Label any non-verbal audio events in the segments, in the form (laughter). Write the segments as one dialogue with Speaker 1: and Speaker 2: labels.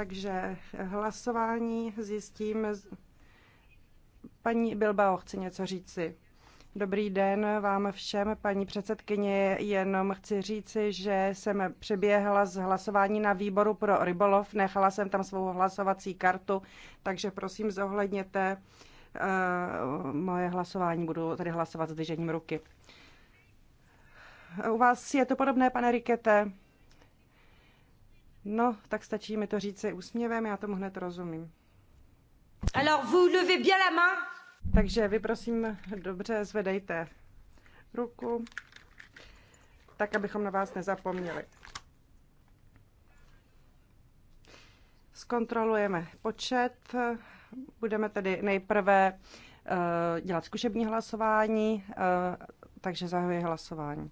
Speaker 1: Takže hlasování zjistím. Paní Bilbao chce něco říci. Dobrý den vám všem, paní předsedkyně. Jenom chci říci, že jsem přeběhla z hlasování na výboru pro rybolov. Nechala jsem tam svou hlasovací kartu, takže prosím zohledněte eh, moje hlasování. Budu tady hlasovat s držením ruky. U vás je to podobné, pane Rikete? No, tak stačí mi to říct se úsměvem, já tomu hned rozumím. Alors vous levez bien la main. Takže vy prosím dobře zvedejte ruku, tak abychom na vás nezapomněli. Zkontrolujeme počet. Budeme tedy nejprve eh, dělat zkušební hlasování, eh, takže zahajuji hlasování.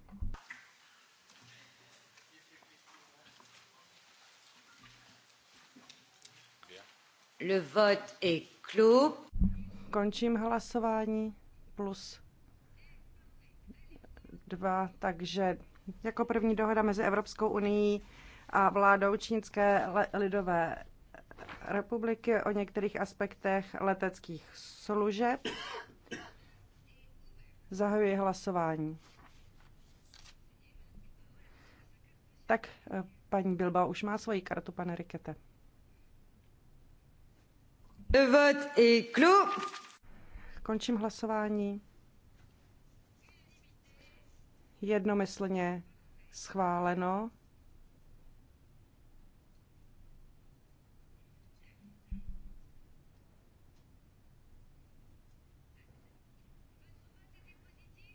Speaker 1: Le vote est clos. Končím hlasování plus dva, takže jako první dohoda mezi Evropskou unii a vládou Čínské lidové republiky o některých aspektech leteckých služeb. Zahajuji hlasování. Tak eh, paní Bilba už má svoji kartu, pane Rikete. Le vote est clos. Končím hlasování. Jednomyslně schváleno.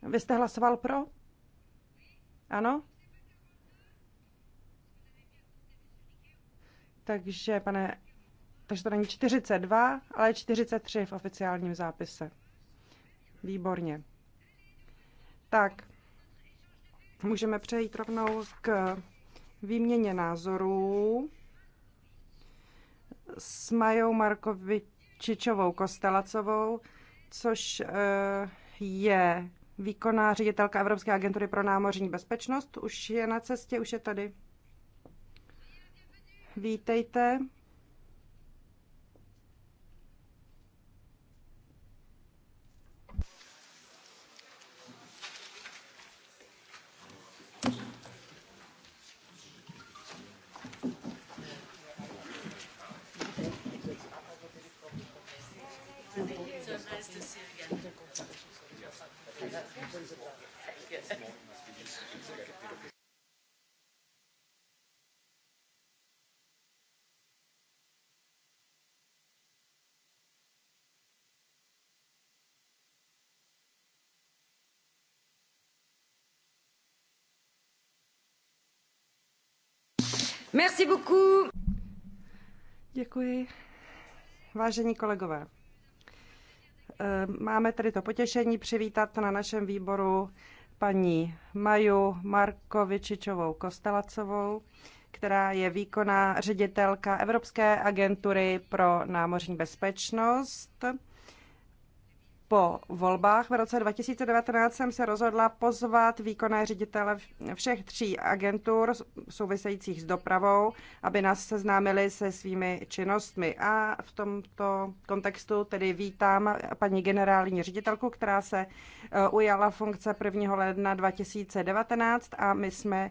Speaker 1: Vy jste hlasoval pro? Ano? Takže, pane takže to není 42, ale 43 v oficiálním zápise. Výborně. Tak, můžeme přejít rovnou k výměně názorů s Majou Markovičičovou Kostelacovou, což eh, je výkonná ředitelka Evropské agentury pro námořní bezpečnost. Už je na cestě, už je tady. Vítejte. Merci beaucoup. Děkuji. Vážení kolegové, eh, máme tady to potěšení přivítat na našem výboru paní Maju Markovičičovou Kostelacovou, která je výkonná ředitelka Evropské agentury pro námořní bezpečnost po volbách v roce 2019 jsem se rozhodla pozvat výkonné ředitele všech tří agentur souvisejících s dopravou, aby nás seznámili se svými činnostmi. A v tomto kontextu tedy vítám paní generální ředitelku, která se e, ujala funkce 1. ledna 2019 a my jsme e,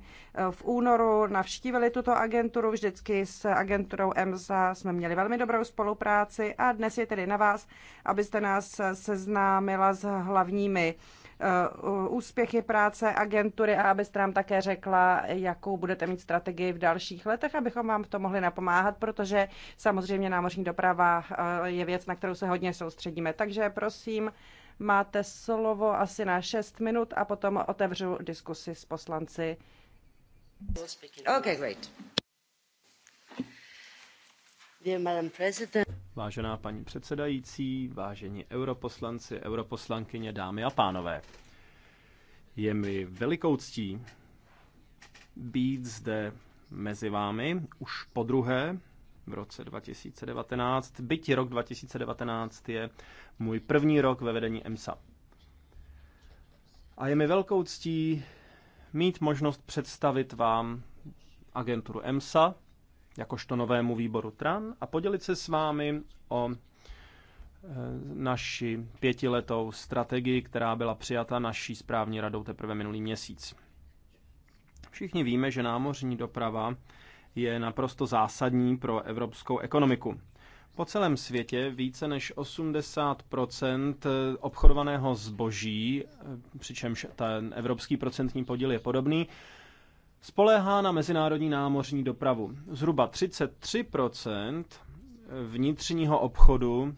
Speaker 1: v únoru navštívili tuto agenturu. Vždycky s agenturou EMSA jsme měli velmi dobrou spolupráci a dnes je tedy na vás, abyste nás seznámili seznámila s hlavními eh, úspěchy práce agentury a abyste nám také řekla, jakou budete mít strategii v dalších letech, abychom vám v tom mohli napomáhat, protože samozřejmě námořní doprava eh, je věc, na kterou se hodně soustředíme. Takže prosím, máte slovo asi na 6 minut a potom otevřu diskusi s poslanci. Okay, great. Dear Madam President,
Speaker 2: Vážená paní předsedající, vážení europoslanci, europoslankyně, dámy a pánové, je mi velikou ctí být zde mezi vámi už po druhé v roce 2019, byť rok 2019 je můj první rok ve vedení EMSA. A je mi velkou ctí mít možnost představit vám agenturu EMSA, jakožto novému výboru TRAN a podělit se s vámi o e, naši pětiletou strategii, která byla přijata naší správní radou teprve minulý měsíc. Všichni víme, že námořní doprava je naprosto zásadní pro evropskou ekonomiku. Po celém světě více než 80 obchodovaného zboží, e, přičemž ten evropský procentní podíl je podobný, spoléhá na mezinárodní námořní dopravu. Zhruba 33% vnitřního obchodu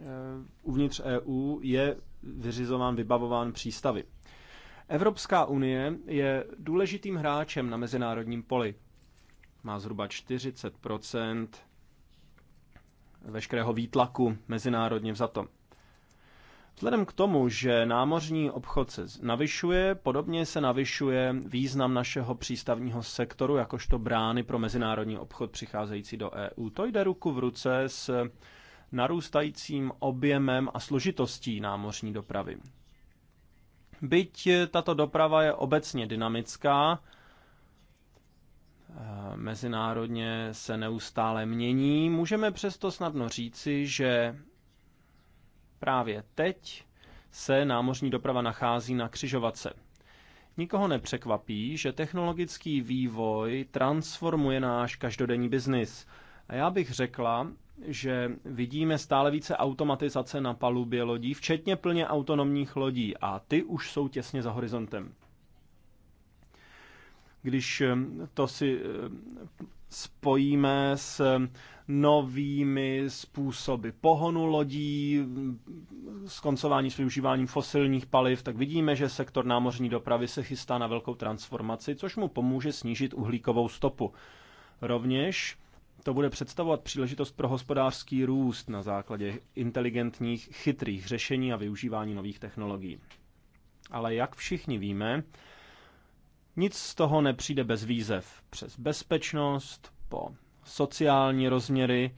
Speaker 2: eh, uvnitř EU je vyřizován, vybavován přístavy. Evropská unie je důležitým hráčem na mezinárodním poli. Má zhruba 40 veškerého výtlaku mezinárodně vzato. Vzhledem k tomu, že námořní obchod se navyšuje, podobně se navyšuje význam našeho přístavního sektoru, jakožto brány pro mezinárodní obchod přicházející do EU. To jde ruku v ruce s narůstajícím objemem a složitostí námořní dopravy. Byť tato doprava je obecně dynamická, eh, mezinárodně se neustále mění, můžeme přesto snadno říci, že Právě teď se námořní doprava nachází na křižovatce. Nikoho nepřekvapí, že technologický vývoj transformuje náš každodenní biznis. A já bych řekla, že vidíme stále více automatizace na palubě lodí, včetně plně autonomních lodí, a ty už jsou těsně za horizontem. Když to si eh, spojíme s novými způsoby pohonu lodí, skoncování s využíváním fosilních paliv, tak vidíme, že sektor námořní dopravy se chystá na velkou transformaci, což mu pomůže snížit uhlíkovou stopu. Rovněž to bude představovat příležitost pro hospodářský růst na základě inteligentních, chytrých řešení a využívání nových technologií. Ale jak všichni víme, nic z toho nepřijde bez výzev. Přes bezpečnost, po sociální rozměry.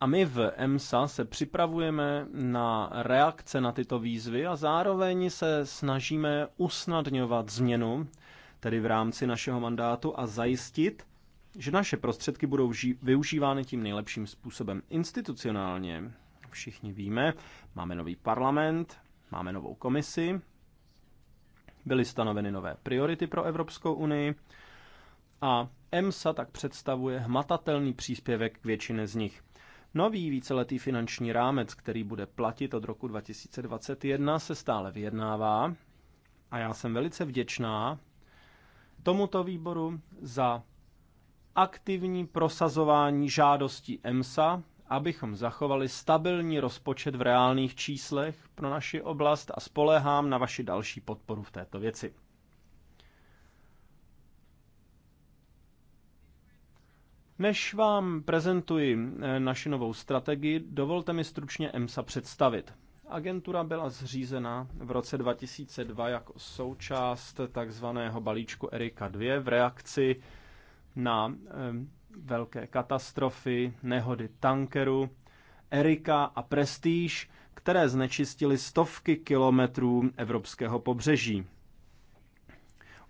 Speaker 2: A my v EMSA se připravujeme na reakce na tyto výzvy a zároveň se snažíme usnadňovat změnu, tedy v rámci našeho mandátu, a zajistit, že naše prostředky budou využívány tím nejlepším způsobem institucionálně. Všichni víme, máme nový parlament, máme novou komisi, byly stanoveny nové priority pro Evropskou unii a EMSA tak představuje hmatatelný příspěvek k většině z nich. Nový víceletý finanční rámec, který bude platit od roku 2021, se stále vyjednává a já jsem velice vděčná tomuto výboru za aktivní prosazování žádostí EMSA, abychom zachovali stabilní rozpočet v reálných číslech pro naši oblast a spolehám na vaši další podporu v této věci. Než vám prezentuji eh, naši novou strategii, dovolte mi stručně EMSA představit. Agentura byla zřízena v roce 2002 jako součást takzvaného balíčku Erika 2 v reakci na eh, velké katastrofy, nehody tankeru, Erika a Prestige, které znečistily stovky kilometrů evropského pobřeží.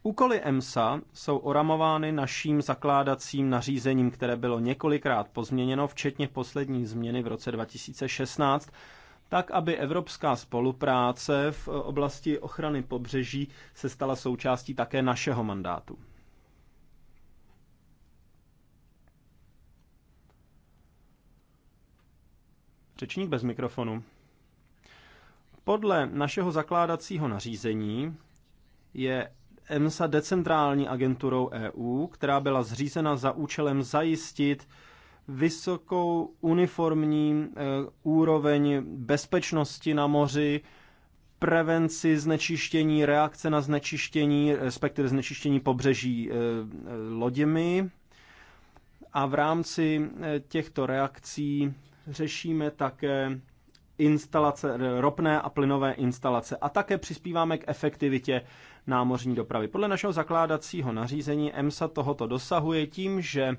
Speaker 2: Úkoly EMSA jsou oramovány naším zakládacím nařízením, které bylo několikrát pozměněno, včetně poslední změny v roce 2016, tak, aby evropská spolupráce v oblasti ochrany pobřeží se stala součástí také našeho mandátu. Řečník bez mikrofonu. Podle našeho zakládacího nařízení je EMSA decentrální agenturou EU, která byla zřízena za účelem zajistit vysokou uniformní eh, úroveň bezpečnosti na moři, prevenci znečištění, reakce na znečištění, respektive znečištění pobřeží eh, eh, loděmi. A v rámci těchto reakcí řešíme také instalace, ropné a plynové instalace. A také přispíváme k efektivitě námořní dopravy. Podle našeho zakládacího nařízení EMSA tohoto dosahuje tím, že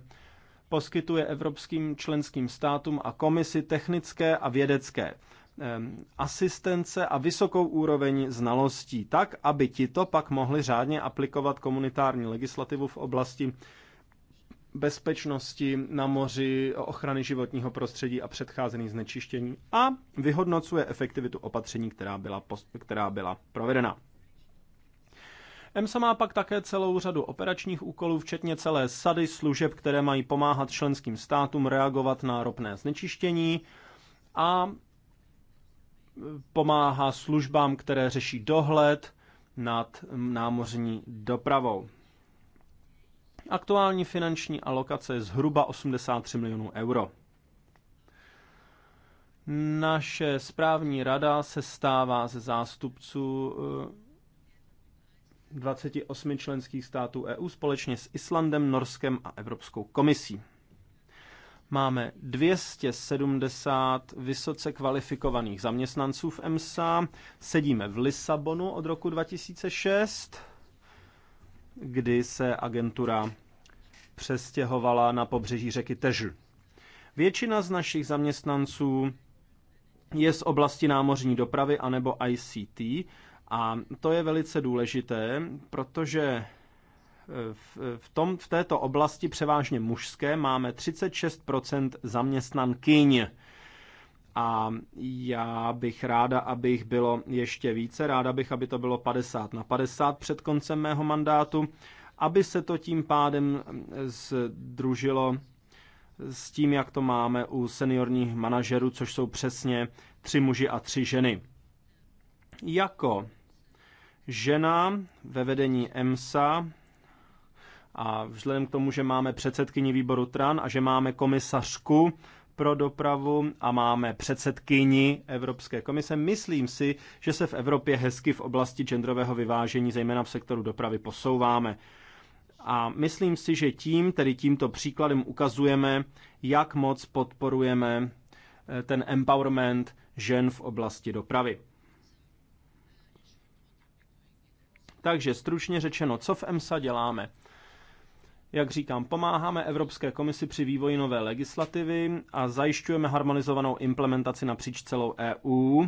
Speaker 2: poskytuje evropským členským státům a komisi technické a vědecké asistence a vysokou úroveň znalostí, tak, aby tito pak mohli řádně aplikovat komunitární legislativu v oblasti bezpečnosti na moři, ochrany životního prostředí a předcházení znečištění a vyhodnocuje efektivitu opatření, která byla, která byla provedena. EMSA má pak také celou řadu operačních úkolů, včetně celé sady služeb, které mají pomáhat členským státům reagovat na ropné znečištění a e, pomáhá službám, které řeší dohled nad námořní dopravou. Aktuální finanční alokace je zhruba 83 milionů euro. Naše správní rada se stává ze zástupců e, 28 členských států EU společně s Islandem, Norskem a Evropskou komisí. Máme 270 vysoce kvalifikovaných zaměstnanců v EMSA. Sedíme v Lisabonu od roku 2006, kdy se agentura přestěhovala na pobřeží řeky Tež. Většina z našich zaměstnanců je z oblasti námořní dopravy anebo ICT a to je velice důležité, protože eh, v, tom, v této oblasti převážně mužské máme 36% zaměstnankyň. A já bych ráda, abych bylo ještě více, ráda bych, aby to bylo 50 na 50 před koncem mého mandátu, aby se to tím pádem združilo eh, s tím, jak to máme u seniorních manažerů, což jsou přesně tři muži a tři ženy. Jako žena ve vedení EMSA a vzhledem k tomu, že máme předsedkyni výboru TRAN a že máme komisařku pro dopravu a máme předsedkyni Evropské komise, myslím si, že se v Evropě hezky v oblasti genderového vyvážení, zejména v sektoru dopravy, posouváme. A myslím si, že tím, tedy tímto příkladem ukazujeme, jak moc podporujeme eh, ten empowerment žen v oblasti dopravy. Takže stručně řečeno, co v EMSA děláme? Jak říkám, pomáháme Evropské komisi při vývoji nové legislativy a zajišťujeme harmonizovanou implementaci napříč celou EU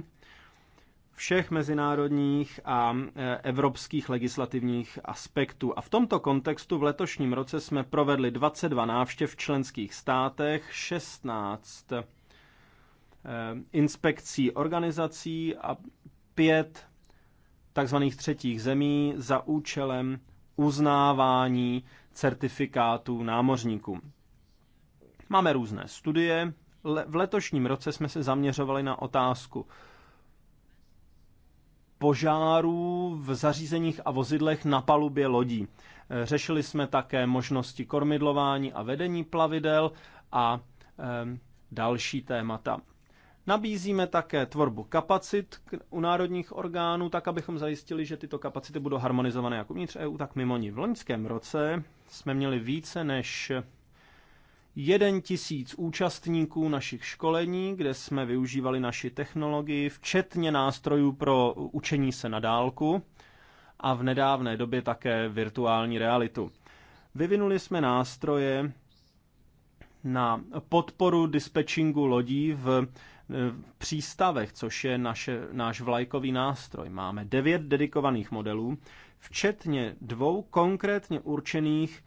Speaker 2: všech mezinárodních a e, evropských legislativních aspektů. A v tomto kontextu v letošním roce jsme provedli 22 návštěv v členských státech, 16 e, inspekcí organizací a 5 tzv. třetích zemí za účelem uznávání certifikátů námořníků. Máme různé studie. V letošním roce jsme se zaměřovali na otázku požárů v zařízeních a vozidlech na palubě lodí. Eh, řešili jsme také možnosti kormidlování a vedení plavidel a eh, další témata. Nabízíme také tvorbu kapacit u národních orgánů, tak abychom zajistili, že tyto kapacity budou harmonizované jak uvnitř EU, tak mimo ní. V loňském roce jsme měli více než 1 tisíc účastníků našich školení, kde jsme využívali naši technologii, včetně nástrojů pro učení se na dálku a v nedávné době také virtuální realitu. Vyvinuli jsme nástroje na podporu dispečingu lodí v Eh, přístavech, což je naše, náš vlajkový nástroj. Máme devět dedikovaných modelů, včetně dvou konkrétně určených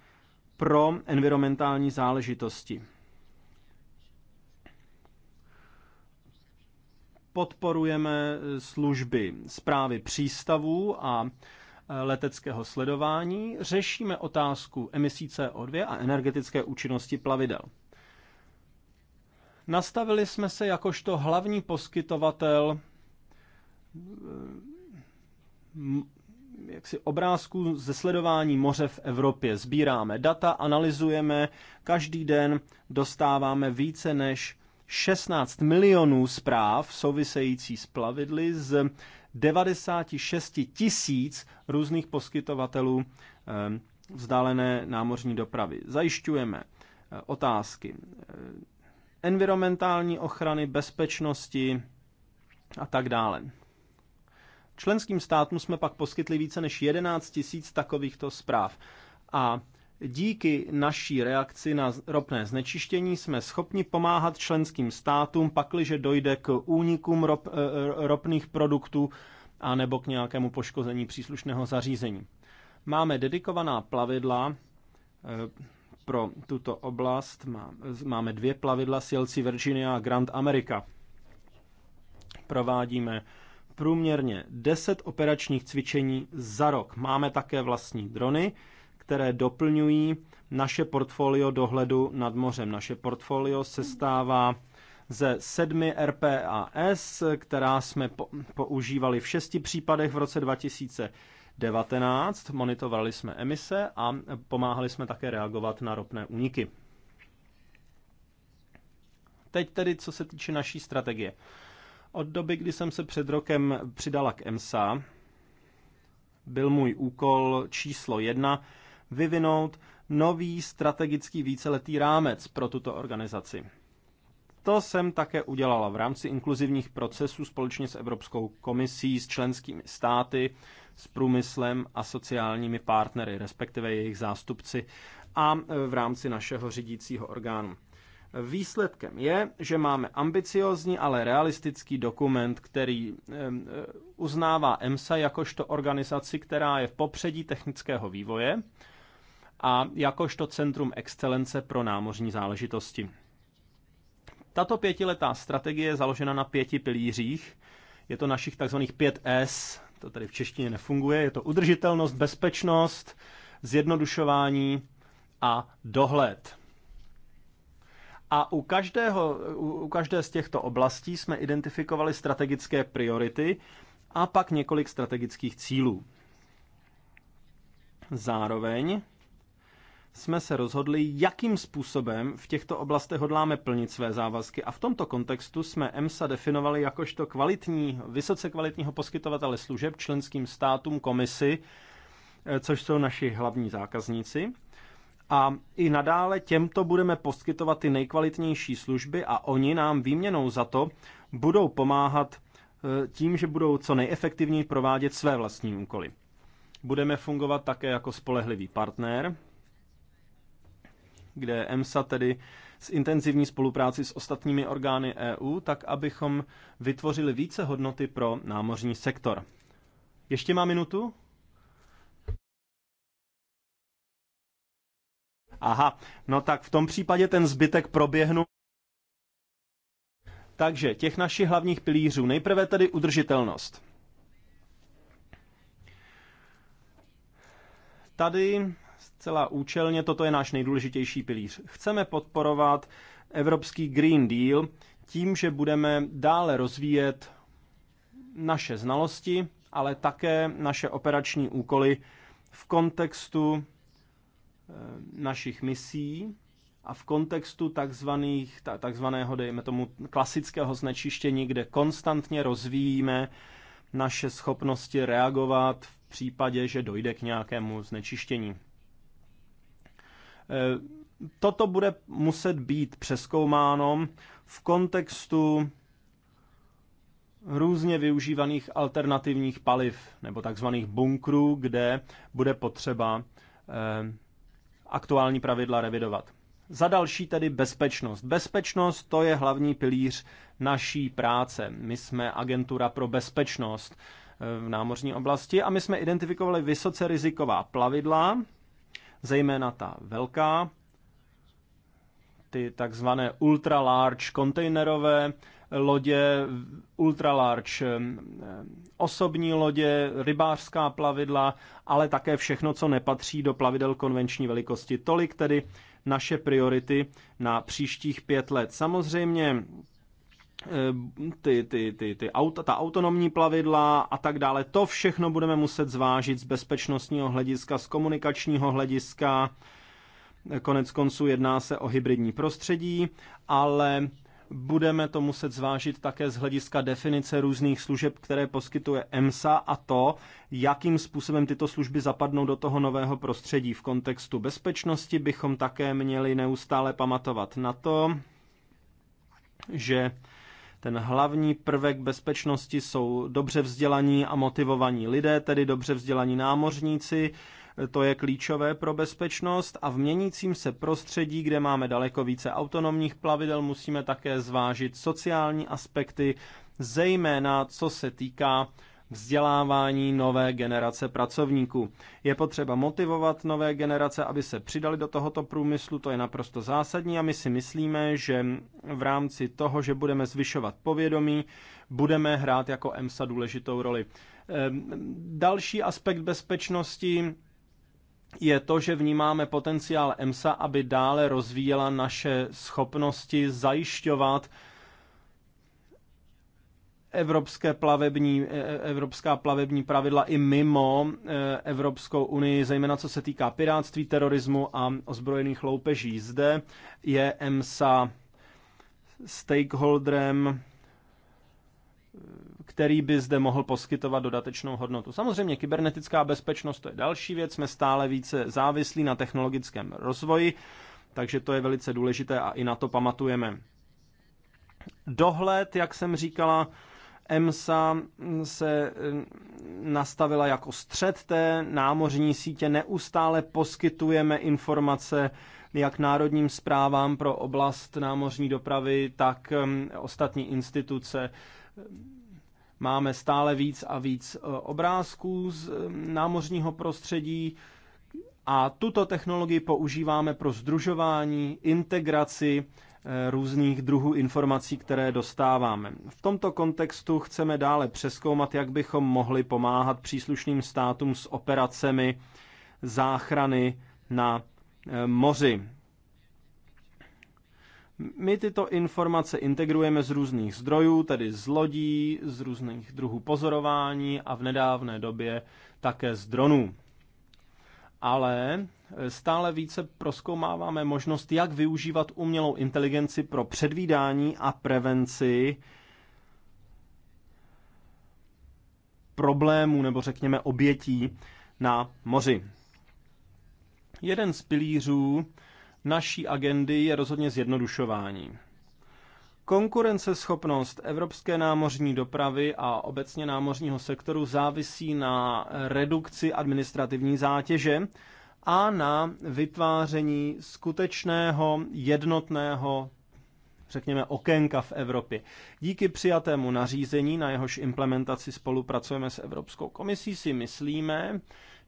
Speaker 2: pro environmentální záležitosti. Podporujeme služby zprávy přístavů a eh, leteckého sledování, řešíme otázku emisí CO2 a energetické účinnosti plavidel. Nastavili jsme se jakožto hlavní poskytovatel eh, jaksi obrázků ze sledování moře v Evropě. Sbíráme data, analyzujeme, každý den dostáváme více než 16 milionů zpráv související s plavidly z 96 tisíc různých poskytovatelů eh, vzdálené námořní dopravy. Zajišťujeme eh, otázky environmentální ochrany, bezpečnosti a tak dále. Členským státům jsme pak poskytli více než 11 tisíc takovýchto zpráv. A díky naší reakci na ropné znečištění jsme schopni pomáhat členským státům, pakliže dojde k únikům rop, eh, ropných produktů a nebo k nějakému poškození příslušného zařízení. Máme dedikovaná plavidla eh, pro tuto oblast. Máme dvě plavidla CLC Virginia a Grand America. Provádíme průměrně 10 operačních cvičení za rok. Máme také vlastní drony, které doplňují naše portfolio dohledu nad mořem. Naše portfolio se stává ze sedmi RPAS, která jsme používali v šesti případech v roce 2000. 19. Monitorovali jsme emise a pomáhali jsme také reagovat na ropné úniky. Teď tedy, co se týče naší strategie. Od doby, kdy jsem se před rokem přidala k EMSA, byl můj úkol číslo jedna vyvinout nový strategický víceletý rámec pro tuto organizaci. To jsem také udělala v rámci inkluzivních procesů společně s Evropskou komisí, s členskými státy, s průmyslem a sociálními partnery, respektive jejich zástupci a e, v rámci našeho řídícího orgánu. Výsledkem je, že máme ambiciozní, ale realistický dokument, který e, e, uznává EMSA jakožto organizaci, která je v popředí technického vývoje a jakožto centrum excelence pro námořní záležitosti. Tato pětiletá strategie je založena na pěti pilířích. Je to našich takzvaných 5S, to tady v češtině nefunguje, je to udržitelnost, bezpečnost, zjednodušování a dohled. A u, každého, u každé z těchto oblastí jsme identifikovali strategické priority a pak několik strategických cílů. Zároveň jsme se rozhodli, jakým způsobem v těchto oblastech hodláme plnit své závazky a v tomto kontextu jsme EMSA definovali jakožto kvalitní, vysoce kvalitního poskytovatele služeb členským státům, komisy, eh, což jsou naši hlavní zákazníci. A i nadále těmto budeme poskytovat ty nejkvalitnější služby a oni nám výměnou za to budou pomáhat eh, tím, že budou co nejefektivněji provádět své vlastní úkoly. Budeme fungovat také jako spolehlivý partner, kde EMSA tedy s intenzivní spolupráci s ostatními orgány EU, tak abychom vytvořili více hodnoty pro námořní sektor. Ještě má minutu? Aha, no tak v tom případě ten zbytek proběhnu. Takže těch našich hlavních pilířů. Nejprve tedy udržitelnost. Tady zcela účelně, toto je náš nejdůležitější pilíř. Chceme podporovat Evropský Green Deal tím, že budeme dále rozvíjet naše znalosti, ale také naše operační úkoly v kontextu eh, našich misí a v kontextu takzvaných, takzvaného, dejme tomu, klasického znečištění, kde konstantně rozvíjíme naše schopnosti reagovat v případě, že dojde k nějakému znečištění. Toto bude muset být přeskoumáno v kontextu různě využívaných alternativních paliv nebo takzvaných bunkrů, kde bude potřeba eh, aktuální pravidla revidovat. Za další tedy bezpečnost. Bezpečnost to je hlavní pilíř naší práce. My jsme agentura pro bezpečnost eh, v námořní oblasti a my jsme identifikovali vysoce riziková plavidla, zejména ta velká, ty takzvané ultra large kontejnerové lodě, ultra large eh, osobní lodě, rybářská plavidla, ale také všechno, co nepatří do plavidel konvenční velikosti. Tolik tedy naše priority na příštích pět let. Samozřejmě Eh, ty, ty, ty, ty auta, ta autonomní plavidla a tak dále. To všechno budeme muset zvážit z bezpečnostního hlediska, z komunikačního hlediska. Konec konců jedná se o hybridní prostředí, ale budeme to muset zvážit také z hlediska definice různých služeb, které poskytuje EMSA a to, jakým způsobem tyto služby zapadnou do toho nového prostředí. V kontextu bezpečnosti bychom také měli neustále pamatovat na to, že ten hlavní prvek bezpečnosti jsou dobře vzdělaní a motivovaní lidé, tedy dobře vzdělaní námořníci. To je klíčové pro bezpečnost a v měnícím se prostředí, kde máme daleko více autonomních plavidel, musíme také zvážit sociální aspekty, zejména co se týká vzdělávání nové generace pracovníků. Je potřeba motivovat nové generace, aby se přidali do tohoto průmyslu, to je naprosto zásadní a my si myslíme, že v rámci toho, že budeme zvyšovat povědomí, budeme hrát jako EMSA důležitou roli. Ehm, další aspekt bezpečnosti je to, že vnímáme potenciál EMSA, aby dále rozvíjela naše schopnosti zajišťovat evropské plavební, e, e, evropská plavební pravidla i mimo e, Evropskou unii, zejména co se týká pirátství, terorismu a ozbrojených loupeží. Zde je EMSA stakeholderem, který by zde mohl poskytovat dodatečnou hodnotu. Samozřejmě kybernetická bezpečnost to je další věc, jsme stále více závislí na technologickém rozvoji, takže to je velice důležité a i na to pamatujeme. Dohled, jak jsem říkala, EMSA se mm, nastavila jako střed té námořní sítě. Neustále poskytujeme informace jak národním zprávám pro oblast námořní dopravy, tak mm, ostatní instituce. Máme stále víc a víc e, obrázků z mm, námořního prostředí a tuto technologii používáme pro združování, integraci Eh, různých druhů informací, které dostáváme. V tomto kontextu chceme dále přeskoumat, jak bychom mohli pomáhat příslušným státům s operacemi záchrany na eh, moři. My tyto informace integrujeme z různých zdrojů, tedy z lodí, z různých druhů pozorování a v nedávné době také z dronů. Ale stále více proskoumáváme možnost, jak využívat umělou inteligenci pro předvídání a prevenci problémů nebo řekněme obětí na moři. Jeden z pilířů naší agendy je rozhodně zjednodušování. Konkurenceschopnost evropské námořní dopravy a obecně námořního sektoru závisí na redukci administrativní zátěže, a na vytváření skutečného jednotného řekněme, okénka v Evropě. Díky přijatému nařízení, na jehož implementaci spolupracujeme s Evropskou komisí, si myslíme,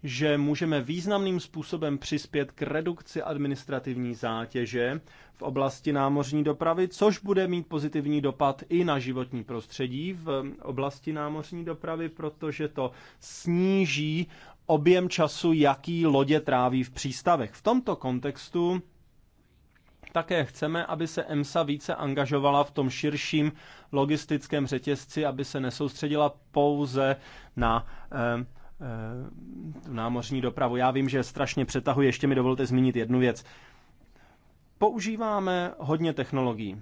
Speaker 2: že můžeme významným způsobem přispět k redukci administrativní zátěže v oblasti námořní dopravy, což bude mít pozitivní dopad i na životní prostředí v oblasti námořní dopravy, protože to sníží objem času, jaký lodě tráví v přístavech. V tomto kontextu také chceme, aby se EMSA více angažovala v tom širším logistickém řetězci, aby se nesoustředila pouze na e, eh, námořní dopravu. Já vím, že strašně přetahuji, ještě mi dovolte zmínit jednu věc. Používáme hodně technologií.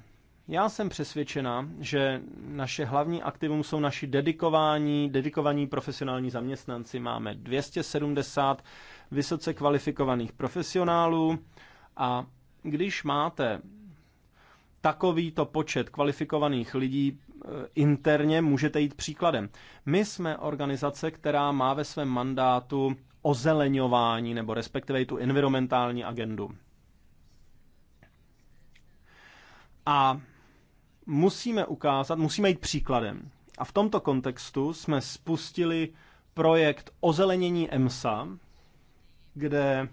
Speaker 2: Já jsem přesvědčena, že naše hlavní aktivum jsou naši dedikování, dedikovaní profesionální zaměstnanci. Máme 270 vysoce kvalifikovaných profesionálů a když máte takovýto počet kvalifikovaných lidí eh, interně, můžete jít příkladem. My jsme organizace, která má ve svém mandátu ozeleňování nebo respektive i tu environmentální agendu. A musíme ukázat, musíme jít příkladem. A v tomto kontextu jsme spustili projekt ozelenění EMSA, kde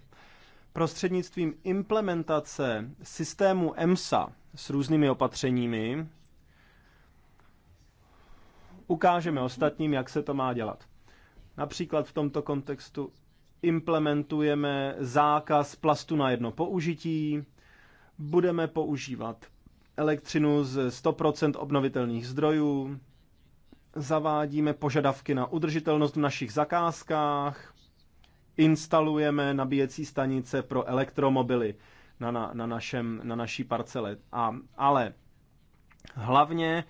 Speaker 2: prostřednictvím implementace systému EMSA s různými opatřeními ukážeme ostatním, jak se to má dělat. Například v tomto kontextu implementujeme zákaz plastu na jedno použití, budeme používat elektřinu z 100% obnovitelných zdrojů, zavádíme požadavky na udržitelnost v našich zakázkách, instalujeme nabíjecí stanice pro elektromobily na, na, na, našem, na naší parcele. A, ale hlavně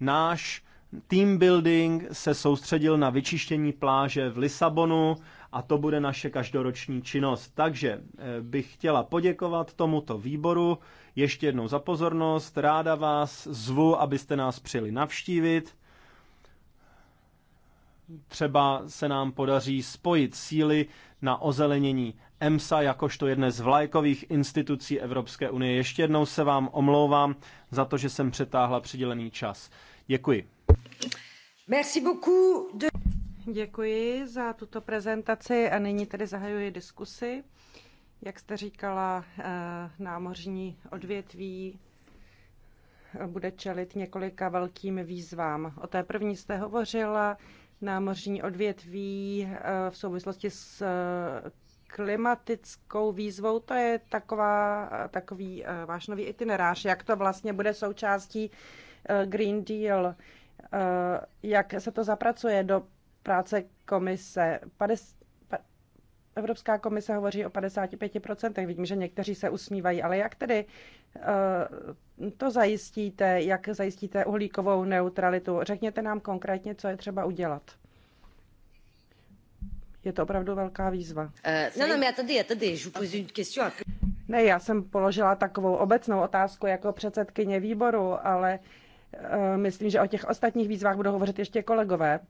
Speaker 2: náš team building se soustředil na vyčištění pláže v Lisabonu a to bude naše každoroční činnost. Takže eh, bych chtěla poděkovat tomuto výboru, ještě jednou za pozornost. Ráda vás zvu, abyste nás přijeli navštívit. Třeba se nám podaří spojit síly na ozelenění EMSA jakožto jedné z vlajkových institucí Evropské unie. Ještě jednou se vám omlouvám za to, že jsem přetáhla přidělený čas. Děkuji.
Speaker 1: Merci beaucoup de... Děkuji za tuto prezentaci a nyní tedy zahajuji diskusi. Jak jste říkala, eh, námořní odvětví eh, bude čelit několika velkým výzvám. O té první jste hovořila, námořní odvětví eh, v souvislosti s klimatickou výzvou, to je taková, takový váš nový itinerář, jak to vlastně bude součástí Green Deal, jak se to zapracuje do práce komise. Evropská komise hovoří o 55%, vidím, že někteří se usmívají, ale jak tedy eh, to zajistíte, jak zajistíte uhlíkovou neutralitu? Řekněte nám konkrétně, co je třeba udělat. Je to opravdu velká výzva. Ne, ne, já
Speaker 3: tady, já tady,
Speaker 1: Ne, já jsem položila takovou obecnou otázku jako předsedkyně výboru, ale eh, myslím, že o těch ostatních výzvách budou hovořit ještě kolegové.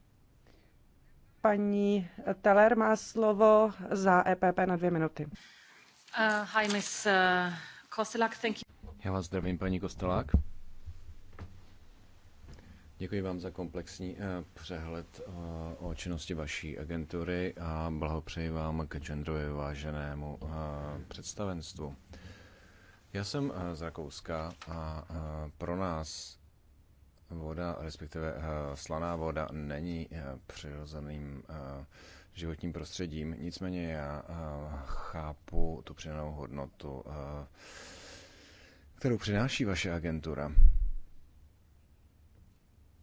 Speaker 1: Paní Teller má slovo za EPP na dvě minuty. Uh, hi, Miss uh, Kostelak, thank you.
Speaker 3: Já vás zdravím, paní Kostelák. Děkuji vám za komplexní eh, přehled eh, o činnosti vaší agentury a blahopřeji vám k genderově váženému eh, představenstvu. Já jsem z Rakouska a pro nás voda, respektive eh, slaná voda, není eh, přirozeným eh, životním prostředím. Nicméně já chápu tu přidanou hodnotu, kterou přináší vaše agentura.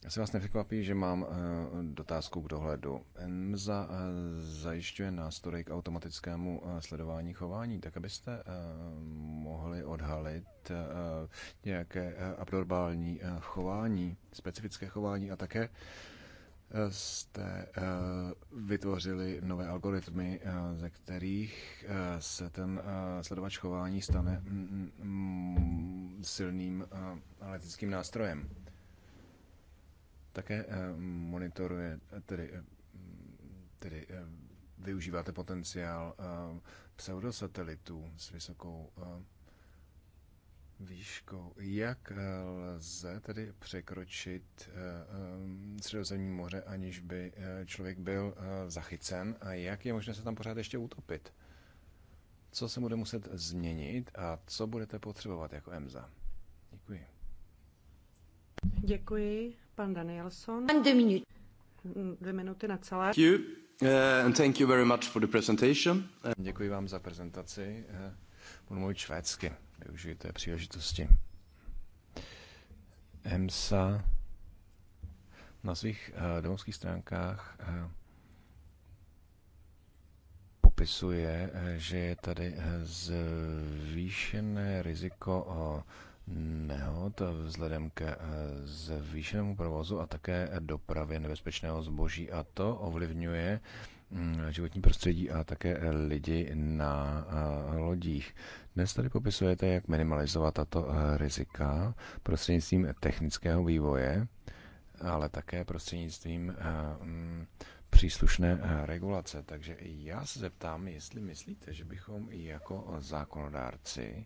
Speaker 3: Já se vás nepřekvapí, že mám eh, dotázku k dohledu. EMSA eh, zajišťuje nástroj k automatickému eh, sledování chování, tak abyste mohli odhalit nějaké abnormální chování, specifické chování a také jste vytvořili nové algoritmy, ze kterých se ten sledovač chování stane mm, mm, mm, silným analytickým nástrojem. Také eh, monitoruje, tedy, eh, tedy eh, využíváte potenciál pseudosatelitů s vysokou výškou. Jak lze tedy překročit Středozemní moře, aniž by člověk byl zachycen a jak je možné se tam pořád ještě utopit? Co se bude muset změnit a co budete potřebovat jako EMSA? Děkuji.
Speaker 1: Děkuji, pan Danielson. Hm, dvě minuty na celé. Thank you.
Speaker 3: Uh, and thank you very much for the presentation. Uh... Děkuji vám za prezentaci. Uh, budu mluvit švédsky. Využiju té příležitosti. EMSA na svých uh, domovských stránkách uh, popisuje, že je tady zvýšené riziko nehod vzhledem k eh, zvýšenému provozu a také dopravě nebezpečného zboží a to ovlivňuje mm, životní prostředí a také eh, lidi na eh, lodích. Dnes tady popisujete, jak minimalizovat tato rizika prostřednictvím technického vývoje, ale také prostřednictvím mm, příslušné regulace. Takže já se zeptám, jestli myslíte, že bychom jako zákonodárci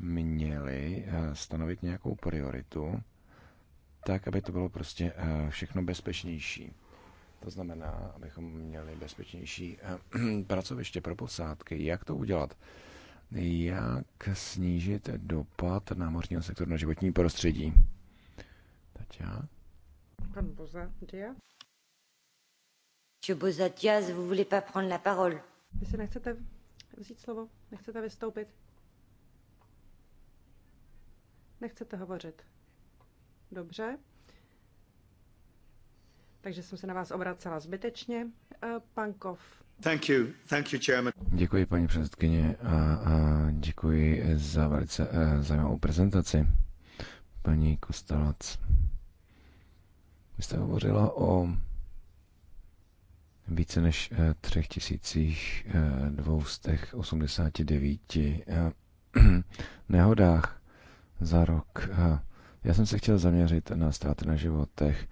Speaker 3: měli eh, stanovit nějakou prioritu, tak, aby to bylo prostě eh, všechno bezpečnější. To znamená, abychom měli bezpečnější eh, (clears throat) pracoviště pro posádky. Jak to udělat? Jak snížit dopad námořního sektoru na životní prostředí? Tatia?
Speaker 1: Pan Bozatia? Monsieur Bozatia, vous voulez pas prendre la parole? Vy si nechcete vzít slovo? Nechcete vystoupit? Nechcete hovořit? Dobře. Takže jsem se na vás obracela zbytečně. Eh, Pankov.
Speaker 3: Thank you. Thank you, chairman. Děkuji, paní předsedkyně, a, a děkuji za velice eh, zajímavou prezentaci, paní Kostelac. Vy jste hovořila o více než 3289 eh, (clears throat) nehodách za rok. Já jsem se chtěl zaměřit na ztráty na životech.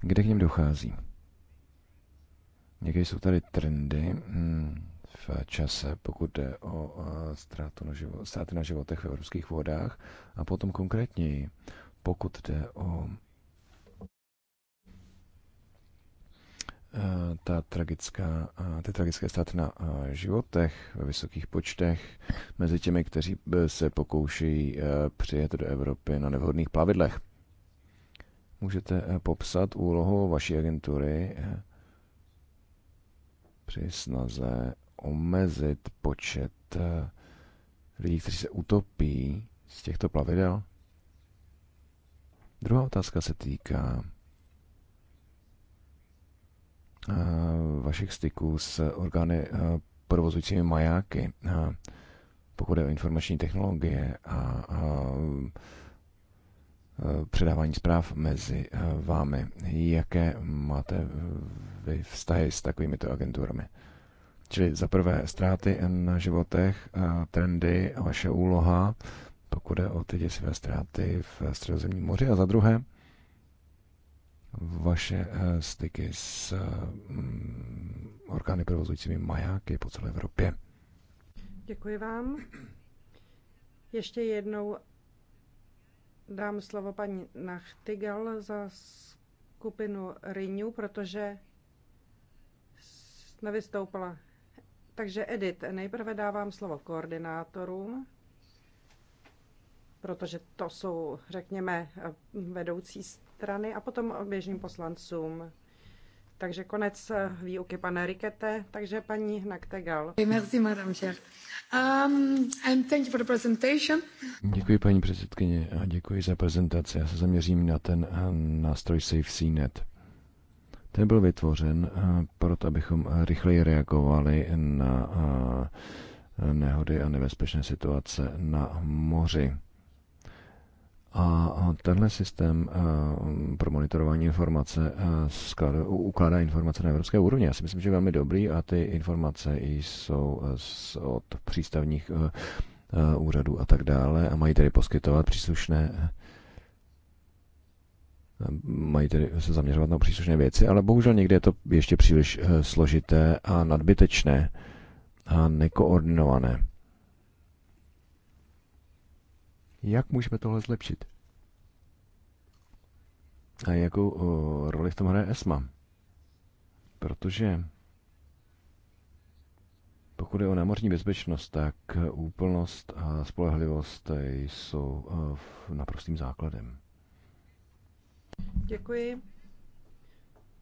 Speaker 3: Kde k něm dochází? Někdy jsou tady trendy hm, v čase, pokud jde o ztrátu na život, ztráty na životech v evropských vodách? A potom konkrétněji, pokud jde o Eh, ta tragická, eh, ty tragické ztráty na eh, životech ve vysokých počtech mezi těmi, kteří se pokoušejí přijet do Evropy na nevhodných plavidlech. Můžete popsat úlohu vaší agentury při snaze omezit počet lidí, kteří se utopí z těchto plavidel? Druhá otázka se týká Eh, vašich styků s orgány eh, provozujícími majáky, eh, pokud je o informační technologie a předávání zpráv mezi vámi. Jaké máte vy vztahy s takovýmito agenturami? Čili za prvé ztráty na životech, trendy a vaše úloha, pokud je o ty děsivé ztráty v středozemním moři. A za druhé, vaše eh, styky s mm, orgány provozujícími majáky po celé Evropě.
Speaker 1: Děkuji vám. Ještě jednou dám slovo paní Nachtigal za skupinu Renew, protože nevystoupila. Takže Edit, nejprve dávám slovo koordinátorům, protože to jsou, řekněme, vedoucí strany a potom běžným poslancům. Takže konec eh, výuky pana Rikete, takže paní Naktegal. Merci, madame Chair. Um, and thank you for the presentation.
Speaker 3: Děkuji, paní předsedkyně, a děkuji za prezentaci. Já se zaměřím na ten eh, nástroj SafeCNet. Ten byl vytvořen eh, proto, abychom rychleji reagovali na nehody a nebezpečné situace na moři. A tenhle systém eh, pro monitorování informace eh, ukládá informace na evropské úrovni. Já si myslím, že je velmi dobrý a ty informace jsou eh, od přístavních úřadů a tak dále a mají tedy poskytovat příslušné mají tedy se zaměřovat na příslušné věci, ale bohužel někde je to ještě příliš složité a nadbytečné a nekoordinované. Jak můžeme tohle zlepšit? A jakou o, roli v tom hraje ESMA? Protože pokud je o námořní bezpečnost, tak úplnost a spolehlivost jsou naprostým základem.
Speaker 1: Děkuji.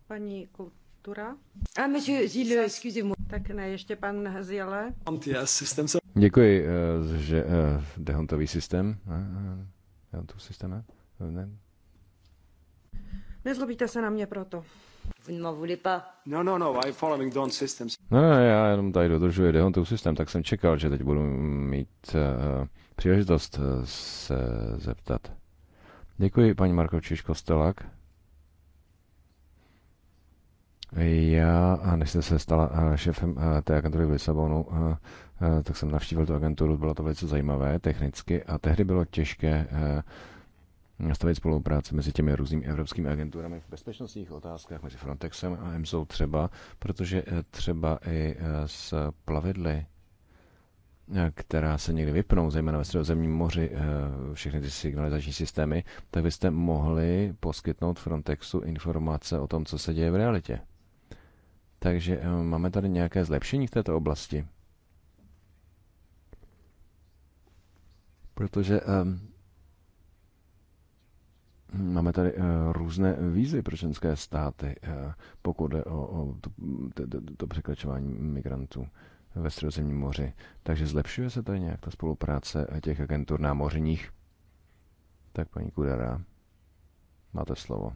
Speaker 1: Paní Kultura. A ah, monsieur Gilles, excusez-moi. Tak ne, ještě pan Ziele.
Speaker 3: Děkuji, eh, že eh, dehontový systém. Eh, dehontový systém, ne?
Speaker 1: Nezlobíte se na mě proto.
Speaker 2: No, no, no, I'm following systems.
Speaker 3: No, no, já jenom tady dodržuji dehontový systém, tak jsem čekal, že teď budu mít příležitost se zeptat. Děkuji, paní čiško Stelák. Já, a než jsem se stala eh, šéfem eh, té agentury v Lisabonu, eh, tak jsem navštívil tu agenturu, bylo to velice zajímavé technicky a tehdy bylo těžké nastavit spolupráci mezi těmi různými evropskými agenturami v bezpečnostních otázkách, mezi Frontexem a EMSou třeba, protože třeba i s plavidly, která se někdy vypnou, zejména ve středozemním moři, všechny ty signalizační systémy, tak byste mohli poskytnout Frontexu informace o tom, co se děje v realitě. Takže eh, máme tady nějaké zlepšení v této oblasti? Protože um, Máme tady uh, různé výzvy pro členské státy, uh, pokud jde o, o to, to, to překračování migrantů ve Středozemním moři. Takže zlepšuje se tady nějak ta spolupráce těch agentur námořních? Tak paní Kudara, máte slovo.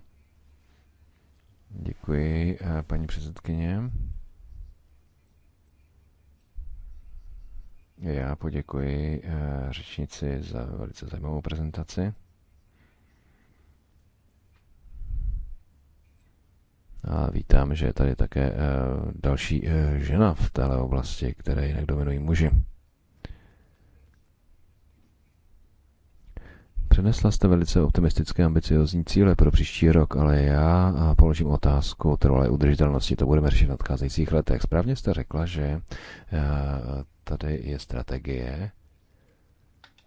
Speaker 3: Děkuji, eh, paní předsedkyně. Já poděkuji eh, řečnici za velice zajímavou prezentaci. A vítám, že je tady také eh, další žena v této oblasti, které jinak dominují muži. Přenesla jste velice optimistické ambiciozní cíle pro příští rok, ale já položím otázku o trvalé udržitelnosti. To budeme řešit v nadcházejících letech. Správně jste řekla, že eh, tady je strategie,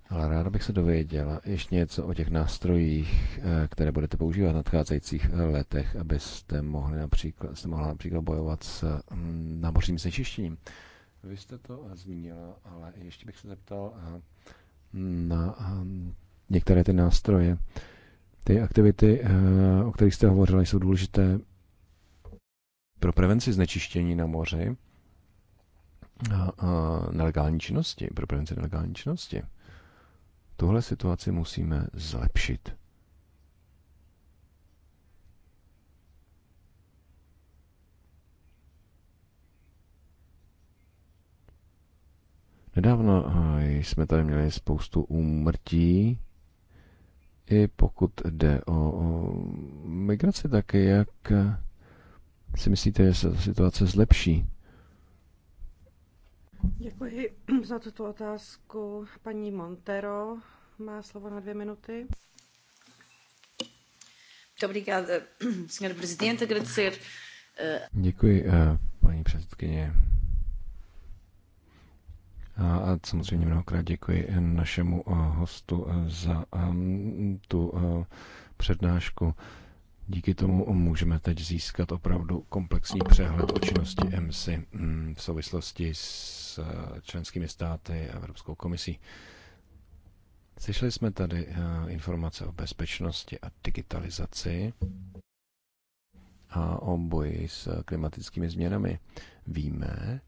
Speaker 3: ale ráda bych se dověděla ještě něco o těch nástrojích, eh, které budete používat v nadcházejících letech, abyste mohli například, jste mohla například bojovat s mm, námořním znečištěním. Vy jste to eh, zmínila, ale ještě bych se zeptal na některé ty nástroje. Ty aktivity, eh, o kterých jste hovořili, jsou důležité pro prevenci znečištění na moři a, nelegální činnosti, pro prevenci nelegální činnosti. Tuhle situaci musíme zlepšit. Nedávno eh, jsme tady měli spoustu úmrtí i pokud jde o, o migraci, tak jak si myslíte, že se ta situace zlepší?
Speaker 1: Děkuji za tuto otázku. Paní Montero má slovo na dvě minuty. Eh, (clears throat) eh.
Speaker 3: Děkuji, eh, paní předsedkyně. A samozřejmě mnohokrát děkuji našemu hostu za tu přednášku. Díky tomu můžeme teď získat opravdu komplexní přehled o činnosti EMSI mm, v souvislosti s členskými státy a Evropskou komisí. Slyšeli jsme tady informace o bezpečnosti a digitalizaci a o boji s klimatickými změnami. Víme,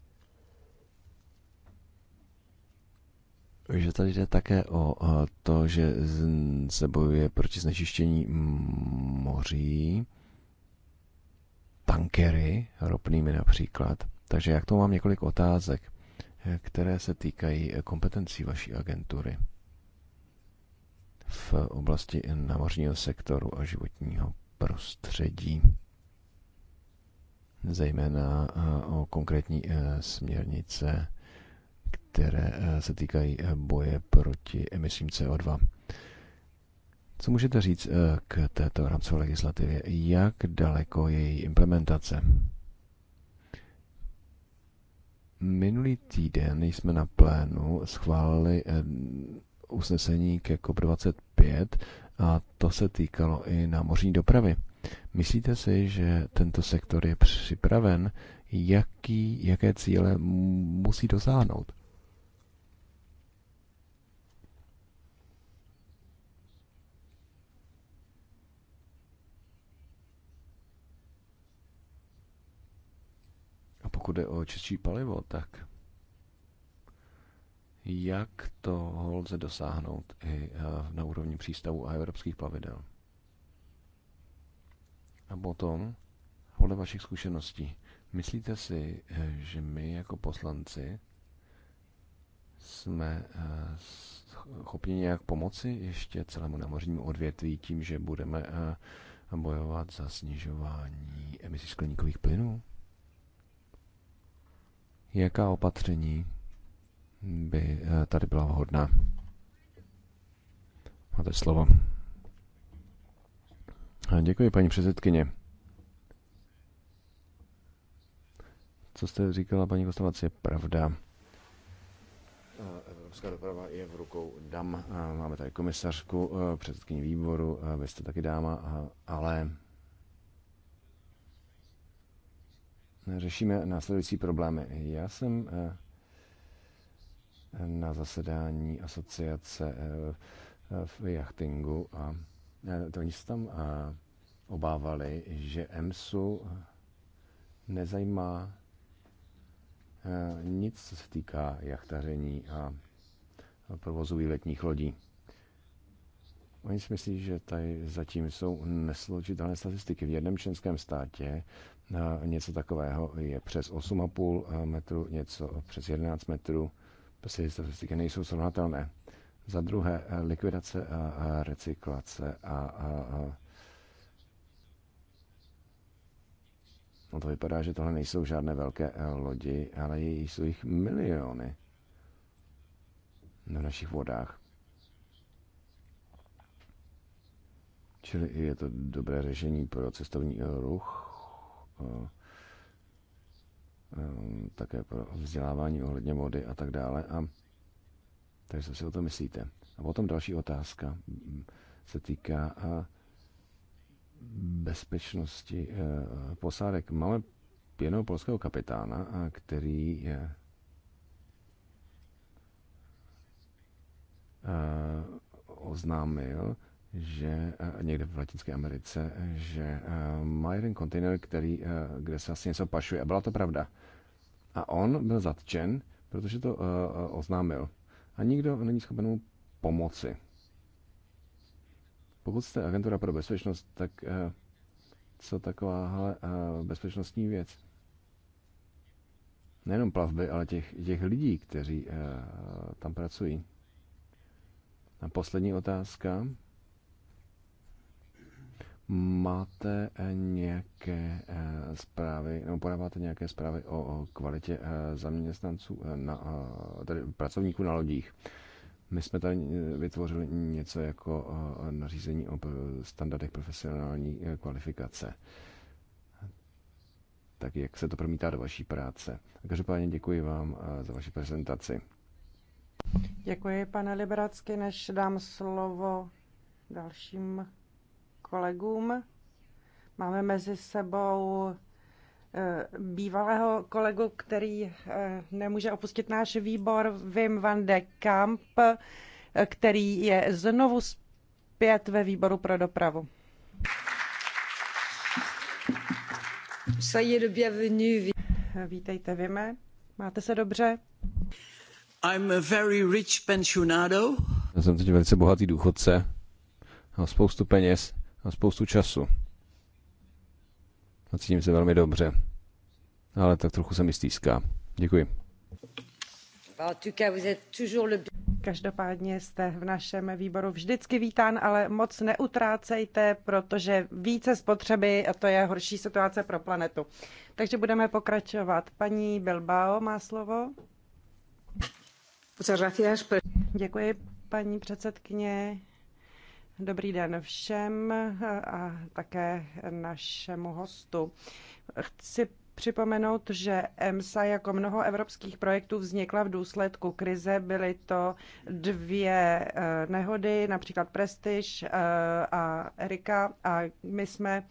Speaker 3: že tady jde také o to, že se bojuje proti znečištění moří, tankery ropnými například. Takže jak to mám několik otázek, eh, které se týkají eh, kompetencí vaší agentury v oblasti námořního sektoru a životního prostředí, zejména eh, o konkrétní směrnice které eh, se týkají eh, boje proti emisím CO2. Co můžete říct eh, k této rámcové legislativě? Jak daleko je její implementace? Minulý týden jsme na plénu schválili usnesení ke COP25 a to se týkalo i námořní dopravy. Myslíte si, že tento sektor je připraven? Jaký, jaké cíle musí dosáhnout? pokud jde o čistší palivo, tak jak to lze dosáhnout i eh, na úrovni přístavů a evropských plavidel? A potom, podle vašich zkušeností, myslíte si, eh, že my jako poslanci jsme eh, schopni nějak pomoci ještě celému námořnímu odvětví tím, že budeme bojovat za snižování emisí skleníkových plynů? Jaká opatření by eh, tady byla vhodná? Máte slovo. Děkuji, paní předsedkyně. Co jste říkala, paní Kostavac, je pravda. Evropská doprava je v rukou dam. Máme tady komisařku, eh, předsedkyni výboru, eh, vy jste taky dáma, ale řešíme následující problémy. Já jsem eh, na zasedání asociace eh, v jachtingu a eh, to oni se tam obávali, že EMSu nezajímá nic, co se týká jachtaření a provozu výletních lodí. Oni si myslí, že tady zatím jsou nesložitelné statistiky. V jednom členském státě něco takového je přes 8,5 eh, metru, něco přes 11 metrů. Prostě ty statistiky nejsou srovnatelné. Za druhé, eh, likvidace a recyklace a, a, a No to vypadá, že tohle nejsou žádné velké eh, lodi, ale jsou jich miliony na našich vodách. Čili je to dobré řešení pro cestovní ruch, Eh, eh, také pro vzdělávání ohledně vody a tak dále. A, takže co si o to myslíte? A potom další otázka se týká eh, bezpečnosti posádek. Máme jednoho polského kapitána, který je oznámil, že eh, někde v Latinské Americe, že eh, má jeden kontejner, který, eh, kde se asi něco pašuje. A byla to pravda. A on byl zatčen, protože to oznámil. A nikdo není schopen mu pomoci. Pokud jste agentura pro bezpečnost, tak co takováhle bezpečnostní věc? Nejenom plavby, ale těch, těch lidí, kteří tam pracují. A poslední otázka. Máte eh, nějaké eh, zprávy, nebo podáváte nějaké zprávy o kvalitě eh, zaměstnanců, na, tedy pracovníků na lodích? My jsme tady vytvořili něco jako nařízení o standardech profesionální kvalifikace. Tak jak se to promítá do vaší práce? Každopádně děkuji vám za vaši prezentaci.
Speaker 1: Děkuji, pane Liberacky, než dám slovo dalším kolegům. Máme mezi sebou eh, bývalého kolegu, který eh, nemůže opustit náš výbor, Wim van de Kamp, eh, který je znovu zpět ve výboru pro dopravu. Vítejte, Vime. Máte se dobře?
Speaker 3: I'm a very rich pensionado. Já jsem teď velice bohatý důchodce. Mám spoustu peněz a spoustu času. A cítím se velmi dobře. Ale tak trochu se mi stýská. Děkuji.
Speaker 1: Každopádně jste v našem výboru vždycky vítán, ale moc neutrácejte, protože více spotřeby a to je horší situace pro planetu. Takže budeme pokračovat. Paní Bilbao má slovo. Děkuji, paní předsedkyně. Dobrý den všem a také našemu hostu. Chci připomenout, že EMSA jako mnoho evropských projektů vznikla v důsledku krize. Byly to dvě eh, nehody, například Prestige eh, a Erika a my jsme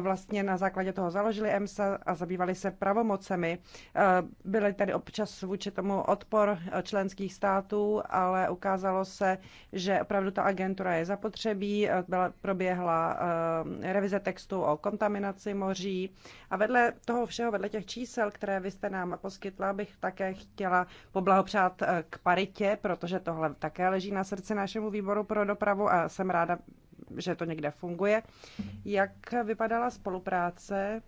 Speaker 1: vlastně na základě toho založili EMSA a zabývali se pravomocemi. Eh, Byly tady občas vůči tomu odpor eh, členských států, ale ukázalo se, že opravdu ta agentura je zapotřebí. Eh, Byla, proběhla revize textu o kontaminaci moří a vedle toho všeho, vedle těch čísel, které vy jste nám poskytla, bych také chtěla poblahopřát k paritě, protože tohle také leží na srdci našemu výboru pro dopravu a jsem ráda, že to někde funguje. Jak vypadala spolupráce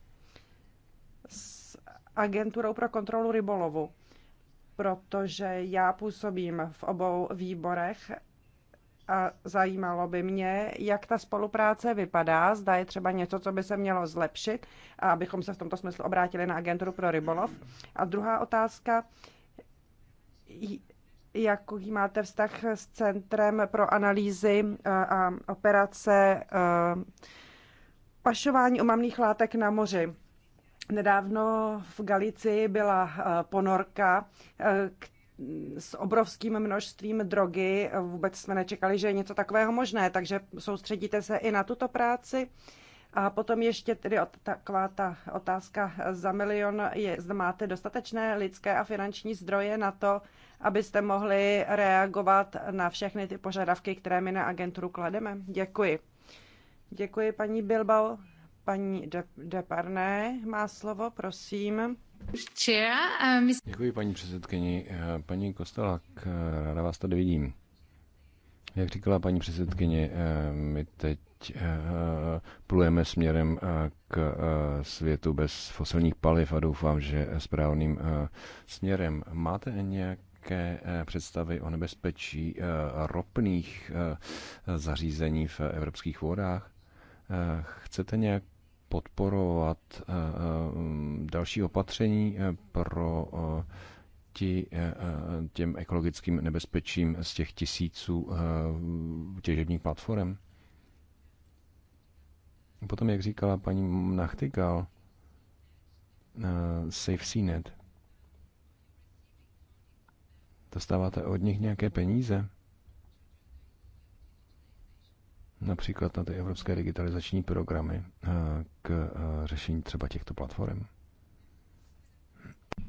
Speaker 1: s agenturou pro kontrolu rybolovu? Protože já působím v obou výborech a zajímalo by mě, jak ta spolupráce vypadá, zda je třeba něco, co by se mělo zlepšit, a abychom se v tomto smyslu obrátili na agenturu pro rybolov. A druhá otázka, jaký máte vztah s Centrem pro analýzy eh, a operace eh, pašování omamných látek na moři. Nedávno v Galicii byla eh, ponorka s obrovským množstvím drogy. Vůbec jsme nečekali, že je něco takového možné, takže soustředíte se i na tuto práci. A potom ještě tedy taková ta otázka za milion je, zda máte dostatečné lidské a finanční zdroje na to, abyste mohli reagovat na všechny ty požadavky, které my na agenturu klademe. Děkuji. Děkuji paní Bilbao. Paní Deparné De má slovo, prosím. Uh,
Speaker 3: Děkuji paní předsedkyni. Eh, paní Kostelák, eh, ráda vás tady vidím. Jak říkala paní předsedkyně, eh, my teď Eh, plujeme směrem eh, k eh, světu bez fosilních paliv a doufám, že správným směrem. Máte nějaké představy o nebezpečí ropných zařízení v evropských vodách? Chcete nějak podporovat další opatření pro ti, těm ekologickým nebezpečím z těch tisíců těžebních platform? Potom, jak říkala paní Nachtigal, uh, eh, Seenet, Dostáváte od nich nějaké peníze? Například na ty evropské digitalizační programy eh, k eh, řešení třeba těchto
Speaker 2: platform.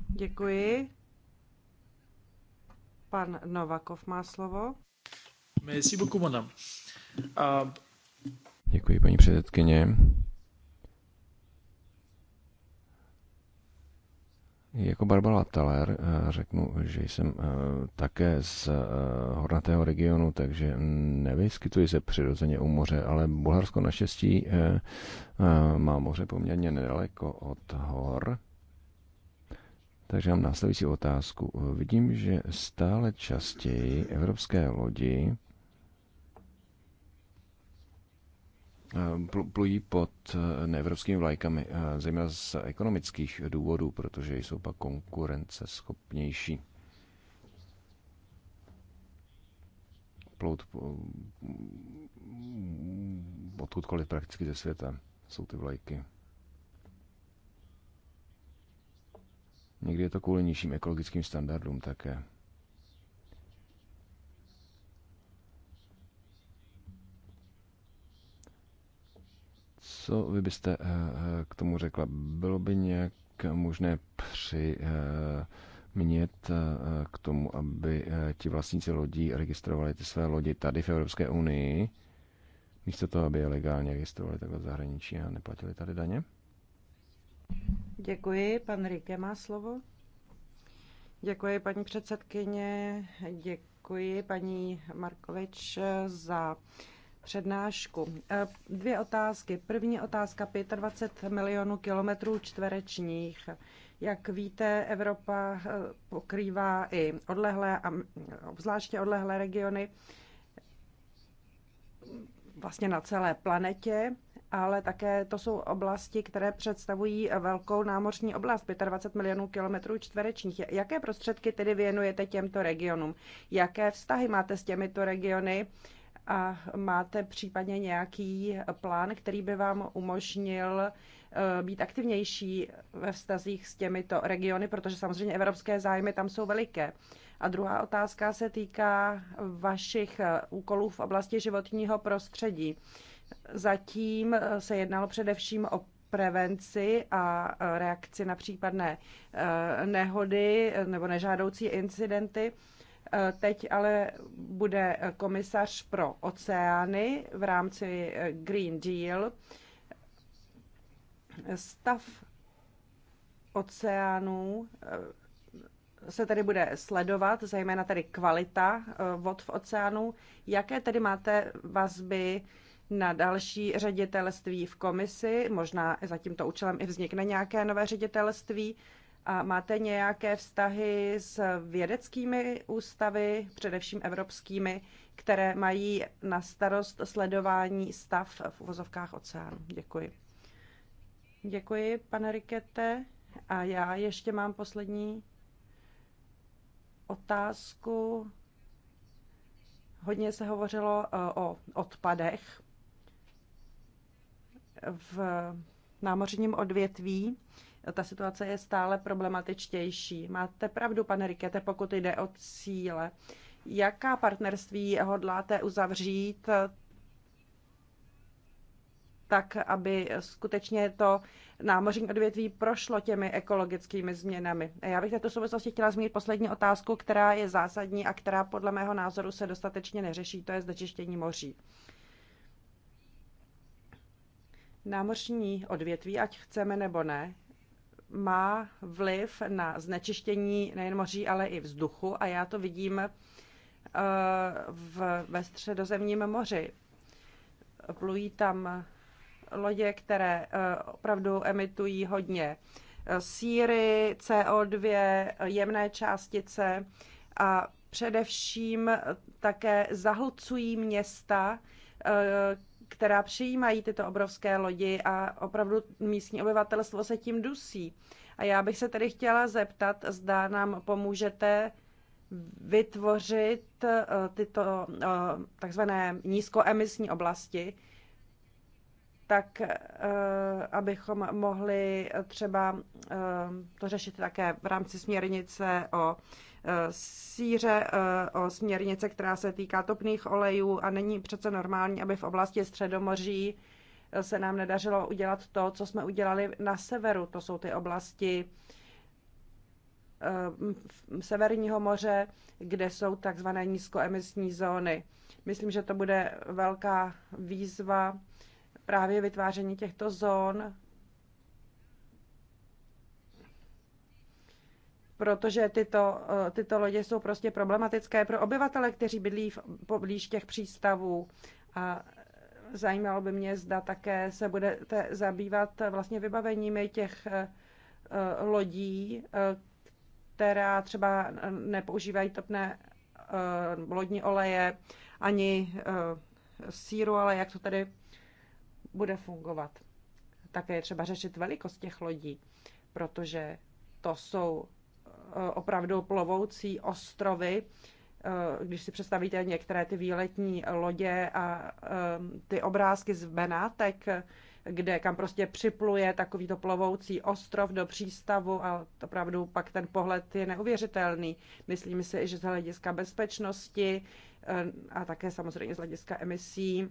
Speaker 1: Děkuji. Pan Novakov má slovo.
Speaker 2: Merci beaucoup, madame. Uh,
Speaker 3: Děkuji, paní předsedkyně. Jako Barbara Taler eh, řeknu, že jsem eh, také z eh, hornatého regionu, takže nevyskytuji se přirozeně u moře, ale Bulharsko naštěstí má moře poměrně nedaleko od hor. Takže mám následující otázku. Vidím, že stále častěji evropské lodi Eh, plují pod eh, neevropskými vlajkami, eh, zejména z ekonomických důvodů, protože jsou pak konkurenceschopnější. Plout mm, odkudkoliv prakticky ze světa jsou ty vlajky. Někdy je to kvůli nižším ekologickým standardům také. Co vy byste eh, eh, k tomu řekla? Bylo by nějak možné při eh, mět k tomu, aby ti vlastníci lodí registrovali ty své lodi tady v Evropské unii, místo toho, aby je legálně registrovali takhle v zahraničí a neplatili tady daně?
Speaker 1: Děkuji. Pan Rike má slovo. Děkuji, paní předsedkyně. Děkuji, paní Markovič, za uh, přednášku. E, dvě otázky. První otázka 25 milionů kilometrů čtverečních. Jak víte, Evropa e, pokrývá i odlehlé a obzvláště odlehlé regiony vlastně na celé planetě, ale také to jsou oblasti, které představují velkou námořní oblast, 25 milionů kilometrů čtverečních. Jaké prostředky tedy věnujete těmto regionům? Jaké vztahy máte s těmito regiony? a máte případně nějaký plán, který by vám umožnil eh, být aktivnější ve vztazích s těmito regiony, protože samozřejmě evropské zájmy tam jsou veliké. A druhá otázka se týká vašich eh, úkolů v oblasti životního prostředí. Zatím eh, se jednalo především o prevenci a reakci na případné nehody nebo nežádoucí incidenty. Eh, teď ale bude eh, komisař pro oceány v rámci eh, Green Deal. Stav oceánů se tedy bude sledovat, zejména tedy kvalita vod v oceánu. Jaké tedy máte vazby na další ředitelství v komisi? Možná za tímto účelem i vznikne nějaké nové ředitelství. A máte nějaké vztahy s vědeckými ústavy, především evropskými, které mají na starost sledování stav v uvozovkách oceánu? Děkuji. Děkuji, pane Rikete. A já ještě mám poslední otázku. Hodně se hovořilo e, o odpadech v námořním odvětví ta situace je stále problematičtější. Máte pravdu, pane Rikete, pokud jde o cíle. Jaká partnerství hodláte uzavřít tak, aby skutečně to námořní odvětví prošlo těmi ekologickými změnami. Já bych této souvislosti chtěla zmínit poslední otázku, která je zásadní a která podle mého názoru se dostatečně neřeší, to je znečištění moří. Námořní odvětví, ať chceme nebo ne, má vliv na znečištění nejen moří, ale i vzduchu a já to vidím eh, v, ve středozemním moři. Plují tam lodě, které eh, opravdu emitují hodně eh, síry, CO2, jemné částice a především také zahlcují města, která přijímají tyto obrovské lodi a opravdu místní obyvatelstvo se tím dusí. A já bych se tedy chtěla zeptat, zda nám pomůžete vytvořit eh, tyto eh, takzvané nízkoemisní oblasti, tak eh, abychom mohli třeba to řešit také v rámci směrnice o síře eh, o směrnice, která se týká topných olejů a není přece normální, aby v oblasti Středomoří eh, se nám nedařilo udělat to, co jsme udělali na severu. To jsou ty oblasti eh, Severního moře, kde jsou takzvané nízkoemisní zóny. Myslím, že to bude velká výzva právě vytváření těchto zón protože tyto, eh, tyto lodě jsou prostě problematické pro obyvatele, kteří bydlí v, poblíž těch přístavů. A zajímalo by mě, zda také se budete zabývat vlastně vybaveními těch eh, eh, lodí, která třeba nepoužívají topné lodní oleje ani síru, ale jak to tady bude fungovat. Také je třeba řešit velikost těch lodí, protože to jsou Eh, opravdu plovoucí ostrovy, eh, když si představíte některé ty výletní lodě a eh, ty obrázky z Benátek, kde kam prostě připluje takovýto plovoucí ostrov do přístavu a opravdu pak ten pohled je neuvěřitelný. Myslím si, že z hlediska bezpečnosti a také samozřejmě z hlediska emisí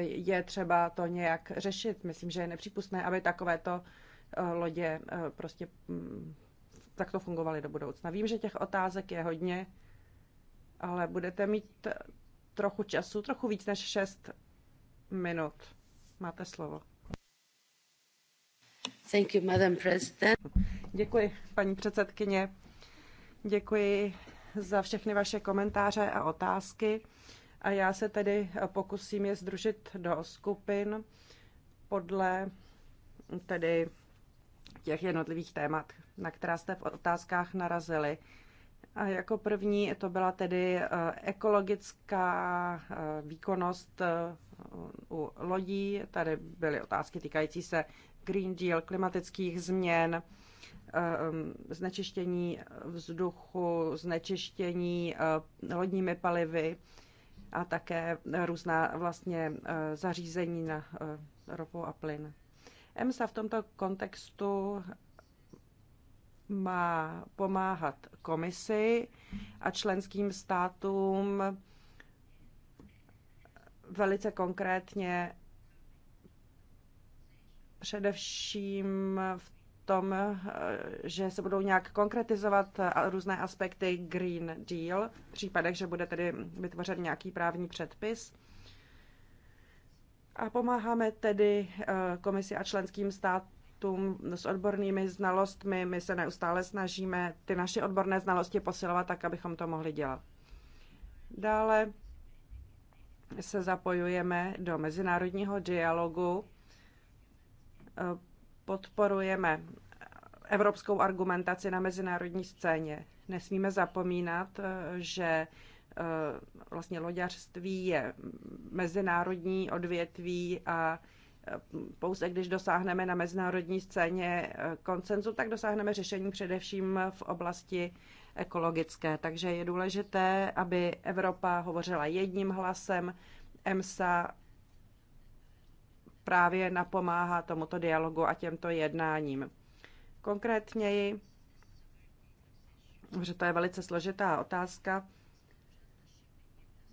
Speaker 1: je třeba to nějak řešit. Myslím, že je nepřípustné, aby takovéto lodě prostě mm, takto fungovali do budoucna. Vím, že těch otázek je hodně, ale budete mít trochu času, trochu víc než 6 minut. Máte slovo. Thank you, Madam President. Děkuji, paní předsedkyně. Děkuji za všechny vaše komentáře a otázky. A já se tedy pokusím je združit do skupin podle tedy těch jednotlivých témat, na která jste v otázkách narazili. A jako první to byla tedy eh, ekologická eh, výkonnost eh, u lodí. Tady byly otázky týkající se Green Deal, klimatických změn, znečištění vzduchu, znečištění lodními palivy a také různá vlastně zařízení na ropu a plyn. EMSA v tomto kontextu má pomáhat komisi a členským státům velice konkrétně především v tom, že se budou nějak konkretizovat různé aspekty Green Deal, v případech, že bude tedy vytvořen nějaký právní předpis. A pomáháme tedy eh, komisi a členským státům expertům s odbornými znalostmi. My se neustále snažíme ty naše odborné znalosti posilovat tak, abychom to mohli dělat. Dále se zapojujeme do mezinárodního dialogu, podporujeme evropskou argumentaci na mezinárodní scéně. Nesmíme zapomínat, že eh, vlastně loďařství je mezinárodní odvětví a pouze když dosáhneme na mezinárodní scéně eh, koncenzu, tak dosáhneme řešení především v oblasti ekologické. Takže je důležité, aby Evropa hovořila jedním hlasem. EMSA právě napomáhá tomuto dialogu a těmto jednáním. Konkrétněji, že to je velice složitá otázka,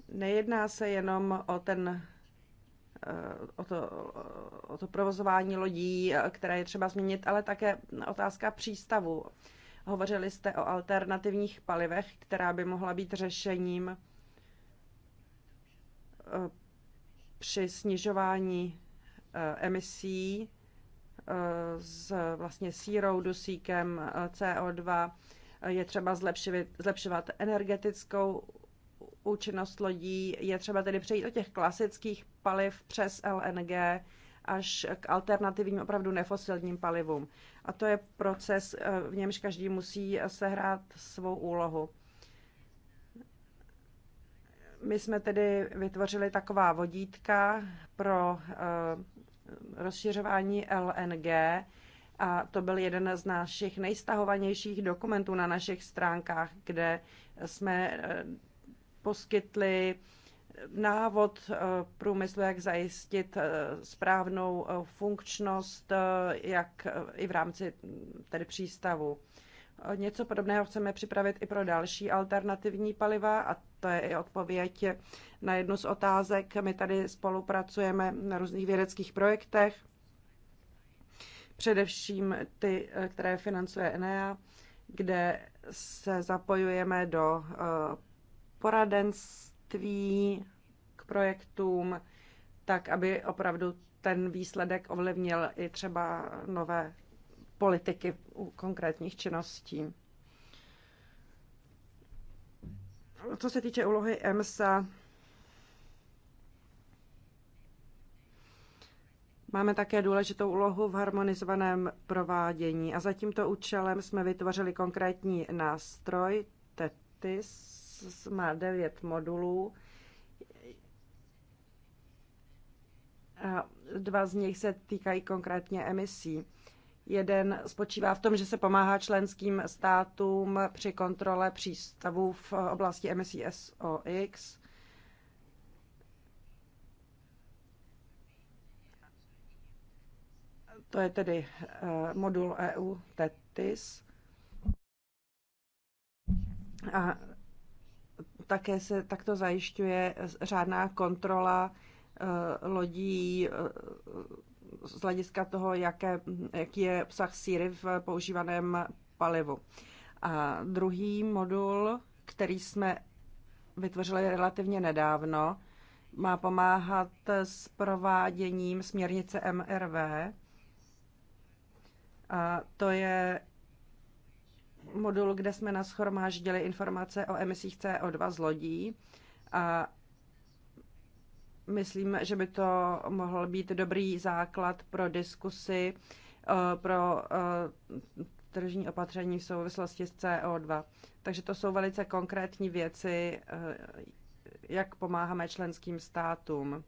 Speaker 1: nejedná se jenom o ten Eh, o to, o to provozování lodí, eh, které je třeba změnit, ale také otázka přístavu. Hovořili jste o alternativních palivech, která by mohla být řešením eh, při snižování emisí s vlastně sírou, dusíkem, CO2. Je třeba zlepšivit, zlepšovat energetickou účinnost lodí, je třeba tedy přejít od těch klasických paliv přes LNG až k alternativním, opravdu nefosilním palivům. A to je proces, eh, v němž každý musí sehrát svou úlohu. My jsme tedy vytvořili taková vodítka pro eh, rozšiřování LNG a to byl jeden z našich nejstahovanějších dokumentů na našich stránkách, kde jsme eh, poskytli návod eh, průmyslu, jak zajistit eh, správnou eh, funkčnost, jak i v rámci hm, tedy přístavu. Něco podobného chceme připravit i pro další alternativní paliva a to je i odpověď na jednu z otázek. My tady spolupracujeme na různých vědeckých projektech, především ty, které financuje Enea, kde se zapojujeme do poradenství k projektům, tak aby opravdu ten výsledek ovlivnil i třeba nové politiky u konkrétních činností. Co se týče úlohy EMSA, Máme také důležitou úlohu v harmonizovaném provádění a za tímto účelem jsme vytvořili konkrétní nástroj TETIS, má devět modulů. A dva z nich se týkají konkrétně emisí. Jeden spočívá v tom, že se pomáhá členským státům při kontrole přístavů v oblasti emisí SOX. To je tedy eh, modul EU TETIS. A také se takto zajišťuje řádná kontrola eh, lodí eh, z hlediska toho, jaké, jaký je obsah síry v používaném palivu. A druhý modul, který jsme vytvořili relativně nedávno, má pomáhat s prováděním směrnice MRV. A to je modul, kde jsme nashromáždili informace o emisích CO2 z lodí a myslím, že by to mohl být dobrý základ pro diskusy eh, pro eh, tržní opatření v souvislosti s CO2. Takže to jsou velice konkrétní věci, eh, jak pomáháme členským státům.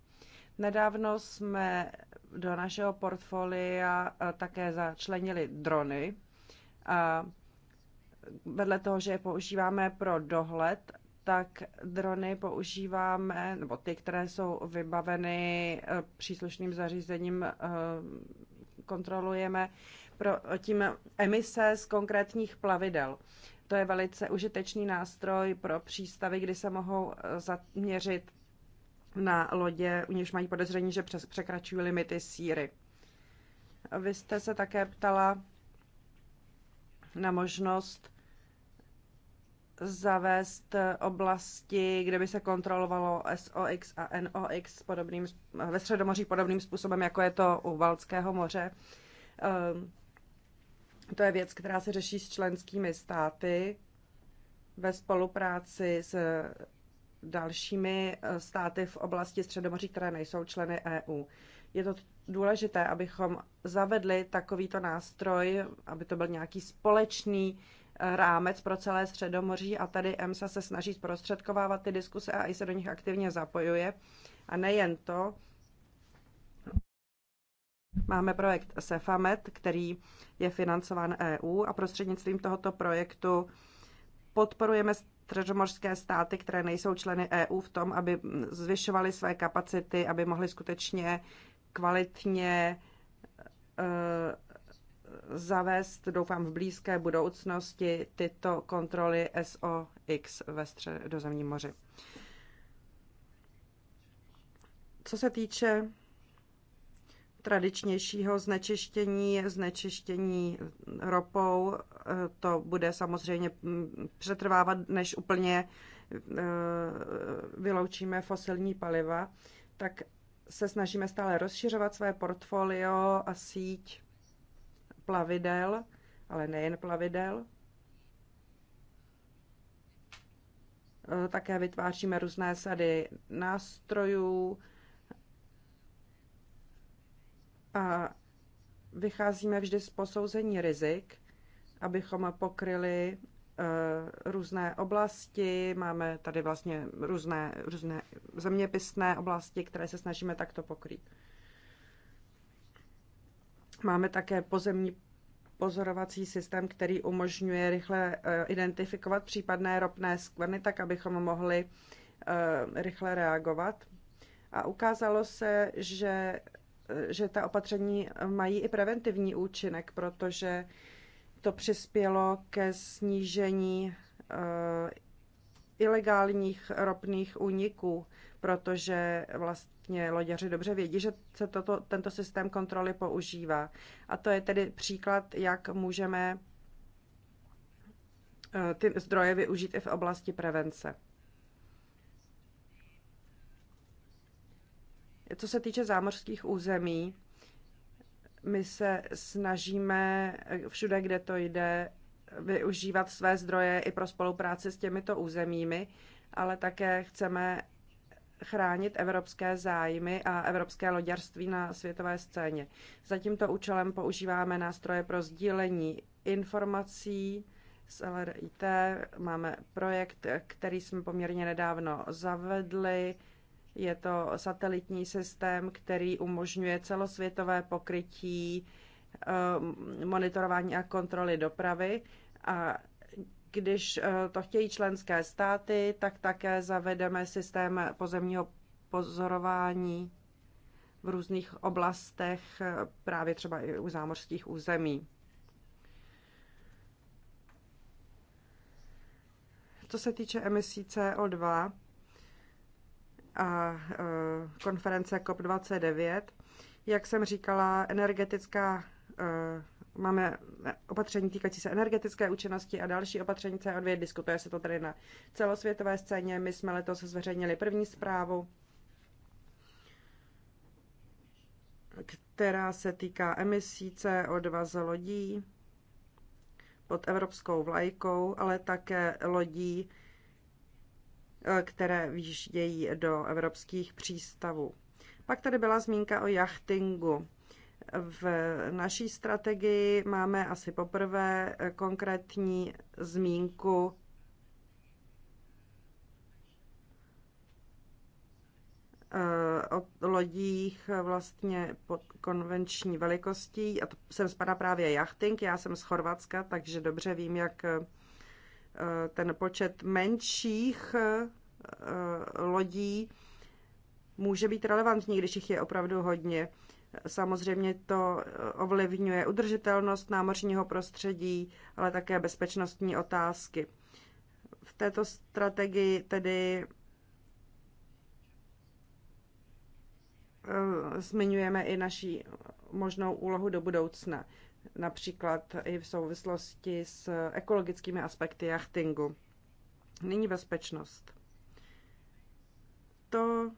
Speaker 1: Nedávno jsme do našeho portfolia také začlenili drony a vedle toho, že je používáme pro dohled, tak drony používáme, nebo ty, které jsou vybaveny eh, příslušným zařízením, eh, kontrolujeme pro tím emise z konkrétních plavidel. To je velice užitečný nástroj pro přístavy, kdy se mohou eh, zaměřit na lodě, u něž mají podezření, že překračují limity síry. Vy jste se také ptala na možnost zavést eh, oblasti, kde by se kontrolovalo SOX a NOX podobným, ve Středomoří podobným způsobem, jako je to u Balckého moře. Ehm, to je věc, která se řeší s členskými státy ve spolupráci s dalšími eh, státy v oblasti Středomoří, které nejsou členy EU. Je to důležité, abychom zavedli takovýto nástroj, aby to byl nějaký společný rámec pro celé Středomoří a tady EMSA se snaží zprostředkovávat ty diskuse a i se do nich aktivně zapojuje. A nejen to, Máme projekt SEFAMET, který je financován EU a prostřednictvím tohoto projektu podporujeme středomořské státy, které nejsou členy EU v tom, aby zvyšovaly své kapacity, aby mohly skutečně kvalitně eh, zavést, doufám v blízké budoucnosti, tyto kontroly SOX ve středozemním moři. Co se týče tradičnějšího znečištění, znečištění ropou, to bude samozřejmě přetrvávat, než úplně eh, vyloučíme fosilní paliva, tak se snažíme stále rozšiřovat své portfolio a síť plavidel, ale nejen plavidel. E, také vytváříme různé sady nástrojů a vycházíme vždy z posouzení rizik, abychom pokryli e, různé oblasti, máme tady vlastně různé, různé zeměpisné oblasti, které se snažíme takto pokrýt. Máme také pozemní pozorovací systém, který umožňuje rychle eh, identifikovat případné ropné skvrny, tak abychom mohli eh, rychle reagovat. A ukázalo se, že, eh, že ta opatření mají i preventivní účinek, protože to přispělo ke snížení ilegálních ropných úniků, protože vlastně loďaři dobře vědí, že se toto, tento systém kontroly používá. A to je tedy příklad, jak můžeme eh, ty zdroje využít i v oblasti prevence. Co se týče zámořských území, my se snažíme eh, všude, kde to jde, využívat své zdroje i pro spolupráci s těmito územími, ale také chceme chránit evropské zájmy a evropské loďarství na světové scéně. Za tímto účelem používáme nástroje pro sdílení informací z LRIT. Máme projekt, který jsme poměrně nedávno zavedli. Je to satelitní systém, který umožňuje celosvětové pokrytí eh, monitorování a kontroly dopravy. A když eh, to chtějí členské státy, tak také zavedeme systém pozemního pozorování v různých oblastech, eh, právě třeba i u zámořských území. Co se týče emisí CO2 a eh, konference COP29, jak jsem říkala, energetická máme opatření týkající se energetické účinnosti a další opatření CO2. Diskutuje se to tady na celosvětové scéně. My jsme letos zveřejnili první zprávu, která se týká emisí CO2 z lodí pod evropskou vlajkou, ale také lodí, eh, které výjíždějí do evropských přístavů. Pak tady byla zmínka o jachtingu. V naší strategii máme asi poprvé konkrétní zmínku eh, o lodích vlastně pod konvenční velikostí. A to sem spadá právě jachting. Já jsem z Chorvatska, takže dobře vím, jak eh, ten počet menších eh, lodí může být relevantní, když jich je opravdu hodně. Samozřejmě to eh, ovlivňuje udržitelnost námořního prostředí, ale také bezpečnostní otázky. V této strategii tedy eh, zmiňujeme i naší možnou úlohu do budoucna, například i v souvislosti s ekologickými aspekty jachtingu. Nyní bezpečnost. To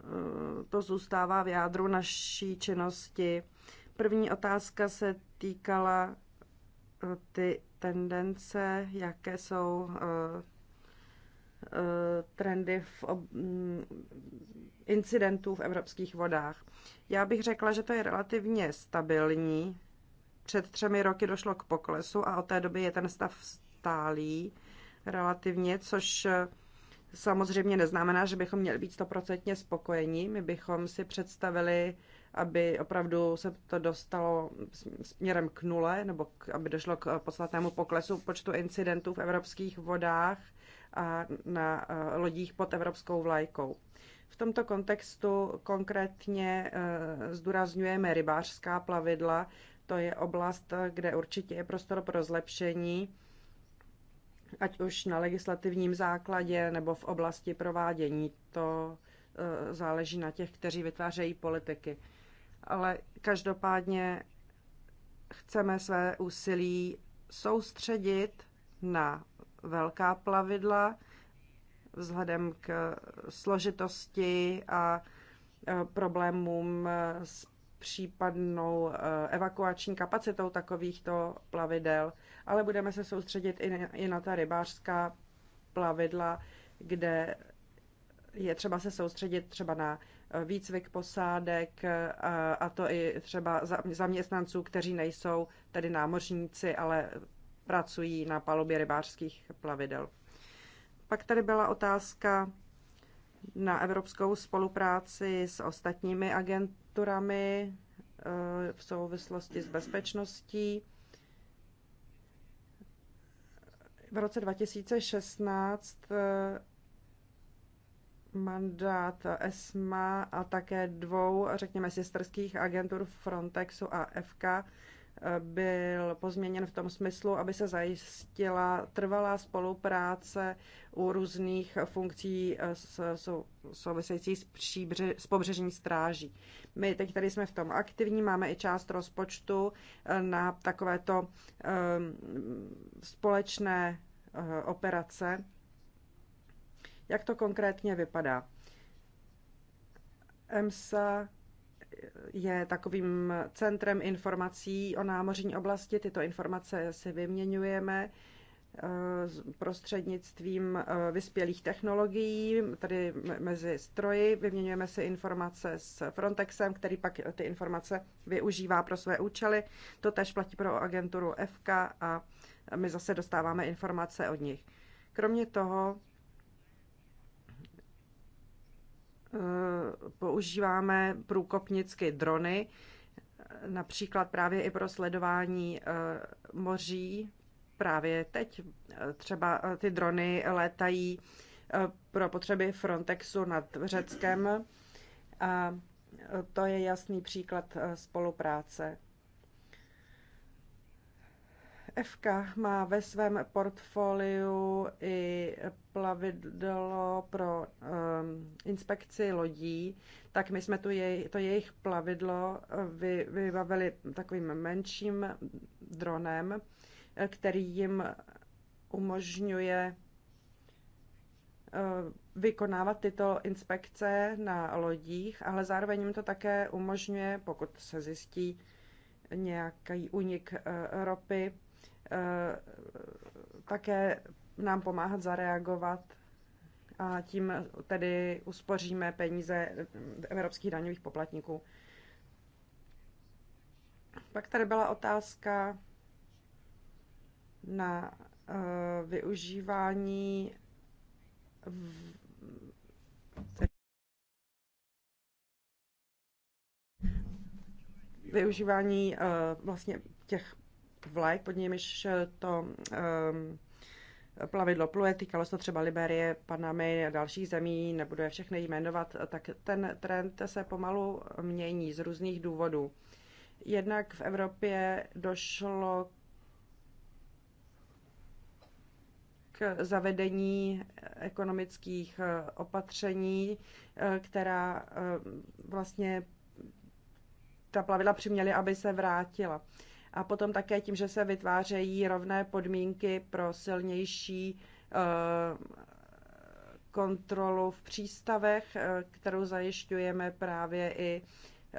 Speaker 1: Eh, to zůstává v jádru naší činnosti. První otázka se týkala eh, ty tendence, jaké jsou eh, trendy v ob... Mm, incidentů v evropských vodách. Já bych řekla, že to je relativně stabilní. Před třemi roky došlo k poklesu a od té doby je ten stav stálý relativně, což samozřejmě neznamená, že bychom měli být stoprocentně spokojení. My bychom si představili, aby opravdu se to dostalo směrem k nule, nebo k, aby došlo k eh, podstatnému poklesu počtu incidentů v evropských vodách a na eh, lodích pod evropskou vlajkou. V tomto kontextu konkrétně eh, zdůrazňujeme rybářská plavidla. To je oblast, kde určitě je prostor pro zlepšení ať už na legislativním základě nebo v oblasti provádění. To eh, záleží na těch, kteří vytvářejí politiky. Ale každopádně chceme své úsilí soustředit na velká plavidla vzhledem k složitosti a eh, problémům s případnou eh, evakuační kapacitou takovýchto plavidel ale budeme se soustředit i na, i na ta rybářská plavidla, kde je třeba se soustředit třeba na eh, výcvik posádek a, eh, a to i třeba zaměstnanců, kteří nejsou tedy námořníci, ale pracují na palubě rybářských plavidel. Pak tady byla otázka na evropskou spolupráci s ostatními agenturami eh, v souvislosti s bezpečností. v roce 2016 eh, mandát ESMA a také dvou, řekněme, sesterských agentur Frontexu a FK eh, byl pozměněn v tom smyslu, aby se zajistila trvalá spolupráce u různých funkcí souvisejících s, příbře, s pobřežní stráží. My teď tady jsme v tom aktivní, máme i část rozpočtu eh, na takovéto um, společné Eh, operace. Jak to konkrétně vypadá? EMSA je takovým centrem informací o námořní oblasti. Tyto informace si vyměňujeme eh, prostřednictvím eh, vyspělých technologií, Tady mezi stroji. Vyměňujeme si informace s Frontexem, který pak ty informace využívá pro své účely. To tež platí pro agenturu FK a my zase dostáváme informace od nich. Kromě toho eh, používáme průkopnicky drony, například právě i pro sledování eh, moří. Právě teď eh, třeba ty drony létají pro potřeby Frontexu nad Řeckem. A to je jasný příklad spolupráce. FK má ve svém portfoliu i plavidlo pro um, inspekci lodí, tak my jsme tu jej, to jejich plavidlo eh, vy, vybavili takovým menším dronem, eh, který jim umožňuje eh, vykonávat tyto inspekce na lodích, ale zároveň jim to také umožňuje, pokud se zjistí nějaký únik ropy, Eh, také nám pomáhat zareagovat a tím tedy uspoříme peníze eh, evropských daňových poplatníků. Pak tady byla otázka na eh, využívání v, využívání vlastně těch vlajk, pod nimiž eh, to um, plavidlo pluje, týkalo se to třeba Liberie, Panamy a dalších zemí, nebudu je všechny jmenovat, tak ten trend se pomalu mění z různých důvodů. Jednak v Evropě došlo k zavedení ekonomických eh, opatření, eh, která vlastně ta plavidla přiměly, aby se vrátila a potom také tím, že se vytvářejí rovné podmínky pro silnější eh, kontrolu v přístavech, eh, kterou zajišťujeme právě i eh,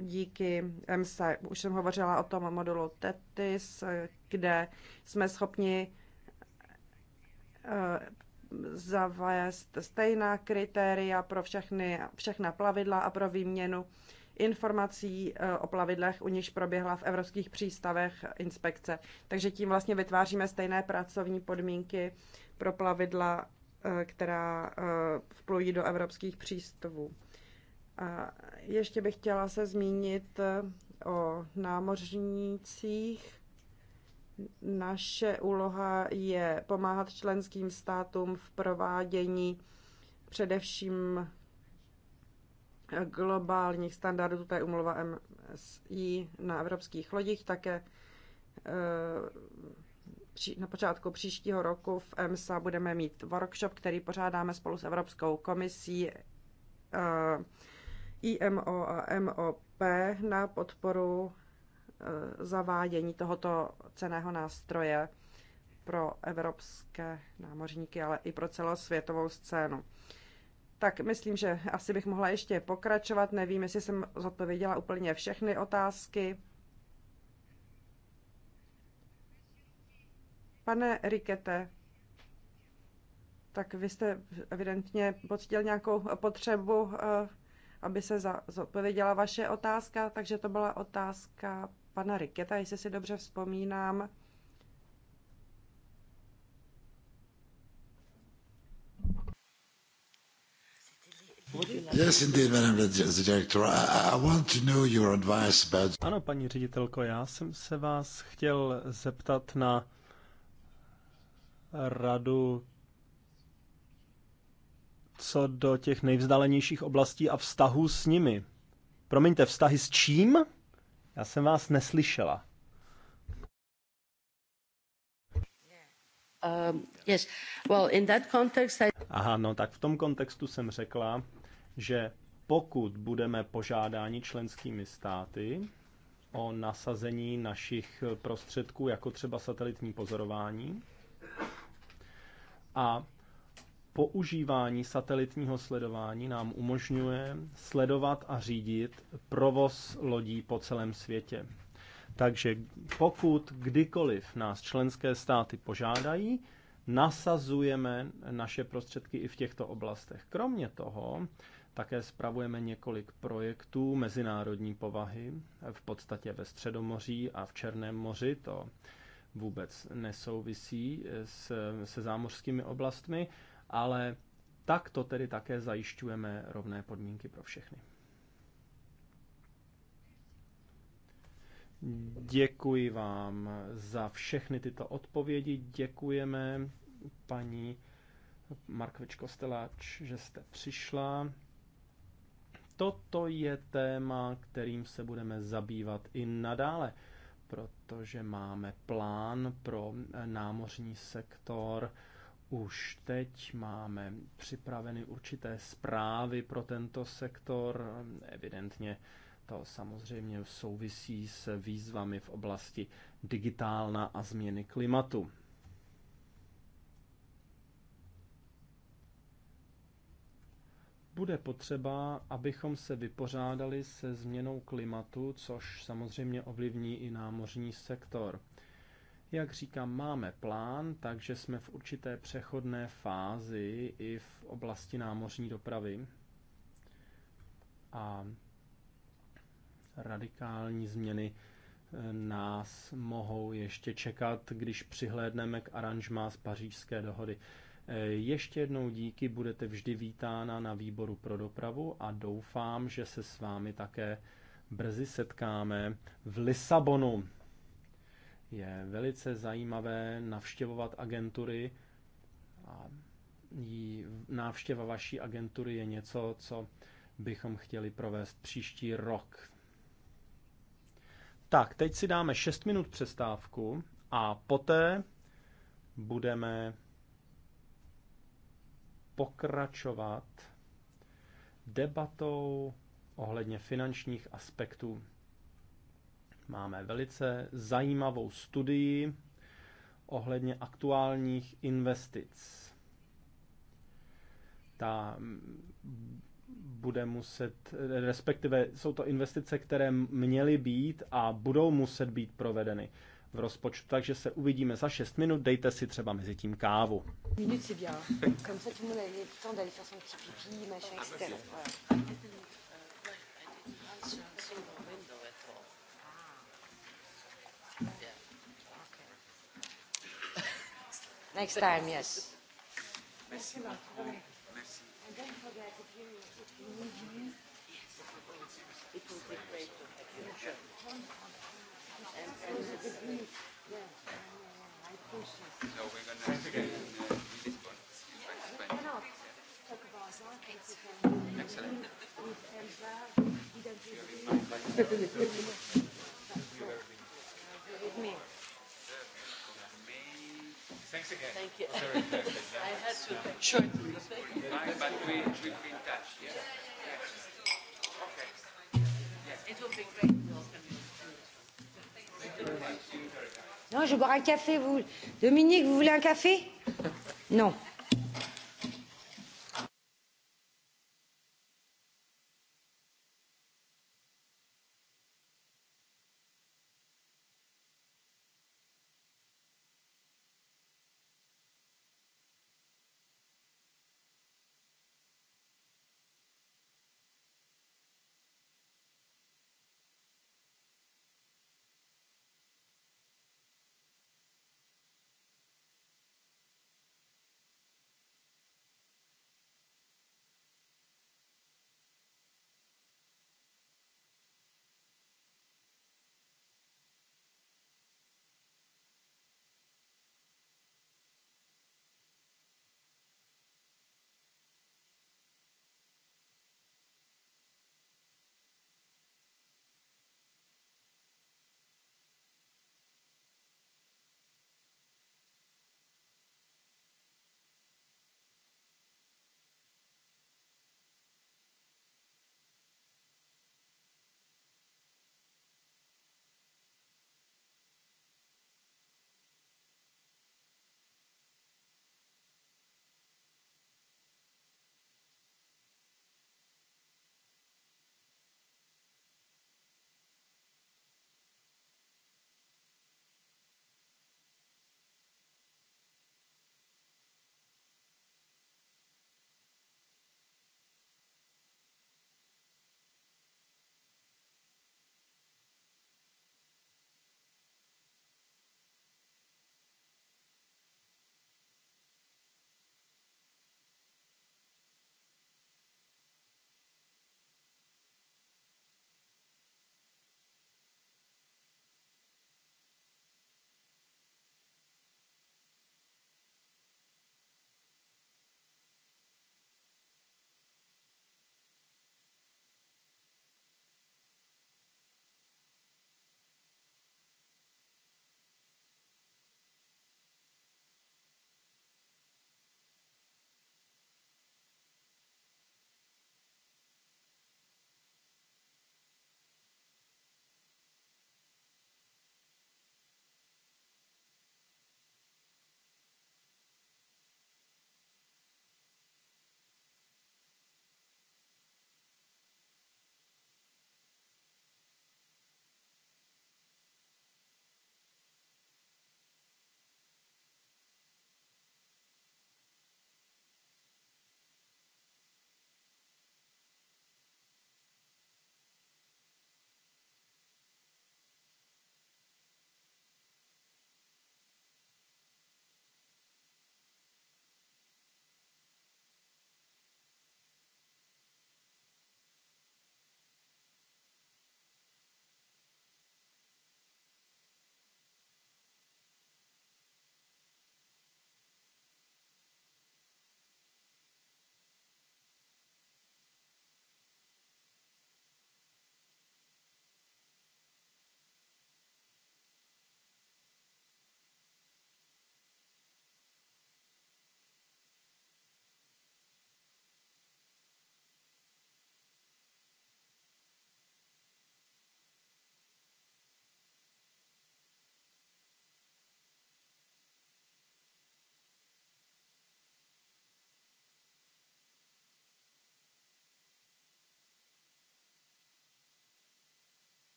Speaker 1: díky MSA. Už jsem hovořila o tom modulu TETIS, kde jsme schopni zavést stejná kritéria pro všechny, všechna plavidla a pro výměnu informací eh, o plavidlech, u nichž proběhla v evropských přístavech inspekce. Takže tím vlastně vytváříme stejné pracovní podmínky pro plavidla, eh, která eh, vplují do evropských přístavů. A ještě bych chtěla se zmínit o námořnících. Naše úloha je pomáhat členským státům v provádění především globálních standardů, to je umluva MSI na evropských lodích, také eh, na počátku příštího roku v EMSA budeme mít workshop, který pořádáme spolu s Evropskou komisí eh, IMO a MOP na podporu eh, zavádění tohoto ceného nástroje pro evropské námořníky, ale i pro celosvětovou scénu. Tak myslím, že asi bych mohla ještě pokračovat. Nevím, jestli jsem zodpověděla úplně všechny otázky. Pane Rikete, tak vy jste evidentně pocítil nějakou potřebu, eh, aby se zodpověděla vaše otázka, takže to byla otázka pana Riketa, jestli si dobře vzpomínám.
Speaker 3: Yes, indeed, Madam Director. I want to know your advice about...
Speaker 2: Ano, paní ředitelko, já jsem se vás chtěl zeptat na radu co do těch nejvzdálenějších oblastí a vztahů s nimi. Promiňte, vztahy s čím? Já jsem vás neslyšela.
Speaker 1: Um, yes. well, in that context I...
Speaker 2: Aha, no tak v tom kontextu jsem řekla, že pokud budeme požádáni členskými státy o nasazení našich prostředků, jako třeba satelitní pozorování, a používání satelitního sledování nám umožňuje sledovat a řídit provoz lodí po celém světě. Takže pokud kdykoliv nás členské státy požádají, nasazujeme naše prostředky i v těchto oblastech. Kromě toho také spravujeme několik projektů mezinárodní povahy, v podstatě ve Středomoří a v Černém moři. To vůbec nesouvisí s, se zámořskými oblastmi, ale tak to tedy také zajišťujeme rovné podmínky pro všechny. Děkuji vám za všechny tyto odpovědi. Děkujeme paní Markvič Kosteláč, že jste přišla. Toto je téma, kterým se budeme zabývat i nadále, protože máme plán pro eh, námořní sektor. Už teď máme připraveny určité zprávy pro tento sektor. Evidentně to samozřejmě souvisí s výzvami v oblasti digitálna a změny klimatu. bude potřeba, abychom se vypořádali se změnou klimatu, což samozřejmě ovlivní i námořní sektor. Jak říkám, máme plán, takže jsme v určité přechodné fázi i v oblasti námořní dopravy. A radikální změny eh, nás mohou ještě čekat, když přihlédneme k aranžmá z pařížské dohody. Eh, ještě jednou díky, budete vždy vítána na výboru pro dopravu a doufám, že se s vámi také brzy setkáme v Lisabonu. Je velice zajímavé navštěvovat agentury a návštěva vaší agentury je něco, co bychom chtěli provést příští rok. Tak, teď si dáme 6 minut přestávku a poté budeme pokračovat debatou ohledně finančních aspektů. Máme velice zajímavou studii ohledně aktuálních investic. Ta bude muset, respektive jsou to investice, které měly být a budou muset být provedeny v rozpočtu, takže se uvidíme za 6 minut, dejte si třeba mezi tím kávu.
Speaker 1: Minut c'est bien, Next time, yes. Merci. Merci.
Speaker 3: you, and So we're gonna to begin uh, in Lisbon. Yeah, why not? Talk Excellent. Thanks again. Thank you. Very I had to shortly. But we, we'll be in touch. Yeah. yeah, yeah,
Speaker 1: yeah. Okay. Yes. It will be great Non, je vais boire un café. Vous... Dominique, vous voulez un café Non.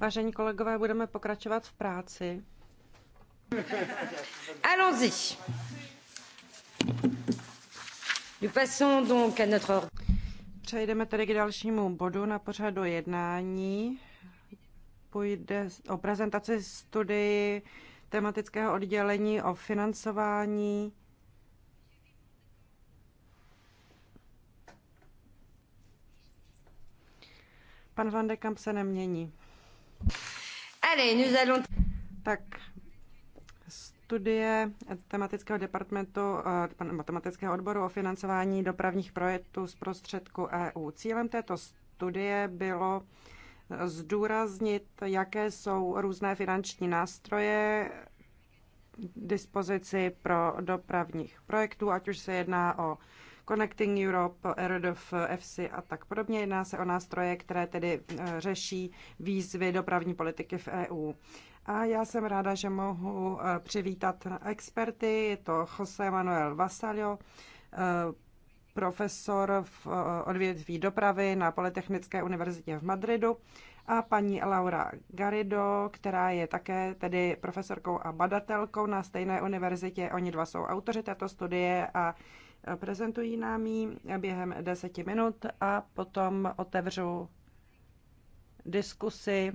Speaker 1: Vážení kolegové, budeme pokračovat v práci. (laughs) Allons-y. Nous passons donc à notre... Přejdeme tedy k dalšímu bodu na pořadu jednání. Půjde o prezentaci studii tematického oddělení o financování Pan Van de Kamp se nemění. Allez, nous allons... Tak, studie tematického departementu, eh, matematického odboru o financování dopravních projektů z prostředku EU. Cílem této studie bylo eh, zdůraznit, jaké jsou různé finanční nástroje dispozici pro dopravních projektů, ať už se jedná o Connecting Europe, RDF, FC a tak podobně. Jedná se o nástroje, které tedy eh, řeší výzvy dopravní politiky v EU. A já jsem ráda, že mohu eh, přivítat experty. Je to Jose Manuel Vasallo, eh, profesor v odvětví dopravy na Politechnické univerzitě v Madridu a paní Laura Garrido, která je také tedy profesorkou a badatelkou na stejné univerzitě. Oni dva jsou autoři této studie a Prezentují nám ji během deseti minut a potom otevřu diskusi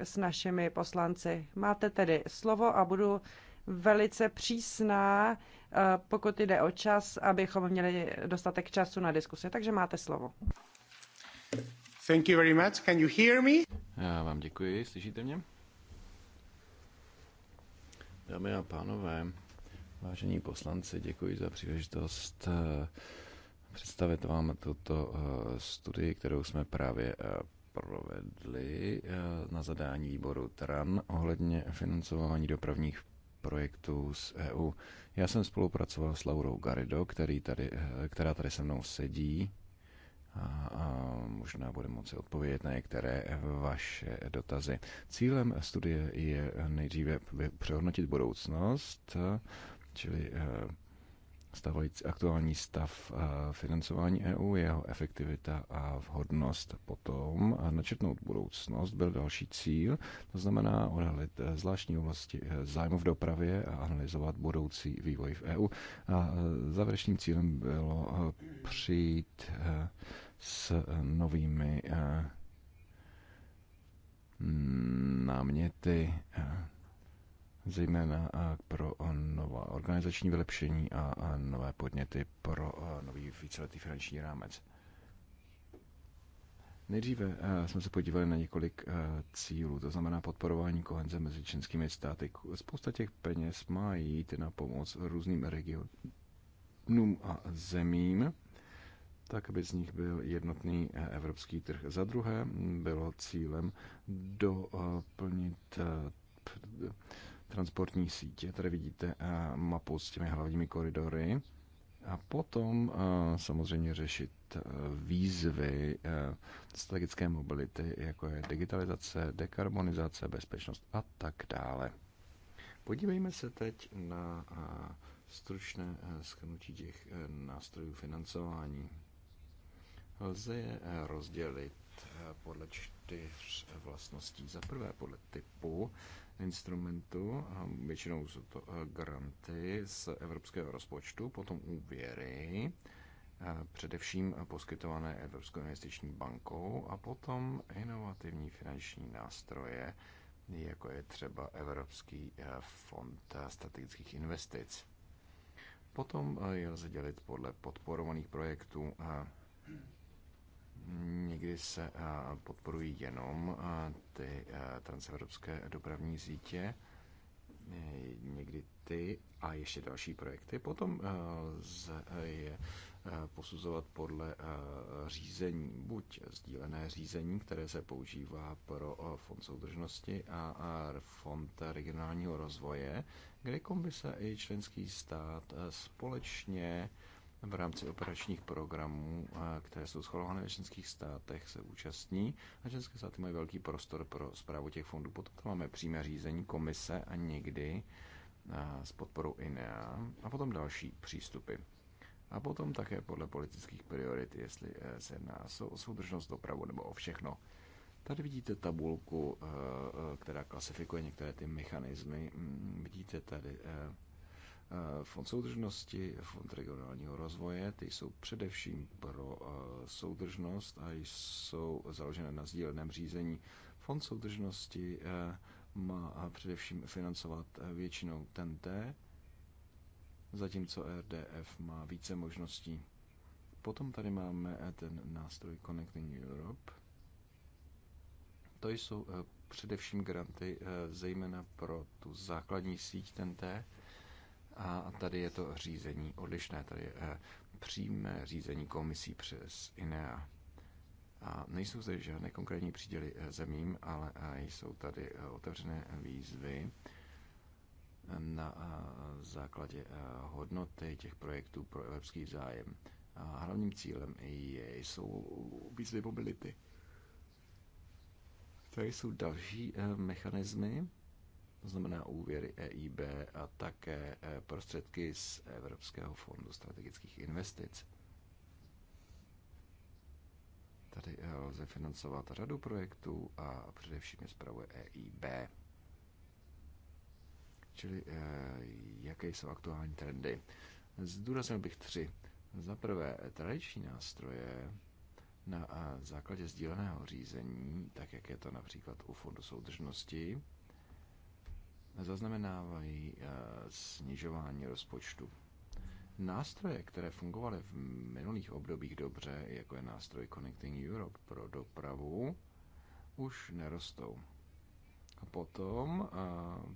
Speaker 1: s našimi poslanci. Máte tedy slovo a budu velice přísná, eh, pokud jde o čas, abychom měli dostatek času na diskusi. Takže máte slovo.
Speaker 3: Thank you very much. Can you hear me? Já vám děkuji. Slyšíte mě? Dámy a pánové, Vážení poslanci, děkuji za příležitost eh, představit vám tuto eh, studii, kterou jsme právě eh, provedli na zadání výboru TRAN ohledně financování dopravních projektů z EU. Já jsem spolupracoval s Laurou Garido, který tady, která tady se mnou sedí a, a možná bude moci odpovědět na některé vaše dotazy. Cílem studie je nejdříve přehodnotit budoucnost čili eh, stávající aktuální stav eh, financování EU, jeho efektivita a vhodnost. Potom načetnout budoucnost byl další cíl, to znamená odhalit eh, zvláštní oblasti zájmu v dopravě a analyzovat budoucí vývoj v EU. A završním cílem bylo přijít s novými mm, náměty zejména eh, pro eh, nová organizační vylepšení a eh, nové podněty pro nový víceletý finanční rámec. Nejdříve jsme se podívali na několik cílů, to znamená podporování kohenze mezi členskými státy. Spousta těch peněz má jít na pomoc různým regionům a zemím, tak aby z nich byl jednotný evropský trh. Za druhé bylo cílem doplnit transportní sítě. Tady vidíte eh, mapu s těmi hlavními koridory. A potom eh, samozřejmě řešit eh, výzvy strategické mobility, jako je digitalizace, dekarbonizace, bezpečnost a tak dále. Podívejme se teď na stručné schrnutí těch nástrojů financování. Lze je rozdělit podle čtyř vlastností. Za prvé podle typu, instrumentu, většinou jsou to eh, granty z evropského rozpočtu, potom úvěry, eh, především poskytované Evropskou investiční bankou a potom inovativní finanční nástroje, jako je třeba Evropský eh, fond strategických investic. Potom je lze dělit podle podporovaných projektů Někdy se podporují jenom ty transevropské dopravní sítě, e, někdy ty a ještě další projekty. Potom e, e, je posuzovat podle řízení, buď sdílené řízení, které se používá pro fond soudržnosti a fond regionálního rozvoje, kde komise i členský stát společně v rámci operačních programů, eh, které jsou schvalované ve členských státech, se účastní a členské státy mají velký prostor pro zprávu těch fondů. Potom tam máme přímé řízení komise a někdy eh, s podporou INEA a potom další přístupy. A potom také podle politických priorit, jestli eh, se jedná o soudržnost, dopravu nebo o všechno. Tady vidíte tabulku, která klasifikuje některé ty mechanismy. Mm, vidíte tady Eh, Fond soudržnosti, Fond regionálního rozvoje, ty jsou především pro eh, soudržnost a jsou založené na sdíleném řízení. Fond soudržnosti eh, má především financovat většinou TNT, zatímco RDF má více možností. Potom tady máme ten nástroj Connecting Europe. To jsou především granty zejména pro tu základní síť TNT, a tady je to řízení odlišné, tady je eh, přímé řízení komisí přes INEA. A nejsou zde žádné konkrétní příděly eh, zemím, ale eh, jsou tady otevřené výzvy na základě hodnoty těch projektů pro evropský zájem. A hlavním cílem je, jsou výzvy mobility. Tady jsou další mechanismy, to znamená úvěry EIB a také eh, prostředky z Evropského fondu strategických investic. Tady eh, lze financovat řadu projektů a především je zpravuje EIB. Čili eh, jaké jsou aktuální trendy? Zdůraznil bych tři. Za prvé, tradiční nástroje na základě sdíleného řízení, tak jak je to například u Fondu soudržnosti, zaznamenávají eh, snižování rozpočtu. Nástroje, které fungovaly v minulých obdobích dobře, jako je nástroj Connecting Europe pro dopravu, už nerostou. A potom eh,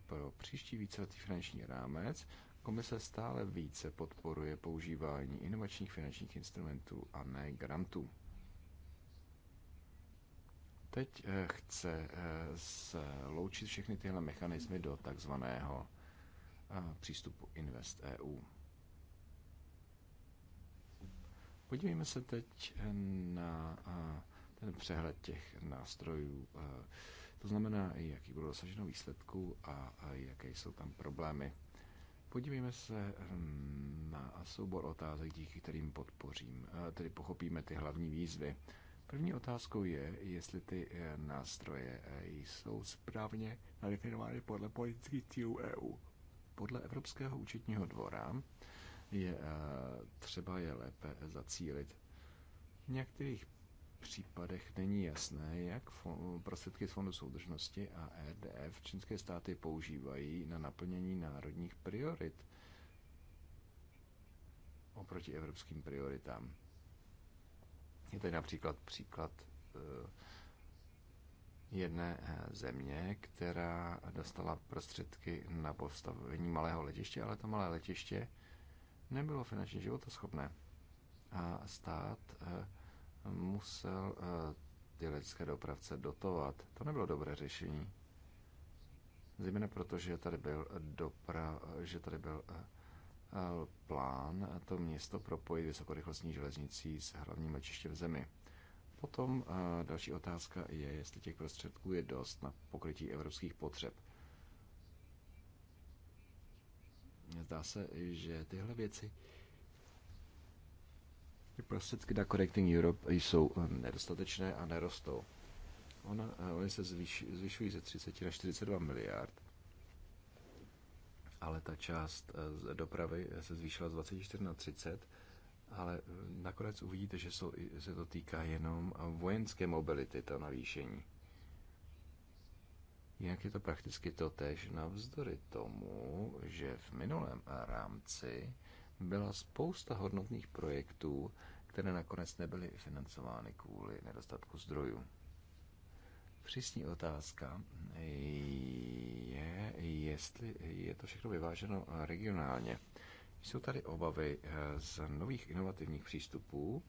Speaker 3: pro příští víceletý finanční rámec komise stále více podporuje používání inovačních finančních instrumentů a ne grantů teď eh, chce eh, sloučit všechny tyhle mechanismy do takzvaného eh, přístupu Invest EU. Podívejme se teď na ten přehled těch nástrojů. To znamená, jaký bylo dosaženo výsledků a jaké jsou tam problémy. Podívejme se hm, na soubor otázek, díky kterým podpořím, tedy pochopíme ty hlavní výzvy. První otázkou je, jestli ty eh, nástroje eh, jsou správně nadefinovány podle politických cílů EU. Podle Evropského účetního dvora je eh, třeba je lépe zacílit. V některých případech není jasné, jak prostředky z Fondu soudržnosti a EDF čínské státy používají na naplnění národních priorit oproti evropským prioritám. Je tady například příklad eh, jedné eh, země, která dostala prostředky na postavení malého letiště, ale to malé letiště nebylo finančně životoschopné. A stát eh, musel ty letecké dopravce dotovat. To nebylo dobré řešení. Zejména proto, že tady byl dopra, že tady byl Eh, plán eh, to město propojit vysokorychlostní železnicí s hlavním letištěm v zemi. Potom eh, další otázka je, jestli těch prostředků je dost na pokrytí evropských potřeb. Zdá se, že tyhle věci ty prostředky na Connecting Europe jsou nedostatečné a nerostou. Ona, oni se zvýš, zvyšují ze 30 na 42 miliard ale ta část eh, dopravy se zvýšila z 24 na 30, ale eh, nakonec uvidíte, že jsou, se to týká jenom vojenské mobility, to navýšení. Jinak je to prakticky to tež navzdory tomu, že v minulém rámci byla spousta hodnotných projektů, které nakonec nebyly financovány kvůli nedostatku zdrojů přísní otázka je, jestli je to všechno vyváženo regionálně. Jsou tady obavy eh, z nových inovativních přístupů,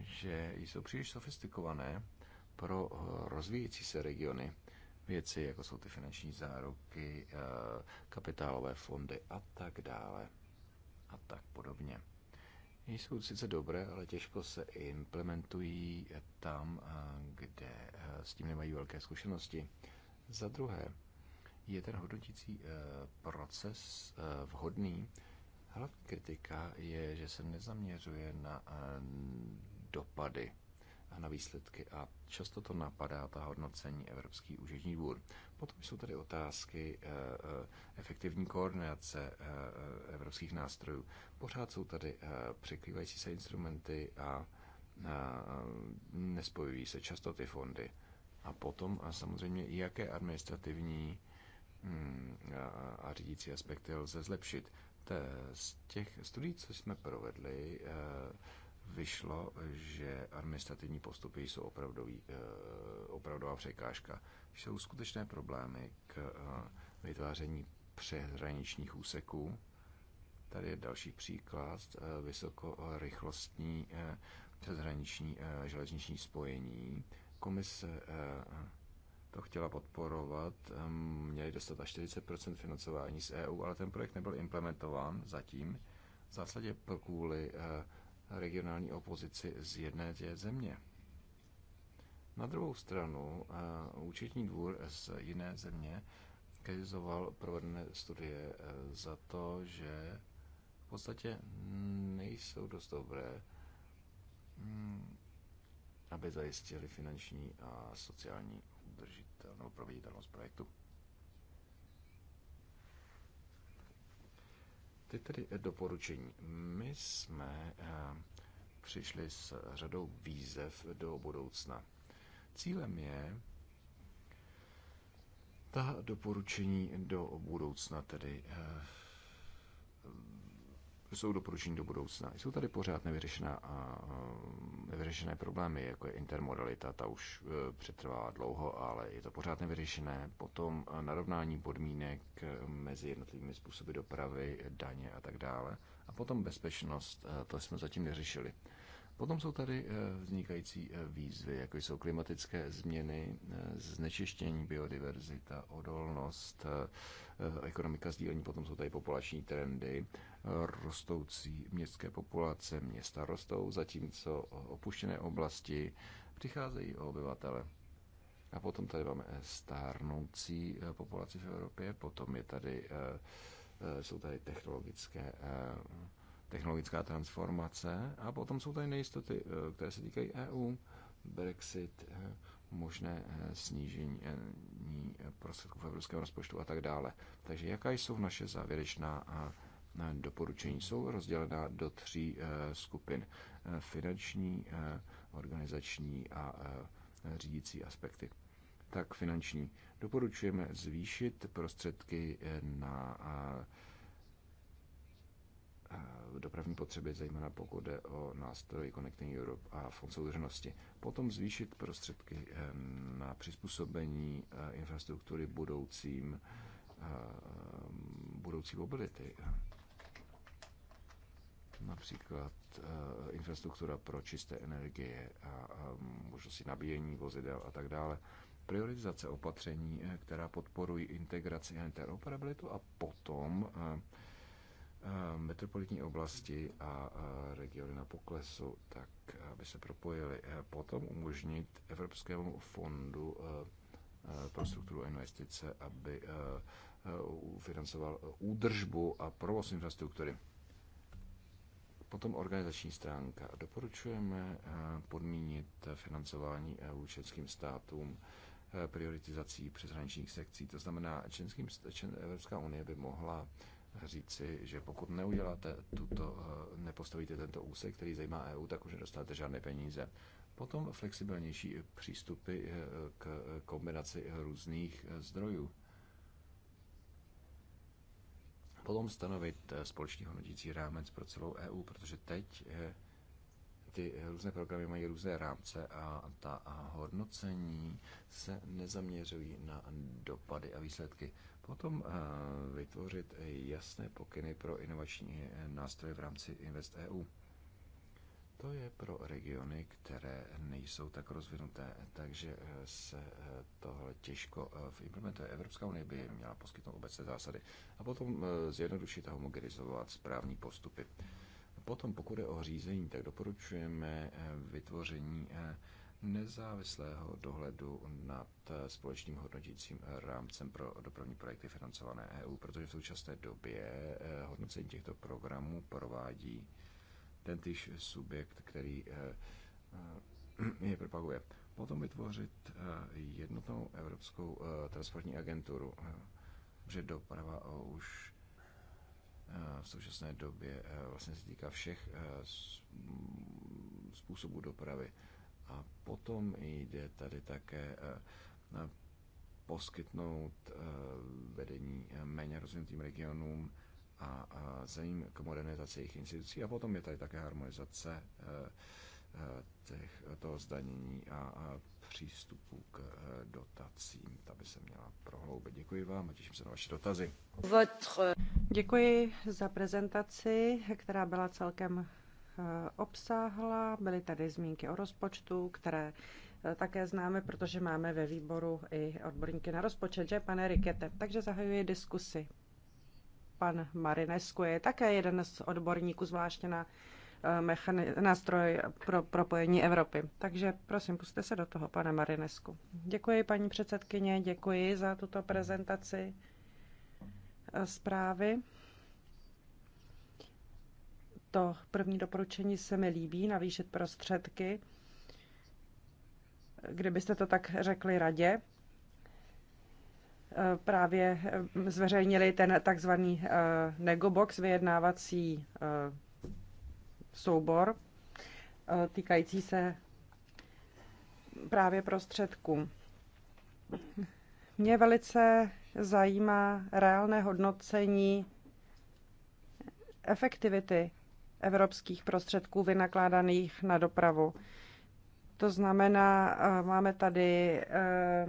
Speaker 3: že jsou příliš sofistikované pro eh, rozvíjející se regiony. Věci, jako jsou ty finanční záruky, eh, kapitálové fondy a tak dále a tak podobně jsou sice dobré, ale těžko se implementují tam, eh, kde eh, s tím nemají velké zkušenosti. Za druhé, je ten hodnotící eh, proces vhodný? Hlavní kritika je, že se nezaměřuje na dopady na výsledky a často to napadá ta hodnocení Evropský úřední dvůr. Potom jsou tady otázky eh, eh, efektivní koordinace eh, evropských nástrojů. Pořád jsou tady překrývající se instrumenty a nespojují se často ty fondy. A potom a samozřejmě, jaké administrativní hm, a řídící aspekty lze zlepšit. Z těch studií, co jsme provedli, vyšlo, že administrativní postupy jsou opravdový, eh, opravdová překážka. Jsou skutečné problémy k eh, vytváření přehraničních úseků. Tady je další příklad, eh, vysokorychlostní přeshraniční železniční spojení. Komise to chtěla podporovat, měli dostat až 40% financování z EU, ale ten projekt nebyl implementován zatím. V zásadě kvůli regionální opozici z jedné té země. Na druhou stranu eh, účetní dvůr z jiné země kritizoval provedené studie eh, za to, že v podstatě nejsou dost dobré, hm, aby zajistili finanční a sociální udržitelnou proveditelnost projektu. ty tedy doporučení. My jsme eh, přišli s řadou výzev do budoucna. Cílem je ta doporučení do budoucna tedy eh, jsou doporučení do budoucna. Jsou tady pořád nevyřešená, nevyřešené problémy, jako je intermodalita, ta už e, přetrvá dlouho, ale je to pořád nevyřešené. Potom e, narovnání podmínek e, mezi jednotlivými způsoby dopravy, daně a tak dále. A potom bezpečnost, to jsme zatím neřešili. Potom jsou tady vznikající výzvy, jako jsou klimatické změny, znečištění, biodiverzita, odolnost, Eh, ekonomika sdílení, potom jsou tady populační trendy, rostoucí městské populace, města rostou, zatímco opuštěné oblasti přicházejí o obyvatele. A potom tady máme stárnoucí eh, populaci v Evropě, potom je tady, eh, jsou tady technologické, technologická transformace a potom jsou tady nejistoty, které se týkají EU, Brexit, možné eh, snížení eh, prostředků v evropském rozpočtu a tak dále. Takže jaká jsou naše závěrečná doporučení? Jsou rozdělená do tří eh, skupin. Finanční, organizační a řídící aspekty. Tak finanční. Doporučujeme zvýšit prostředky na dopravní potřeby, zejména pokud jde o nástroj Connecting Europe a fond soudržnosti. Potom zvýšit prostředky eh, na přizpůsobení eh, infrastruktury budoucím, eh, budoucí mobility. Například infrastruktura pro čisté energie a možnosti nabíjení vozidel a tak dále prioritizace opatření, která podporují integraci a interoperabilitu a potom Eh, metropolitní oblasti a eh, regiony na poklesu, tak eh, aby se propojili. Potom umožnit Evropskému fondu pro strukturu investice, aby financoval údržbu a provoz infrastruktury. Potom organizační stránka. Doporučujeme podmínit financování českým státům prioritizací přeshraničních sekcí. To znamená, Evropská unie by mohla říci, že pokud neuděláte tuto, eh, nepostavíte tento úsek, který zajímá EU, tak už nedostanete žádné peníze. Potom flexibilnější přístupy eh, k kombinaci různých eh, zdrojů. Potom stanovit společný hodnotící rámec pro celou EU, protože teď ty různé programy mají různé rámce a ta hodnocení se nezaměřují na dopady a výsledky. Potom eh, vytvořit jasné pokyny pro inovační eh, nástroje v rámci Invest EU. To je pro regiony, které nejsou tak rozvinuté, takže eh, se tohle těžko implementuje. Evropská unie by měla poskytnout obecné zásady a potom zjednodušit a homogenizovat správní postupy. Potom, pokud je o řízení, tak doporučujeme vytvoření nezávislého dohledu nad eh, společným hodnotícím rámcem pro dopravní projekty financované EU, protože v současné době eh, hodnocení těchto programů provádí ten týž subjekt, který eh, (clears throat) je propaguje. Potom vytvořit jednotnou evropskou transportní agenturu, že doprava už v současné době vlastně se týká všech způsobů dopravy. A potom jde tady také eh, poskytnout eh, vedení eh, méně rozvinutým regionům a zemím k modernizaci jejich institucí. A potom je tady také harmonizace těch, toho zdanění a přístupu k dotacím. Ta by se měla prohloubit. Děkuji vám a těším se na vaše dotazy.
Speaker 1: Děkuji za prezentaci, která byla celkem Eh, obsáhla. Byly tady zmínky o rozpočtu, které eh, také známe, protože máme ve výboru i odborníky na rozpočet, že pane Rikete. Takže zahajuji diskusi. Pan Marinesku je také jeden z odborníků, zvláště na eh, nástroj pro propojení Evropy. Takže prosím, puste se do toho, pane Marinesku. Děkuji, paní předsedkyně, děkuji za tuto prezentaci zprávy. To první doporučení se mi líbí, navýšit prostředky. Kdybyste to tak řekli radě, e, právě e, zveřejnili ten takzvaný e, negobox, vyjednávací soubor týkající se právě prostředků. Mě velice zajímá reálné hodnocení efektivity evropských prostředků vynakládaných na dopravu. To znamená, eh, máme tady eh,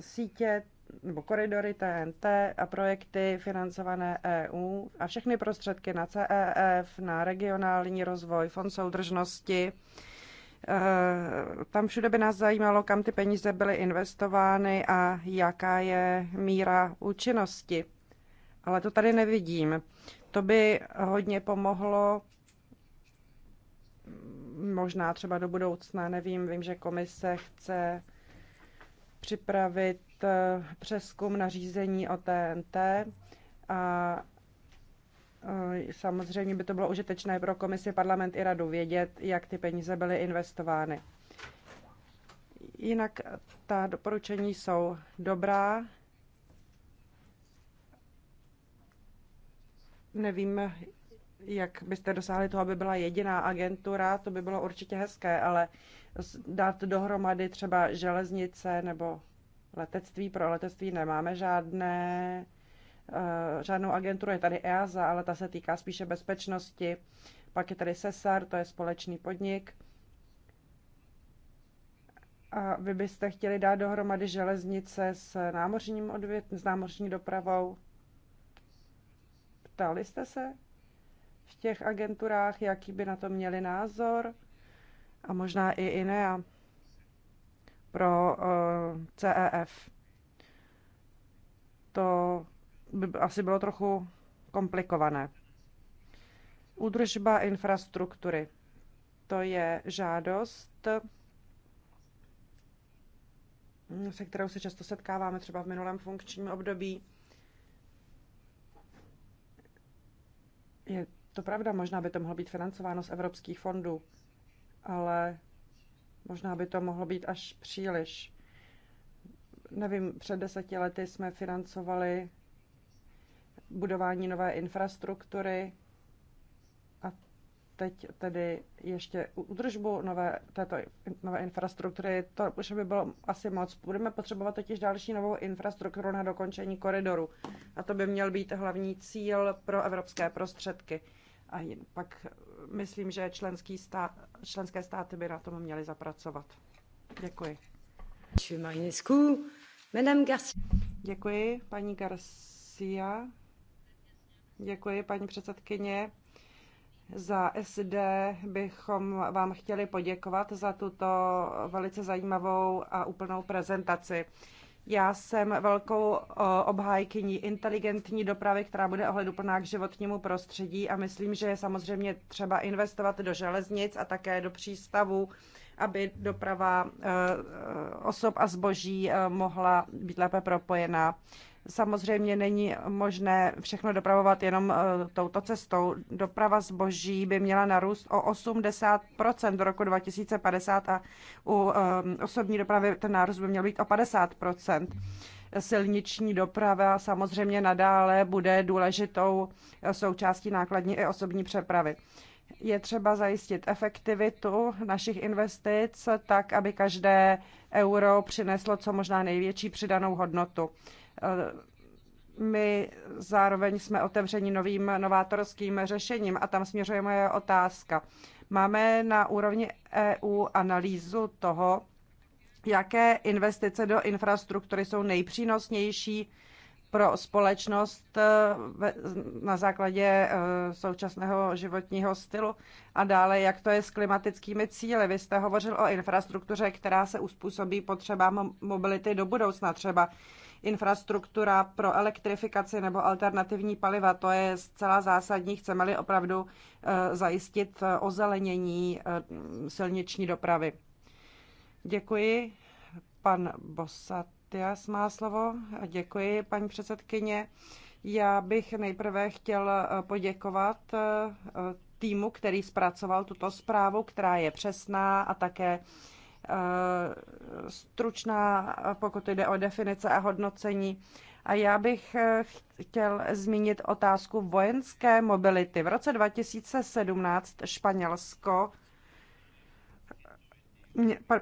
Speaker 1: sítě nebo koridory TNT a projekty financované EU a všechny prostředky na CEF, na regionální rozvoj, fond soudržnosti. Eh, tam všude by nás zajímalo, kam ty peníze byly investovány a jaká je míra účinnosti. Ale to tady nevidím. To by hodně pomohlo možná třeba do budoucna, nevím, vím, že komise chce připravit eh, přeskum nařízení o TNT a eh, samozřejmě by to bylo užitečné pro komisi, parlament i radu vědět, jak ty peníze byly investovány. Jinak ta doporučení jsou dobrá, Nevím, jak byste dosáhli toho, aby byla jediná agentura, to by bylo určitě hezké, ale dát dohromady třeba železnice nebo letectví, pro letectví nemáme žádné, eh, žádnou agenturu, je tady EASA, ale ta se týká spíše bezpečnosti. Pak je tady SESAR, to je společný podnik. A vy byste chtěli dát dohromady železnice s námořním odvět, s námořní dopravou? Ptali jste se v těch agenturách, jaký by na to měli názor a možná i INEA pro uh, eh, CEF. To by asi bylo trochu komplikované. Údržba infrastruktury. To je žádost, se kterou se často setkáváme třeba v minulém funkčním období. Je to pravda, možná by to mohlo být financováno z evropských fondů, ale možná by to mohlo být až příliš. Nevím, před deseti lety jsme financovali budování nové infrastruktury, teď tedy ještě udržbu nové, této nové infrastruktury, to už by bylo asi moc. Budeme potřebovat totiž další novou infrastrukturu na dokončení koridoru a to by měl být hlavní cíl pro evropské prostředky. A jen, pak myslím, že členský stát, členské státy by na tom měly zapracovat. Děkuji. Madame Děkuji, paní Garcia. Děkuji, paní předsedkyně. Za SD bychom vám chtěli poděkovat za tuto velice zajímavou a úplnou prezentaci. Já jsem velkou obhájkyní inteligentní dopravy, která bude ohleduplná k životnímu prostředí a myslím, že je samozřejmě třeba investovat do železnic a také do přístavů, aby doprava e, e, osob a zboží e, mohla být lépe propojená. Samozřejmě není možné všechno dopravovat jenom e, touto cestou. Doprava zboží by měla narůst o 80 do roku 2050 a u e, osobní dopravy ten nárůst by měl být o 50 silniční doprava samozřejmě nadále bude důležitou e, součástí nákladní i osobní přepravy. Je třeba zajistit efektivitu našich investic tak, aby každé euro přineslo co možná největší přidanou hodnotu. Eh, my zároveň jsme otevřeni novým novátorským řešením a tam směřuje moje otázka. Máme na úrovni EU analýzu toho, jaké investice do infrastruktury jsou nejpřínosnější pro společnost eh, na základě eh, současného životního stylu a dále, jak to je s klimatickými cíly. Vy jste hovořil o infrastruktuře, která se uspůsobí potřebám mobility do budoucna, třeba infrastruktura pro elektrifikaci nebo alternativní paliva. To je zcela zásadní, chceme-li opravdu eh, zajistit eh, ozelenění eh, silniční dopravy. Děkuji. Pan Bosatias má slovo. Děkuji, paní předsedkyně. Já bych nejprve chtěl poděkovat týmu, který zpracoval tuto zprávu, která je přesná a také Eh, stručná, pokud jde o definice a hodnocení. A já bych eh, chtěl zmínit otázku vojenské mobility. V roce 2017 Španělsko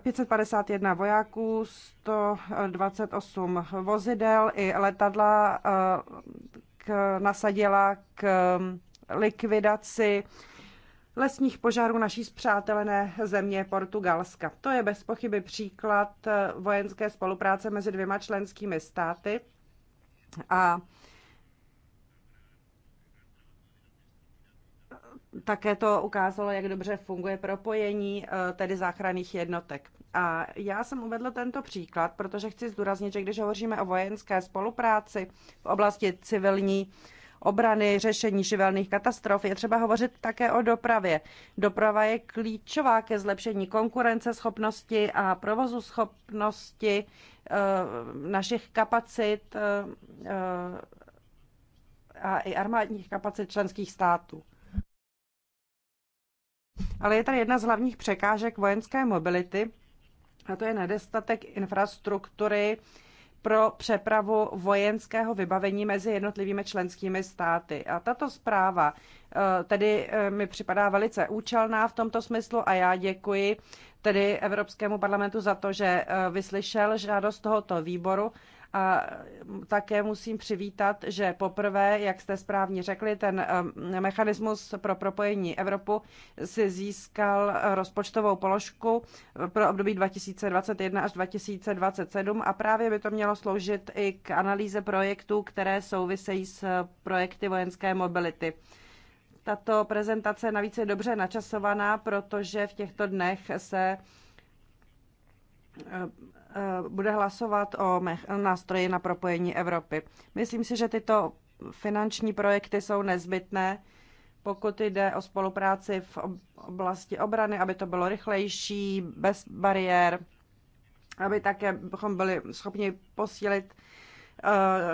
Speaker 1: 551 vojáků, 128 vozidel i letadla eh, k, nasadila k likvidaci lesních požárů naší spřátelené země Portugalska. To je bez pochyby příklad eh, vojenské spolupráce mezi dvěma členskými státy a také to ukázalo, jak dobře funguje propojení eh, tedy záchranných jednotek. A já jsem uvedla tento příklad, protože chci zdůraznit, že když hovoříme o vojenské spolupráci v oblasti civilní obrany, řešení živelných katastrof, je třeba hovořit také o dopravě. Doprava je klíčová ke zlepšení konkurenceschopnosti a provozu schopnosti eh, našich kapacit eh, eh, a i armádních kapacit členských států. Ale je tady jedna z hlavních překážek vojenské mobility, a to je nedostatek infrastruktury pro přepravu vojenského vybavení mezi jednotlivými členskými státy. A tato zpráva eh, tedy eh, mi připadá velice účelná v tomto smyslu a já děkuji tedy Evropskému parlamentu za to, že eh, vyslyšel žádost tohoto výboru a také musím přivítat, že poprvé, jak jste správně řekli, ten eh, mechanismus pro propojení Evropu si získal rozpočtovou položku pro období 2021 až 2027 a právě by to mělo sloužit i k analýze projektů, které souvisejí s projekty vojenské mobility. Tato prezentace navíc je dobře načasovaná, protože v těchto dnech se eh, Eh, bude hlasovat o nástroji na propojení Evropy. Myslím si, že tyto finanční projekty jsou nezbytné, pokud jde o spolupráci v oblasti obrany, aby to bylo rychlejší, bez bariér, aby také bychom byli schopni posílit eh,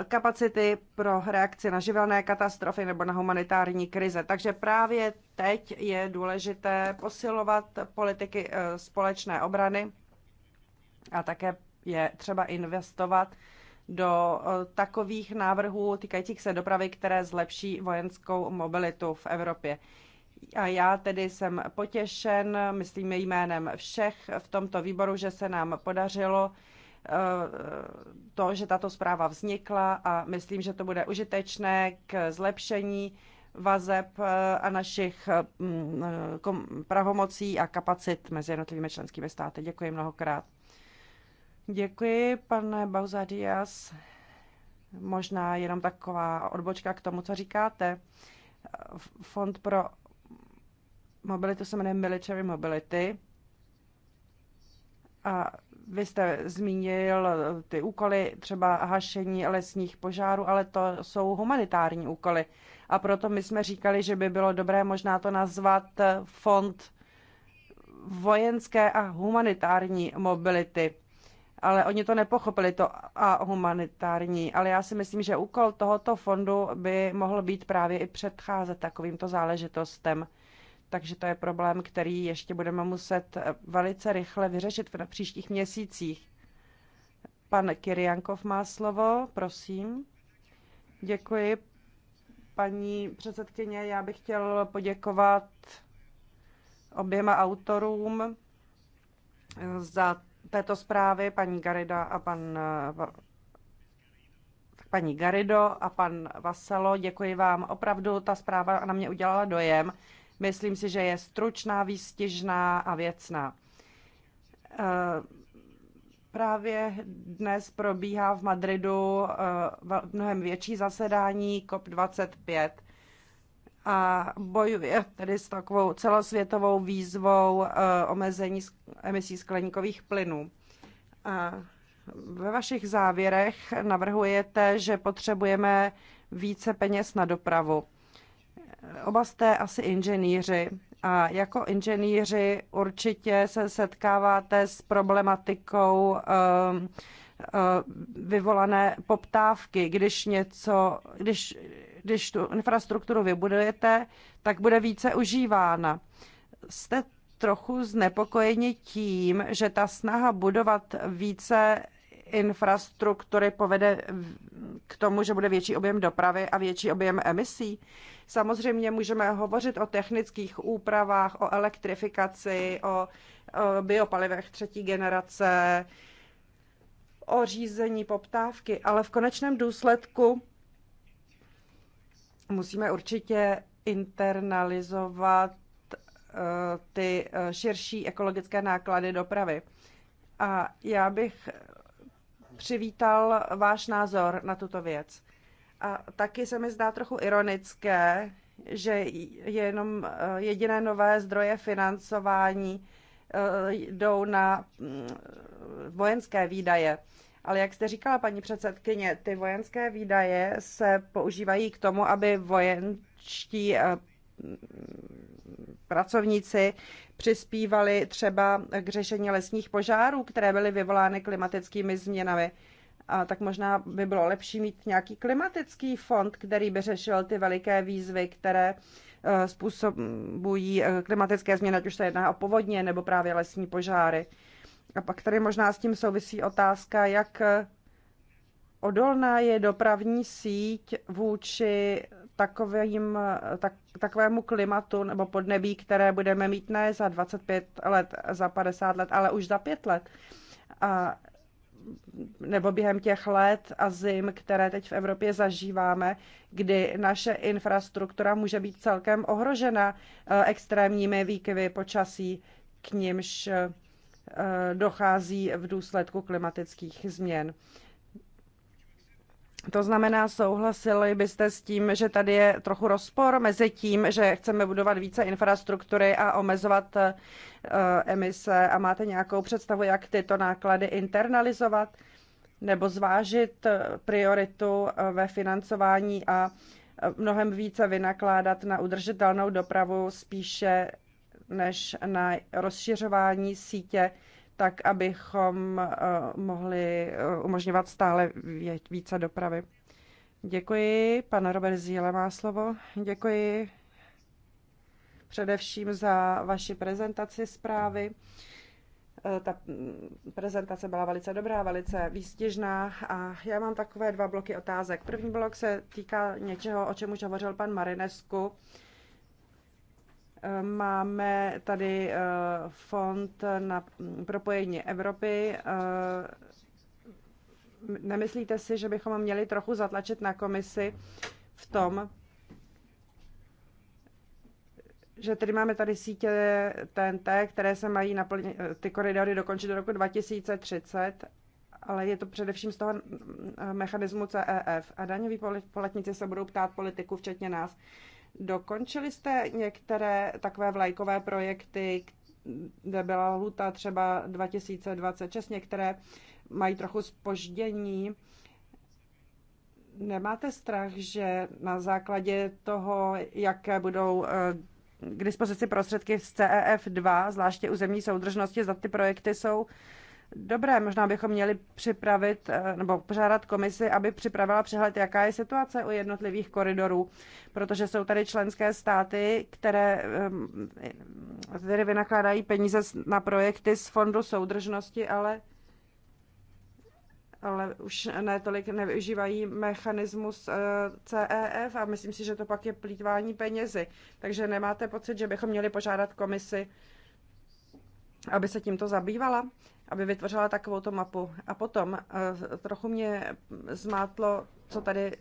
Speaker 1: kapacity pro reakci na živelné katastrofy nebo na humanitární krize. Takže právě teď je důležité posilovat politiky eh, společné obrany a také je třeba investovat do eh, takových návrhů týkajících se dopravy, které zlepší vojenskou mobilitu v Evropě. A já tedy jsem potěšen, myslím jménem všech v tomto výboru, že se nám podařilo eh, to, že tato zpráva vznikla a myslím, že to bude užitečné k zlepšení vazeb eh, a našich mm, pravomocí a kapacit mezi jednotlivými členskými státy. Děkuji mnohokrát. Děkuji, pane Bauzadias. Možná jenom taková odbočka k tomu, co říkáte. Fond pro mobilitu se jmenuje Military Mobility. A vy jste zmínil ty úkoly, třeba hašení lesních požárů, ale to jsou humanitární úkoly. A proto my jsme říkali, že by bylo dobré možná to nazvat fond vojenské a humanitární mobility ale oni to nepochopili, to a humanitární. Ale já si myslím, že úkol tohoto fondu by mohl být právě i předcházet takovýmto záležitostem. Takže to je problém, který ještě budeme muset velice rychle vyřešit v příštích měsících. Pan Kiriankov má slovo, prosím. Děkuji, paní předsedkyně. Já bych chtěl poděkovat oběma autorům za této zprávy, paní Garida a pan eh, paní Garido a pan Vasalo, děkuji vám. Opravdu ta zpráva na mě udělala dojem. Myslím si, že je stručná, výstižná a věcná. Eh, právě dnes probíhá v Madridu eh, mnohem větší zasedání COP25 a bojuje tedy s takovou celosvětovou výzvou eh, omezení emisí skleníkových plynů. A ve vašich závěrech navrhujete, že potřebujeme více peněz na dopravu. Oba jste asi inženýři a jako inženýři určitě se setkáváte s problematikou ehm, eh, vyvolané poptávky, když něco, když když tu infrastrukturu vybudujete, tak bude více užívána. Jste trochu znepokojeni tím, že ta snaha budovat více infrastruktury povede k tomu, že bude větší objem dopravy a větší objem emisí. Samozřejmě můžeme hovořit o technických úpravách, o elektrifikaci, o, o biopalivech třetí generace, o řízení poptávky, ale v konečném důsledku musíme určitě internalizovat eh, ty eh, širší ekologické náklady dopravy. A já bych přivítal váš názor na tuto věc. A taky se mi zdá trochu ironické, že je jenom eh, jediné nové zdroje financování jdou na mm, vojenské výdaje. Ale jak jste říkala, paní předsedkyně, ty vojenské výdaje se používají k tomu, aby vojenčtí eh, pracovníci přispívali třeba k řešení lesních požárů, které byly vyvolány klimatickými změnami. A tak možná by bylo lepší mít nějaký klimatický fond, který by řešil ty veliké výzvy, které eh, způsobují eh, klimatické změny, ať už se jedná o povodně nebo právě lesní požáry. A pak tady možná s tím souvisí otázka, jak odolná je dopravní síť vůči takovým, tak, takovému klimatu nebo podnebí, které budeme mít ne za 25 let, za 50 let, ale už za 5 let. A, nebo během těch let a zim, které teď v Evropě zažíváme, kdy naše infrastruktura může být celkem ohrožena eh, extrémními výkyvy počasí, k nímž Eh, dochází v důsledku klimatických změn. To znamená, souhlasili byste s tím, že tady je trochu rozpor mezi tím, že chceme budovat více infrastruktury a omezovat eh, emise a máte nějakou představu, jak tyto náklady internalizovat nebo zvážit eh, prioritu ve financování a mnohem více vynakládat na udržitelnou dopravu spíše než na rozšiřování sítě, tak abychom eh, mohli eh, umožňovat stále více dopravy. Děkuji. Pan Robert Zíle má slovo. Děkuji především za vaši prezentaci zprávy. Eh, ta mm, prezentace byla velice dobrá, velice výstěžná a já mám takové dva bloky otázek. První blok se týká něčeho, o čem už hovořil pan Marinesku, Máme tady eh, fond na propojení Evropy. Eh, nemyslíte si, že bychom měli trochu zatlačit na komisi v tom, že tedy máme tady sítě TNT, které se mají naplnit, eh, ty koridory dokončit do roku 2030, ale je to především z toho mechanismu CEF. A daňoví poletníci se budou ptát politiku, včetně nás, Dokončili jste některé takové vlajkové projekty, kde byla lhuta třeba 2026, některé mají trochu spoždění. Nemáte strach, že na základě toho, jaké budou eh, k dispozici prostředky z CEF2, zvláště u zemní soudržnosti, za ty projekty jsou dobré. Možná bychom měli připravit eh, nebo požádat komisi, aby připravila přehled, jaká je situace u jednotlivých koridorů, protože jsou tady členské státy, které ehm, tedy vynakládají peníze na projekty z Fondu soudržnosti, ale ale už netolik nevyužívají mechanismus eh, CEF a myslím si, že to pak je plítvání penězi. Takže nemáte pocit, že bychom měli požádat komisi, aby se tímto zabývala? aby vytvořila takovou to mapu. A potom eh, trochu mě zmátlo, co tady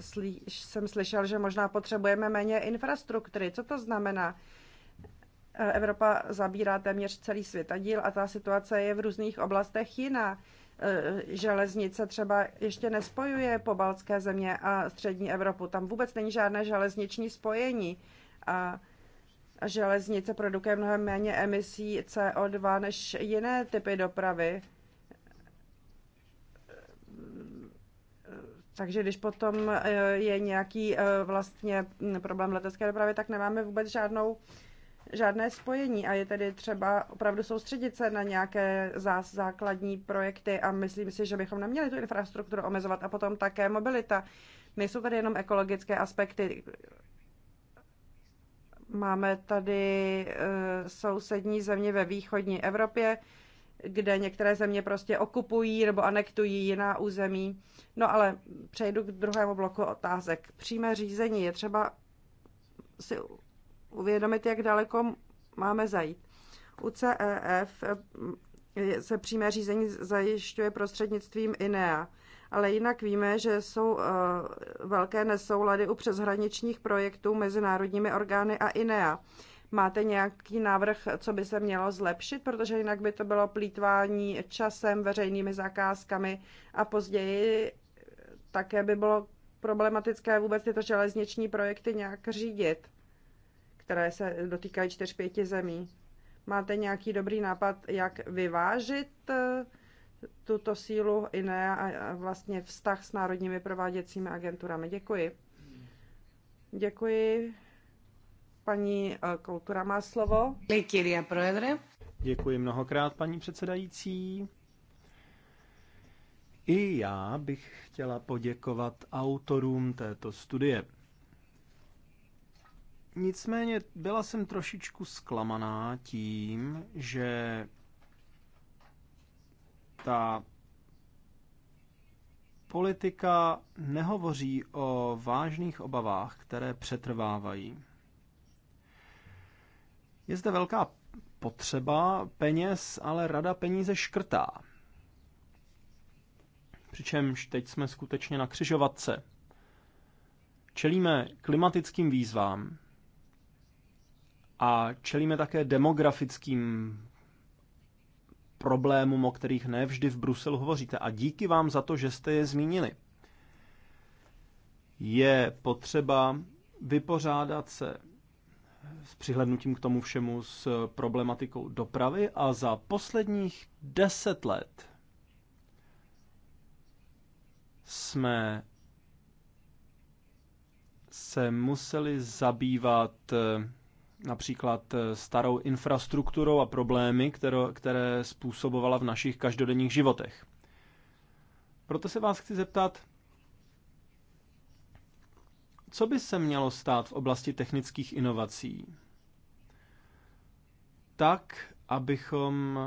Speaker 1: slyš, jsem slyšel, že možná potřebujeme méně infrastruktury. Co to znamená? Eh, Evropa zabírá téměř celý světadíl a ta situace je v různých oblastech jiná. Eh, železnice třeba ještě nespojuje balské země a střední Evropu. Tam vůbec není žádné železniční spojení. A železnice produkuje mnohem méně emisí CO2 než jiné typy dopravy. Takže když potom eh, je nějaký eh, vlastně mm, problém letecké dopravy, tak nemáme vůbec žádnou, žádné spojení a je tedy třeba opravdu soustředit se na nějaké zás, základní projekty a myslím si, že bychom neměli tu infrastrukturu omezovat a potom také mobilita. Nejsou tady jenom ekologické aspekty, Máme tady eh, sousední země ve východní Evropě, kde některé země prostě okupují nebo anektují jiná území. No ale přejdu k druhému bloku otázek. Přímé řízení je třeba si uvědomit, jak daleko máme zajít. U CEF se přímé řízení zajišťuje prostřednictvím INEA ale jinak víme, že jsou eh, velké nesoulady u přeshraničních projektů mezinárodními orgány a INEA. Máte nějaký návrh, co by se mělo zlepšit, protože jinak by to bylo plítvání časem, veřejnými zakázkami a později také by bylo problematické vůbec tyto železniční projekty nějak řídit, které se dotýkají čtyř pěti zemí. Máte nějaký dobrý nápad, jak vyvážit eh, tuto sílu i ne a vlastně vztah s národními prováděcími agenturami. Děkuji. Děkuji. Paní eh, Kultura má slovo.
Speaker 2: Děkuji mnohokrát, paní předsedající. I já bych chtěla poděkovat autorům této studie. Nicméně byla jsem trošičku zklamaná tím, že ta politika nehovoří o vážných obavách, které přetrvávají. Je zde velká potřeba peněz, ale rada peníze škrtá. Přičemž teď jsme skutečně na křižovatce. Čelíme klimatickým výzvám a čelíme také demografickým problémům, o kterých ne vždy v Bruselu hovoříte. A díky vám za to, že jste je zmínili. Je potřeba vypořádat se s přihlednutím k tomu všemu s problematikou dopravy a za posledních deset let jsme se museli zabývat například eh, starou infrastrukturou a problémy, které, které způsobovala v našich každodenních životech. Proto se vás chci zeptat, co by se mělo stát v oblasti technických inovací, tak, abychom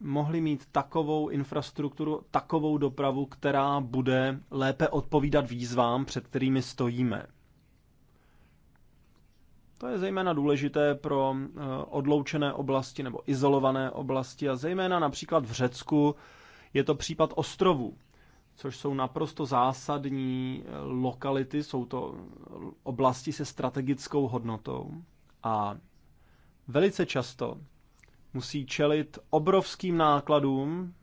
Speaker 2: mohli mít takovou infrastrukturu, takovou dopravu, která bude lépe odpovídat výzvám, před kterými stojíme. To je zejména důležité pro eh, odloučené oblasti nebo izolované oblasti a zejména například v Řecku je to případ ostrovů, což jsou naprosto zásadní eh, lokality, jsou to eh, oblasti se strategickou hodnotou a velice často musí čelit obrovským nákladům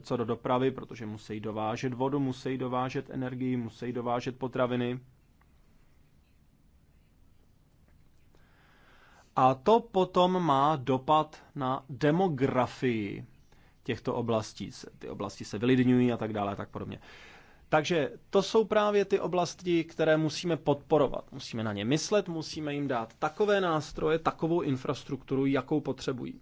Speaker 2: co do dopravy, protože musí dovážet vodu, musí dovážet energii, musí dovážet potraviny, A to potom má dopad na demografii těchto oblastí. Ty oblasti se vylidňují a tak dále a tak podobně. Takže to jsou právě ty oblasti, které musíme podporovat. Musíme na ně myslet, musíme jim dát takové nástroje, takovou infrastrukturu, jakou potřebují.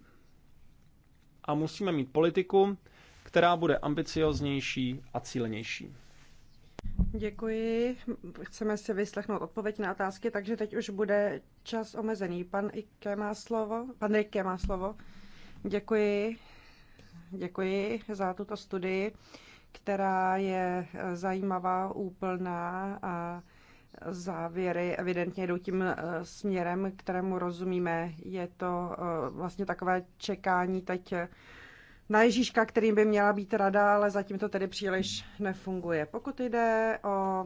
Speaker 2: A musíme mít politiku, která bude ambicioznější a cílenější.
Speaker 1: Děkuji. Chceme si vyslechnout odpověď na otázky, takže teď už bude čas omezený. Pan Ike má slovo. Pan Ike má slovo. Děkuji. Děkuji za tuto studii, která je zajímavá, úplná a závěry evidentně jdou tím eh, směrem, kterému rozumíme. Je to eh, vlastně takové čekání teď eh, na Ježíška, kterým by měla být rada, ale zatím to tedy příliš nefunguje. Pokud jde o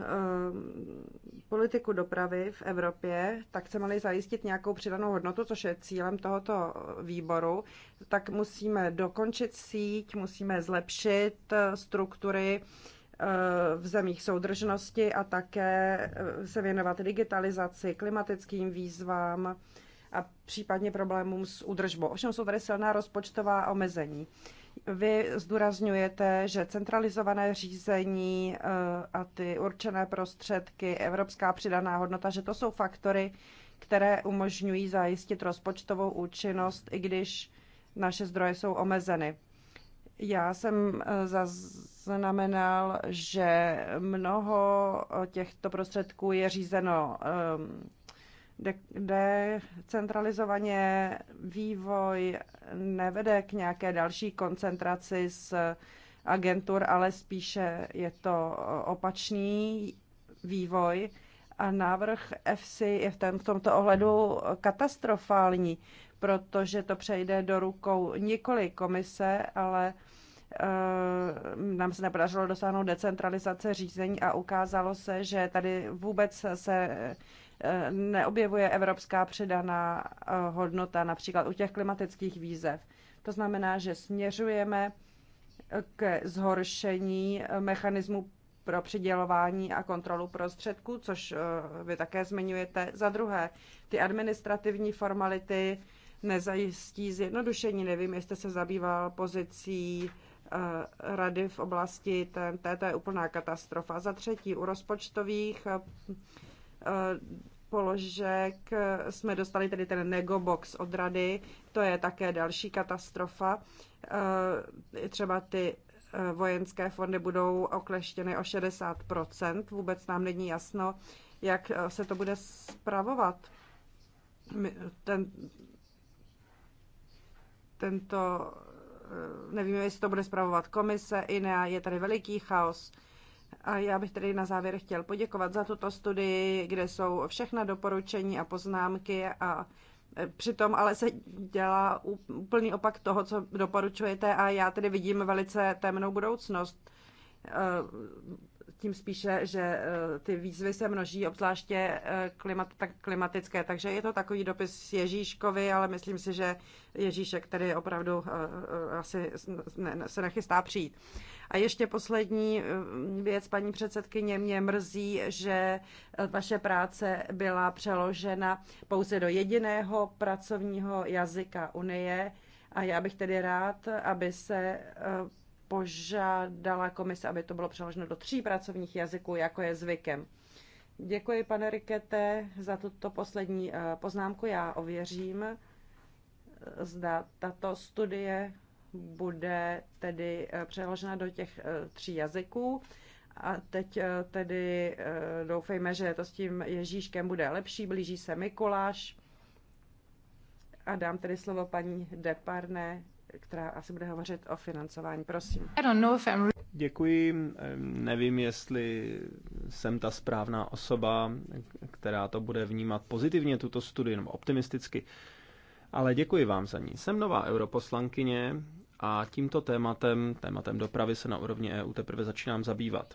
Speaker 1: ehm, politiku dopravy v Evropě, tak se li zajistit nějakou přidanou hodnotu, což je cílem tohoto výboru, tak musíme dokončit síť, musíme zlepšit eh, struktury eh, v zemích soudržnosti a také eh, se věnovat digitalizaci, klimatickým výzvám, a případně problémům s údržbou. Ovšem jsou tady silná rozpočtová omezení. Vy zdůrazňujete, že centralizované řízení eh, a ty určené prostředky, evropská přidaná hodnota, že to jsou faktory, které umožňují zajistit rozpočtovou účinnost, i když naše zdroje jsou omezeny. Já jsem eh, zaznamenal, že mnoho eh, těchto prostředků je řízeno kde centralizovaně vývoj nevede k nějaké další koncentraci z agentur, ale spíše je to opačný vývoj. A návrh EFSI je v, tém, v tomto ohledu katastrofální, protože to přejde do rukou nikoli komise, ale eh, nám se nepodařilo dosáhnout decentralizace řízení a ukázalo se, že tady vůbec se neobjevuje evropská předaná eh, hodnota, například u těch klimatických výzev. To znamená, že směřujeme eh, k zhoršení eh, mechanismu pro přidělování a kontrolu prostředků, což vy také zmiňujete. Za druhé, ty administrativní formality nezajistí zjednodušení. Nevím, jestli se zabýval pozicí rady v oblasti TNT, to je úplná katastrofa. Za třetí, u rozpočtových Eh, položek jsme dostali tedy ten negobox od rady, to je také další katastrofa. Eh, třeba ty eh, vojenské fondy budou okleštěny o 60%. Vůbec nám není jasno, jak se to bude spravovat. Ten, tento, nevíme, jestli to bude spravovat komise, INEA, je tady veliký chaos. A já bych tedy na závěr chtěl poděkovat za tuto studii, kde jsou všechna doporučení a poznámky a e, Přitom ale se dělá úplný opak toho, co doporučujete a já tedy vidím velice temnou budoucnost. E, tím spíše, že e, ty výzvy se množí, obzvláště klimat, tak klimatické. Takže je to takový dopis Ježíškovi, ale myslím si, že Ježíšek tedy opravdu asi se nechystá přijít. A ještě poslední eh, věc, paní předsedkyně, mě mrzí, že eh, vaše práce byla přeložena pouze do jediného pracovního jazyka Unie. A já bych tedy rád, aby se eh, požádala komise, aby to bylo přeloženo do tří pracovních jazyků, jako je zvykem. Děkuji, pane Rikete, za tuto poslední poznámku. Já ověřím, zda tato studie bude tedy eh, přeložena do těch eh, tří jazyků. A teď eh, tedy doufejme, že to s tím Ježíškem bude lepší, blíží se Mikuláš. A dám tedy slovo paní Deparné, která asi bude hovořit o financování. Prosím.
Speaker 2: Děkuji. Nevím, jestli jsem ta správná osoba, která to bude vnímat pozitivně, tuto studii, nebo optimisticky. Ale děkuji vám za ní. Jsem nová europoslankyně a tímto tématem, tématem dopravy se na úrovni EU teprve začínám zabývat.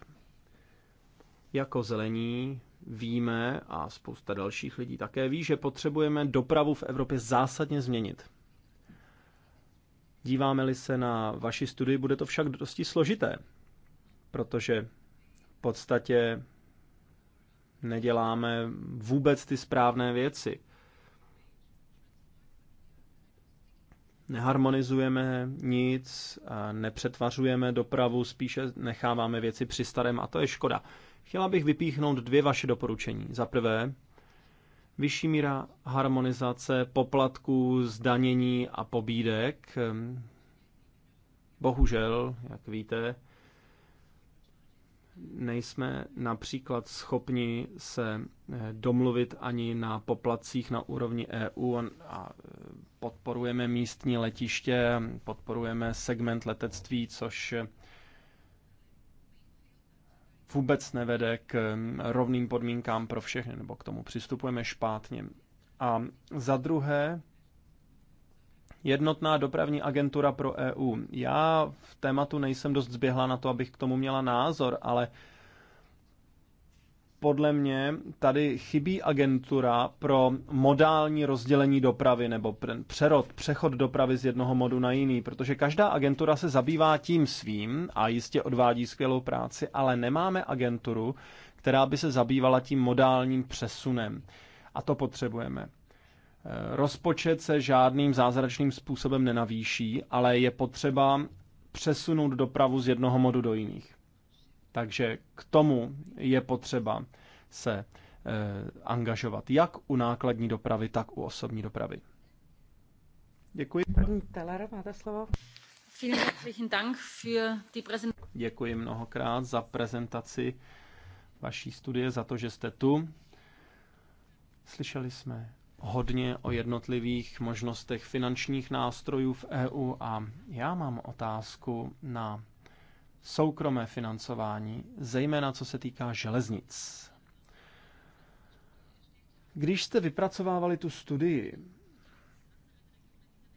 Speaker 2: Jako zelení víme, a spousta dalších lidí také ví, že potřebujeme dopravu v Evropě zásadně změnit. Díváme-li se na vaši studii, bude to však dosti složité, protože v podstatě neděláme vůbec ty správné věci. neharmonizujeme nic, nepřetvařujeme dopravu, spíše necháváme věci při starém a to je škoda. Chtěla bych vypíchnout dvě vaše doporučení. Za prvé, vyšší míra harmonizace poplatků, zdanění a pobídek. Bohužel, jak víte, nejsme například schopni se domluvit ani na poplatcích na úrovni EU a podporujeme místní letiště, podporujeme segment letectví, což vůbec nevede k rovným podmínkám pro všechny, nebo k tomu přistupujeme špátně. A za druhé, jednotná dopravní agentura pro EU. Já v tématu nejsem dost zběhla na to, abych k tomu měla názor, ale podle mě tady chybí agentura pro modální rozdělení dopravy nebo přerod, přechod dopravy z jednoho modu na jiný, protože každá agentura se zabývá tím svým a jistě odvádí skvělou práci, ale nemáme agenturu, která by se zabývala tím modálním přesunem. A to potřebujeme. Eh, rozpočet se žádným zázračným způsobem nenavýší, ale je potřeba přesunout dopravu z jednoho modu do jiných. Takže k tomu je potřeba se eh, angažovat jak u nákladní dopravy, tak u osobní dopravy. Děkuji.
Speaker 1: Teller, máte slovo.
Speaker 2: Děkuji mnohokrát za prezentaci vaší studie, za to, že jste tu. Slyšeli jsme hodně o jednotlivých možnostech finančních nástrojů v EU a já mám otázku na soukromé financování, zejména co se týká železnic. Když jste vypracovávali tu studii,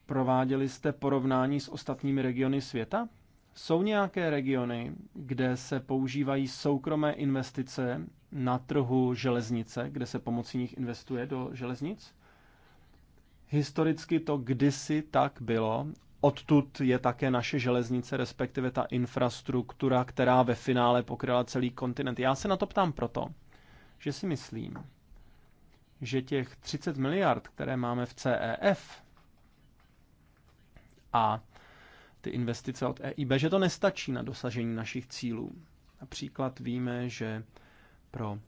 Speaker 2: prováděli jste porovnání s ostatními regiony světa? Jsou nějaké regiony, kde se používají soukromé investice na trhu železnice, kde se pomocí nich investuje do železnic? Historicky to kdysi tak bylo Odtud je také naše železnice, respektive ta infrastruktura, která ve finále pokryla celý kontinent. Já se na to ptám proto, že si myslím, že těch 30 miliard, které máme v CEF a ty investice od EIB, že to nestačí na dosažení našich cílů. Například víme, že pro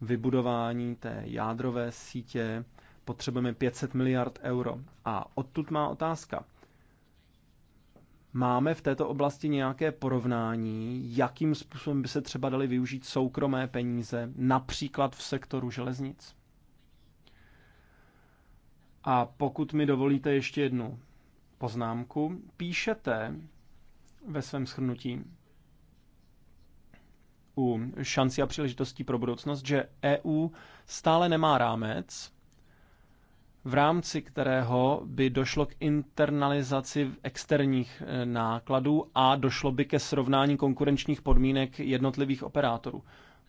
Speaker 2: vybudování té jádrové sítě potřebujeme 500 miliard euro. A odtud má otázka. Máme v této oblasti nějaké porovnání, jakým způsobem by se třeba daly využít soukromé peníze, například v sektoru železnic? A pokud mi dovolíte ještě jednu poznámku, píšete ve svém shrnutí u šanci a příležitostí pro budoucnost, že EU stále nemá rámec, v rámci kterého by došlo k internalizaci externích eh, nákladů a došlo by ke srovnání konkurenčních podmínek jednotlivých operátorů.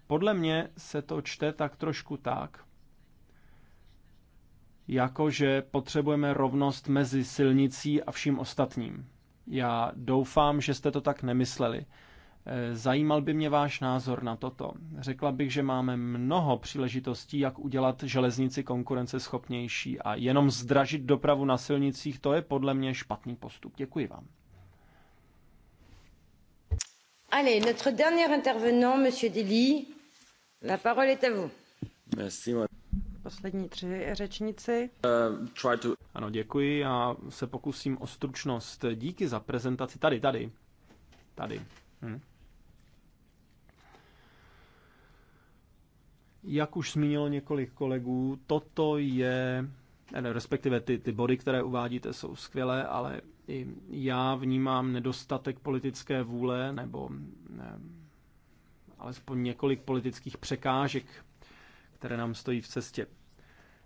Speaker 2: Podle mě se to čte tak trošku tak, jako že potřebujeme rovnost mezi silnicí a vším ostatním. Já doufám, že jste to tak nemysleli. Eh, zajímal by mě váš názor na toto. Řekla bych, že máme mnoho příležitostí, jak udělat železnici konkurenceschopnější a jenom zdražit dopravu na silnicích, to je podle mě špatný postup. Děkuji vám.
Speaker 1: Allez, notre dernier intervenant, monsieur Dilly, la parole est à vous. Merci, Poslední tři řečníci.
Speaker 2: Uh, try to... Ano, děkuji. Já se pokusím o stručnost. Díky za prezentaci. Tady, tady. Tady. Hm. Jak už zmínilo několik kolegů, toto je, eh, ne, respektive ty, ty body, které uvádíte, jsou skvělé, ale i já vnímám nedostatek politické vůle nebo ne, eh, alespoň několik politických překážek, které nám stojí v cestě.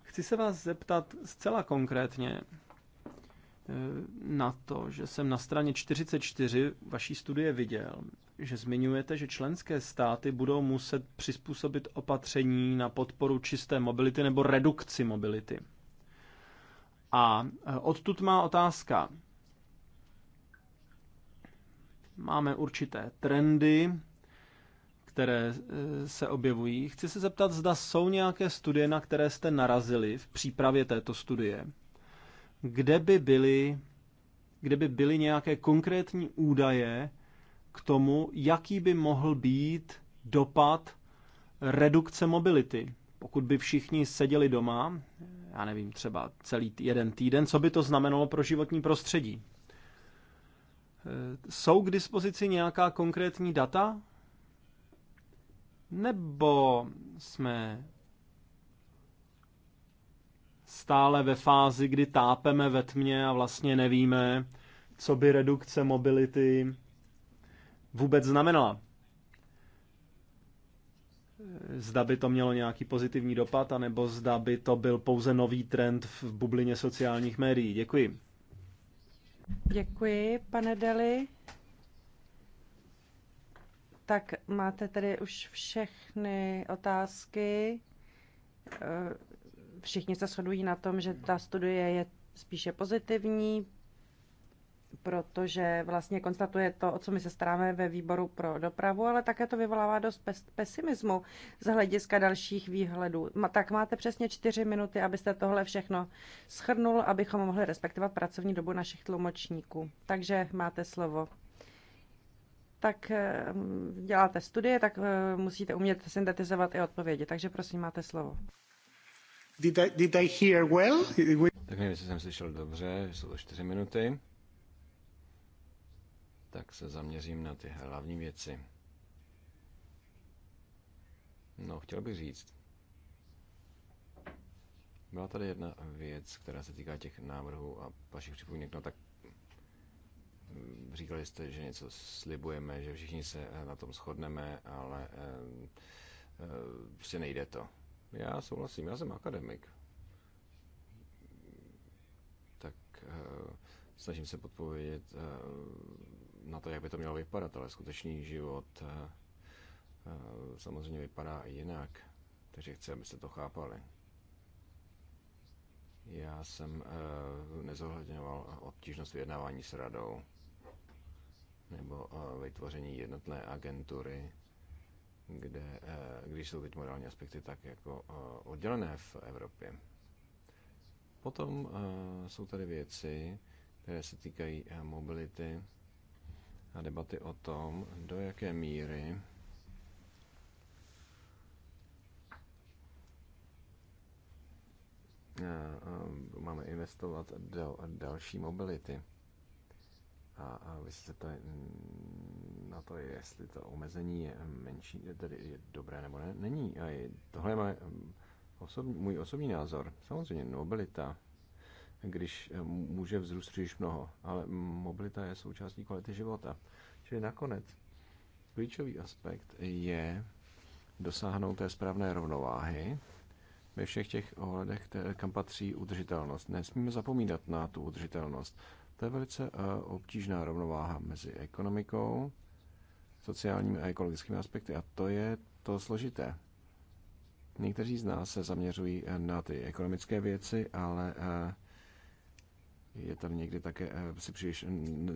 Speaker 2: Chci se vás zeptat zcela konkrétně eh, na to, že jsem na straně 44 vaší studie viděl, že zmiňujete, že členské státy budou muset přizpůsobit opatření na podporu čisté mobility nebo redukci mobility. A e, odtud má otázka. Máme určité trendy, které e, se objevují. Chci se zeptat, zda jsou nějaké studie, na které jste narazili v přípravě této studie, kde by byly, kde by byly nějaké konkrétní údaje, k tomu, jaký by mohl být dopad redukce mobility. Pokud by všichni seděli doma, já nevím, třeba celý jeden týden, co by to znamenalo pro životní prostředí? E, jsou k dispozici nějaká konkrétní data? Nebo jsme stále ve fázi, kdy tápeme ve tmě a vlastně nevíme, co by redukce mobility vůbec znamenala. Zda by to mělo nějaký pozitivní dopad, anebo zda by to byl pouze nový trend v bublině sociálních médií. Děkuji.
Speaker 1: Děkuji, pane Deli. Tak máte tady už všechny otázky. Eh, všichni se shodují na tom, že ta studie je spíše pozitivní, protože vlastně konstatuje to, o co my se staráme ve výboru pro dopravu, ale také to vyvolává dost pesimismu z hlediska dalších výhledů. Tak máte přesně čtyři minuty, abyste tohle všechno schrnul, abychom mohli respektovat pracovní dobu našich tlumočníků. Takže máte slovo. Tak eh, děláte studie, tak eh, musíte umět syntetizovat i odpovědi. Takže prosím, máte slovo.
Speaker 3: Did I, did I hear well? Tak nevím, jestli jsem slyšel dobře, jsou to čtyři minuty tak se zaměřím na ty hlavní věci. No, chtěl bych říct, byla tady jedna věc, která se týká těch návrhů a vašich připomínek, no tak mm, říkali jste, že něco slibujeme, že všichni se eh, na tom shodneme, ale eh, eh, prostě nejde to. Já souhlasím, já jsem akademik. Tak snažím se podpovědět na to, jak by to mělo vypadat, ale skutečný život eh, eh, samozřejmě vypadá jinak. Takže chci, abyste to chápali. Já jsem eh, nezohledňoval obtížnost vyjednávání s radou nebo vytvoření jednotné agentury, kde, když jsou teď morální aspekty tak jako oddělené v Evropě. Potom jsou tady věci, které se týkají mobility a debaty o tom, do jaké míry máme investovat do další mobility. A, vy jste se na to, jestli to omezení je menší, tedy je dobré nebo ne. Není. A tohle je můj osobní názor. Samozřejmě mobilita když eh, může vzrůst příliš mnoho, ale mobilita je součástí kvality života. Čili nakonec klíčový aspekt je dosáhnout té správné rovnováhy ve všech těch ohledech, kam patří udržitelnost. Nesmíme zapomínat na tu udržitelnost. To je velice eh, obtížná rovnováha mezi ekonomikou, sociálními a ekologickými aspekty a to je to složité. Někteří z nás se zaměřují eh, na ty ekonomické věci, ale je tady někdy také, eh, si příliš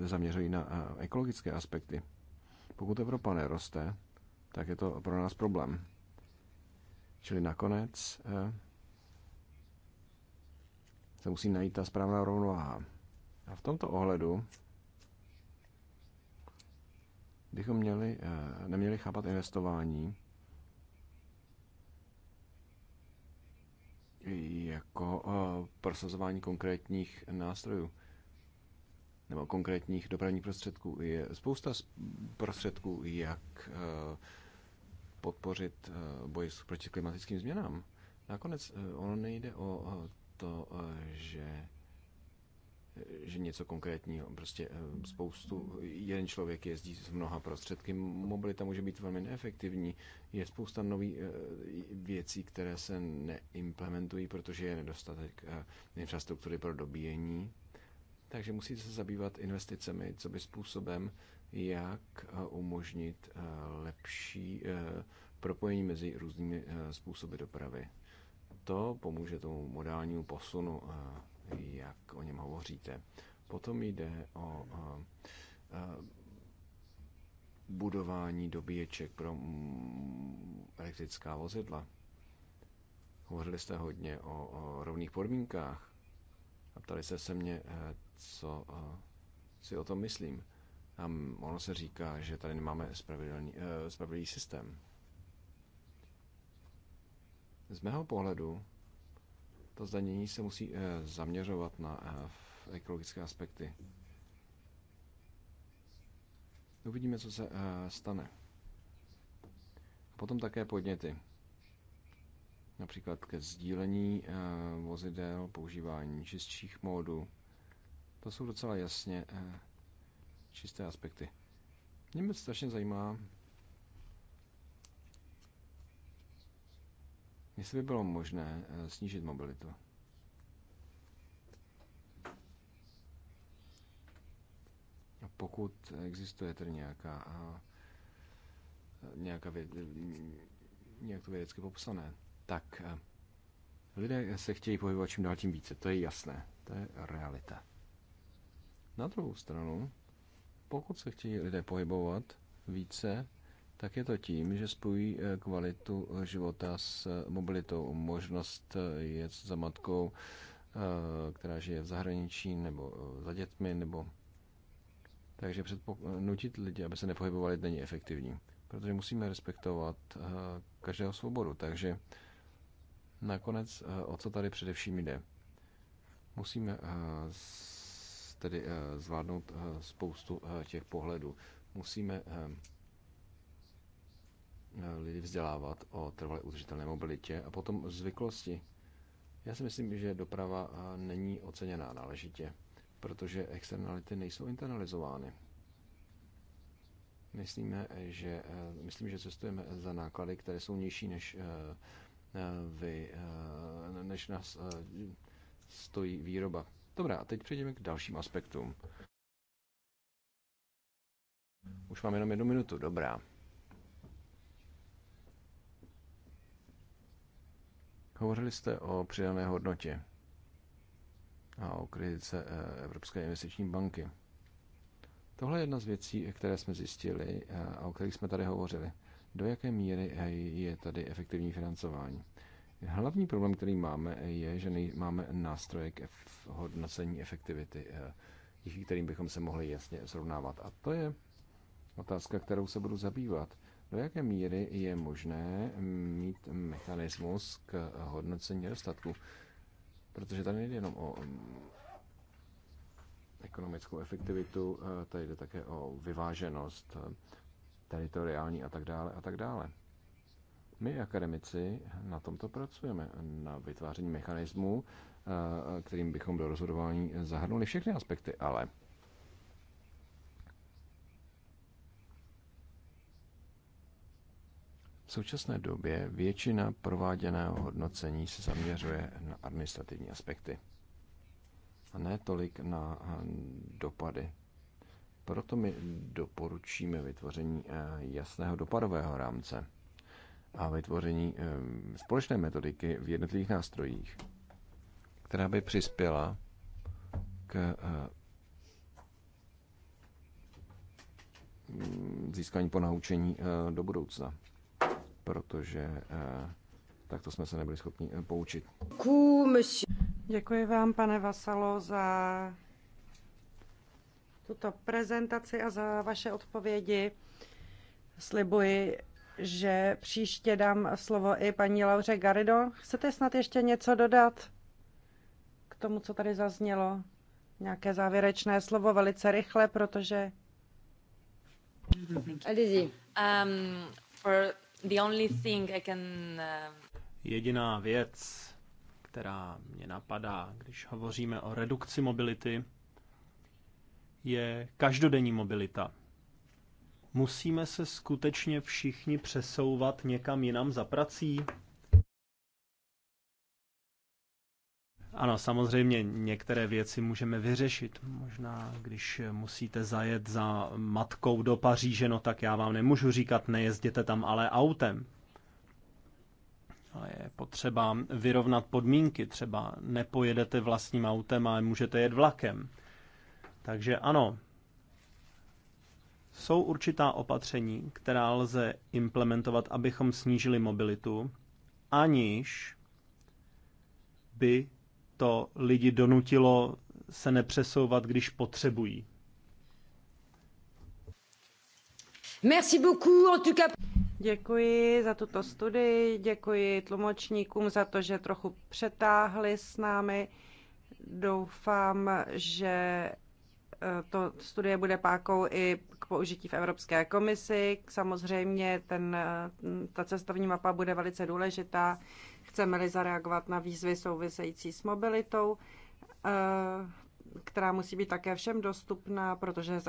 Speaker 3: zaměřují na eh, ekologické aspekty. Pokud Evropa neroste, tak je to pro nás problém. Čili nakonec eh, se musí najít ta správná rovnováha. A v tomto ohledu bychom měli, neměli chápat investování jako eh, prosazování konkrétních nástrojů nebo konkrétních dopravních prostředků. Je spousta prostředků, jak eh, podpořit eh, boj proti klimatickým změnám. Nakonec ono nejde o to, že že něco konkrétního. Prostě eh, spoustu, jeden člověk jezdí s mnoha prostředky, mobilita může být velmi neefektivní, je spousta nových eh, věcí, které se neimplementují, protože je nedostatek eh, infrastruktury pro dobíjení. Takže musíte se zabývat investicemi, co by způsobem, jak umožnit lepší propojení mezi různými způsoby dopravy. To pomůže tomu modálnímu posunu jak o něm hovoříte. Potom jde o budování dobíječek pro mm, elektrická vozidla. Hovořili jste hodně o, o rovných podmínkách a ptali jste se mě, eh, co si o tom myslím. A ono se říká, že tady nemáme eh, spravedlivý systém. Z mého pohledu to zdanění se musí eh, zaměřovat na eh, ekologické aspekty. Uvidíme, co se eh, stane. Potom také podněty. Například ke sdílení vozidel, používání čistších módů. To jsou docela jasně čisté aspekty. Mě mě strašně zajímá, jestli by bylo možné eh, snížit mobilitu. Pokud existuje tedy nějaká, nějaká věd, nějak to vědecky popsané, tak eh, lidé se chtějí pohybovat čím dál tím více, to je jasné, to je realita. Na druhou stranu, pokud se chtějí lidé pohybovat více, tak je to tím, že spojí eh, kvalitu eh, života s eh, mobilitou. Možnost jet za matkou, která žije v zahraničí, nebo za dětmi, nebo... Takže předpo- nutit lidi, aby se nepohybovali, není efektivní, protože musíme respektovat každého svobodu. Takže nakonec, o co tady především jde? Musíme tedy zvládnout spoustu těch pohledů. Musíme Eh, lidi vzdělávat o trvalé udržitelné mobilitě a potom zvyklosti. Já si myslím, že doprava eh, není oceněná náležitě, protože externality nejsou internalizovány. Myslíme, že, eh, myslím, že cestujeme za náklady, které jsou nižší než vy, než nás stojí výroba. Dobrá, a teď přejdeme k dalším aspektům. Už mám jenom jednu minutu, dobrá. Hovořili jste o přidané hodnotě a o kritice eh, Evropské investiční banky. Tohle je jedna z věcí, které jsme zjistili eh, a o kterých jsme tady hovořili. Do jaké míry je tady efektivní financování? Hlavní problém, který máme, je, že máme nástroje k hodnocení efektivity, díky eh, kterým bychom se mohli jasně srovnávat. A to je otázka, kterou se budu zabývat do jaké míry je možné mít mechanismus k hodnocení nedostatku. Protože tady nejde jenom o um, ekonomickou efektivitu, eh, tady jde také o vyváženost eh, teritoriální a tak dále a tak dále. My, akademici, na tomto pracujeme, na vytváření mechanismů, eh, kterým bychom do rozhodování zahrnuli všechny aspekty, ale V současné době většina prováděného hodnocení se zaměřuje na administrativní aspekty a ne tolik na eh, dopady. Proto my doporučíme vytvoření eh, jasného dopadového rámce a vytvoření eh, společné metodiky v jednotlivých nástrojích, která by přispěla k získání ponaučení do budoucna protože eh, takto jsme se nebyli schopni eh, poučit.
Speaker 1: Děkuji vám, pane Vasalo, za tuto prezentaci a za vaše odpovědi. Slibuji, že příště dám slovo i paní Lauře Garido. Chcete snad ještě něco dodat k tomu, co tady zaznělo? Nějaké závěrečné slovo velice rychle, protože... allez Um, for The only thing I can... Uh,
Speaker 2: Jediná věc, která mě napadá, když hovoříme o redukci mobility, je každodenní mobilita. Musíme se skutečně všichni přesouvat někam jinam za prací? Ano, samozřejmě některé věci můžeme vyřešit. Možná, když musíte zajet za matkou do Paříže, no tak já vám nemůžu říkat, nejezděte tam ale autem. Ale je potřeba vyrovnat podmínky, třeba nepojedete vlastním autem, ale můžete jet vlakem. Takže ano, jsou určitá opatření, která lze implementovat, abychom snížili mobilitu, aniž by to lidi donutilo se nepřesouvat, když potřebují.
Speaker 1: Merci beaucoup, en tout cas. Děkuji za tuto studii, děkuji tlumočníkům za to, že trochu přetáhli s námi. Doufám, že eh, to studie bude pákou i k použití v Evropské komisi. Samozřejmě ten, eh, ta cestovní mapa bude velice důležitá chceme-li zareagovat na výzvy související s mobilitou, eh, která musí být také všem dostupná, protože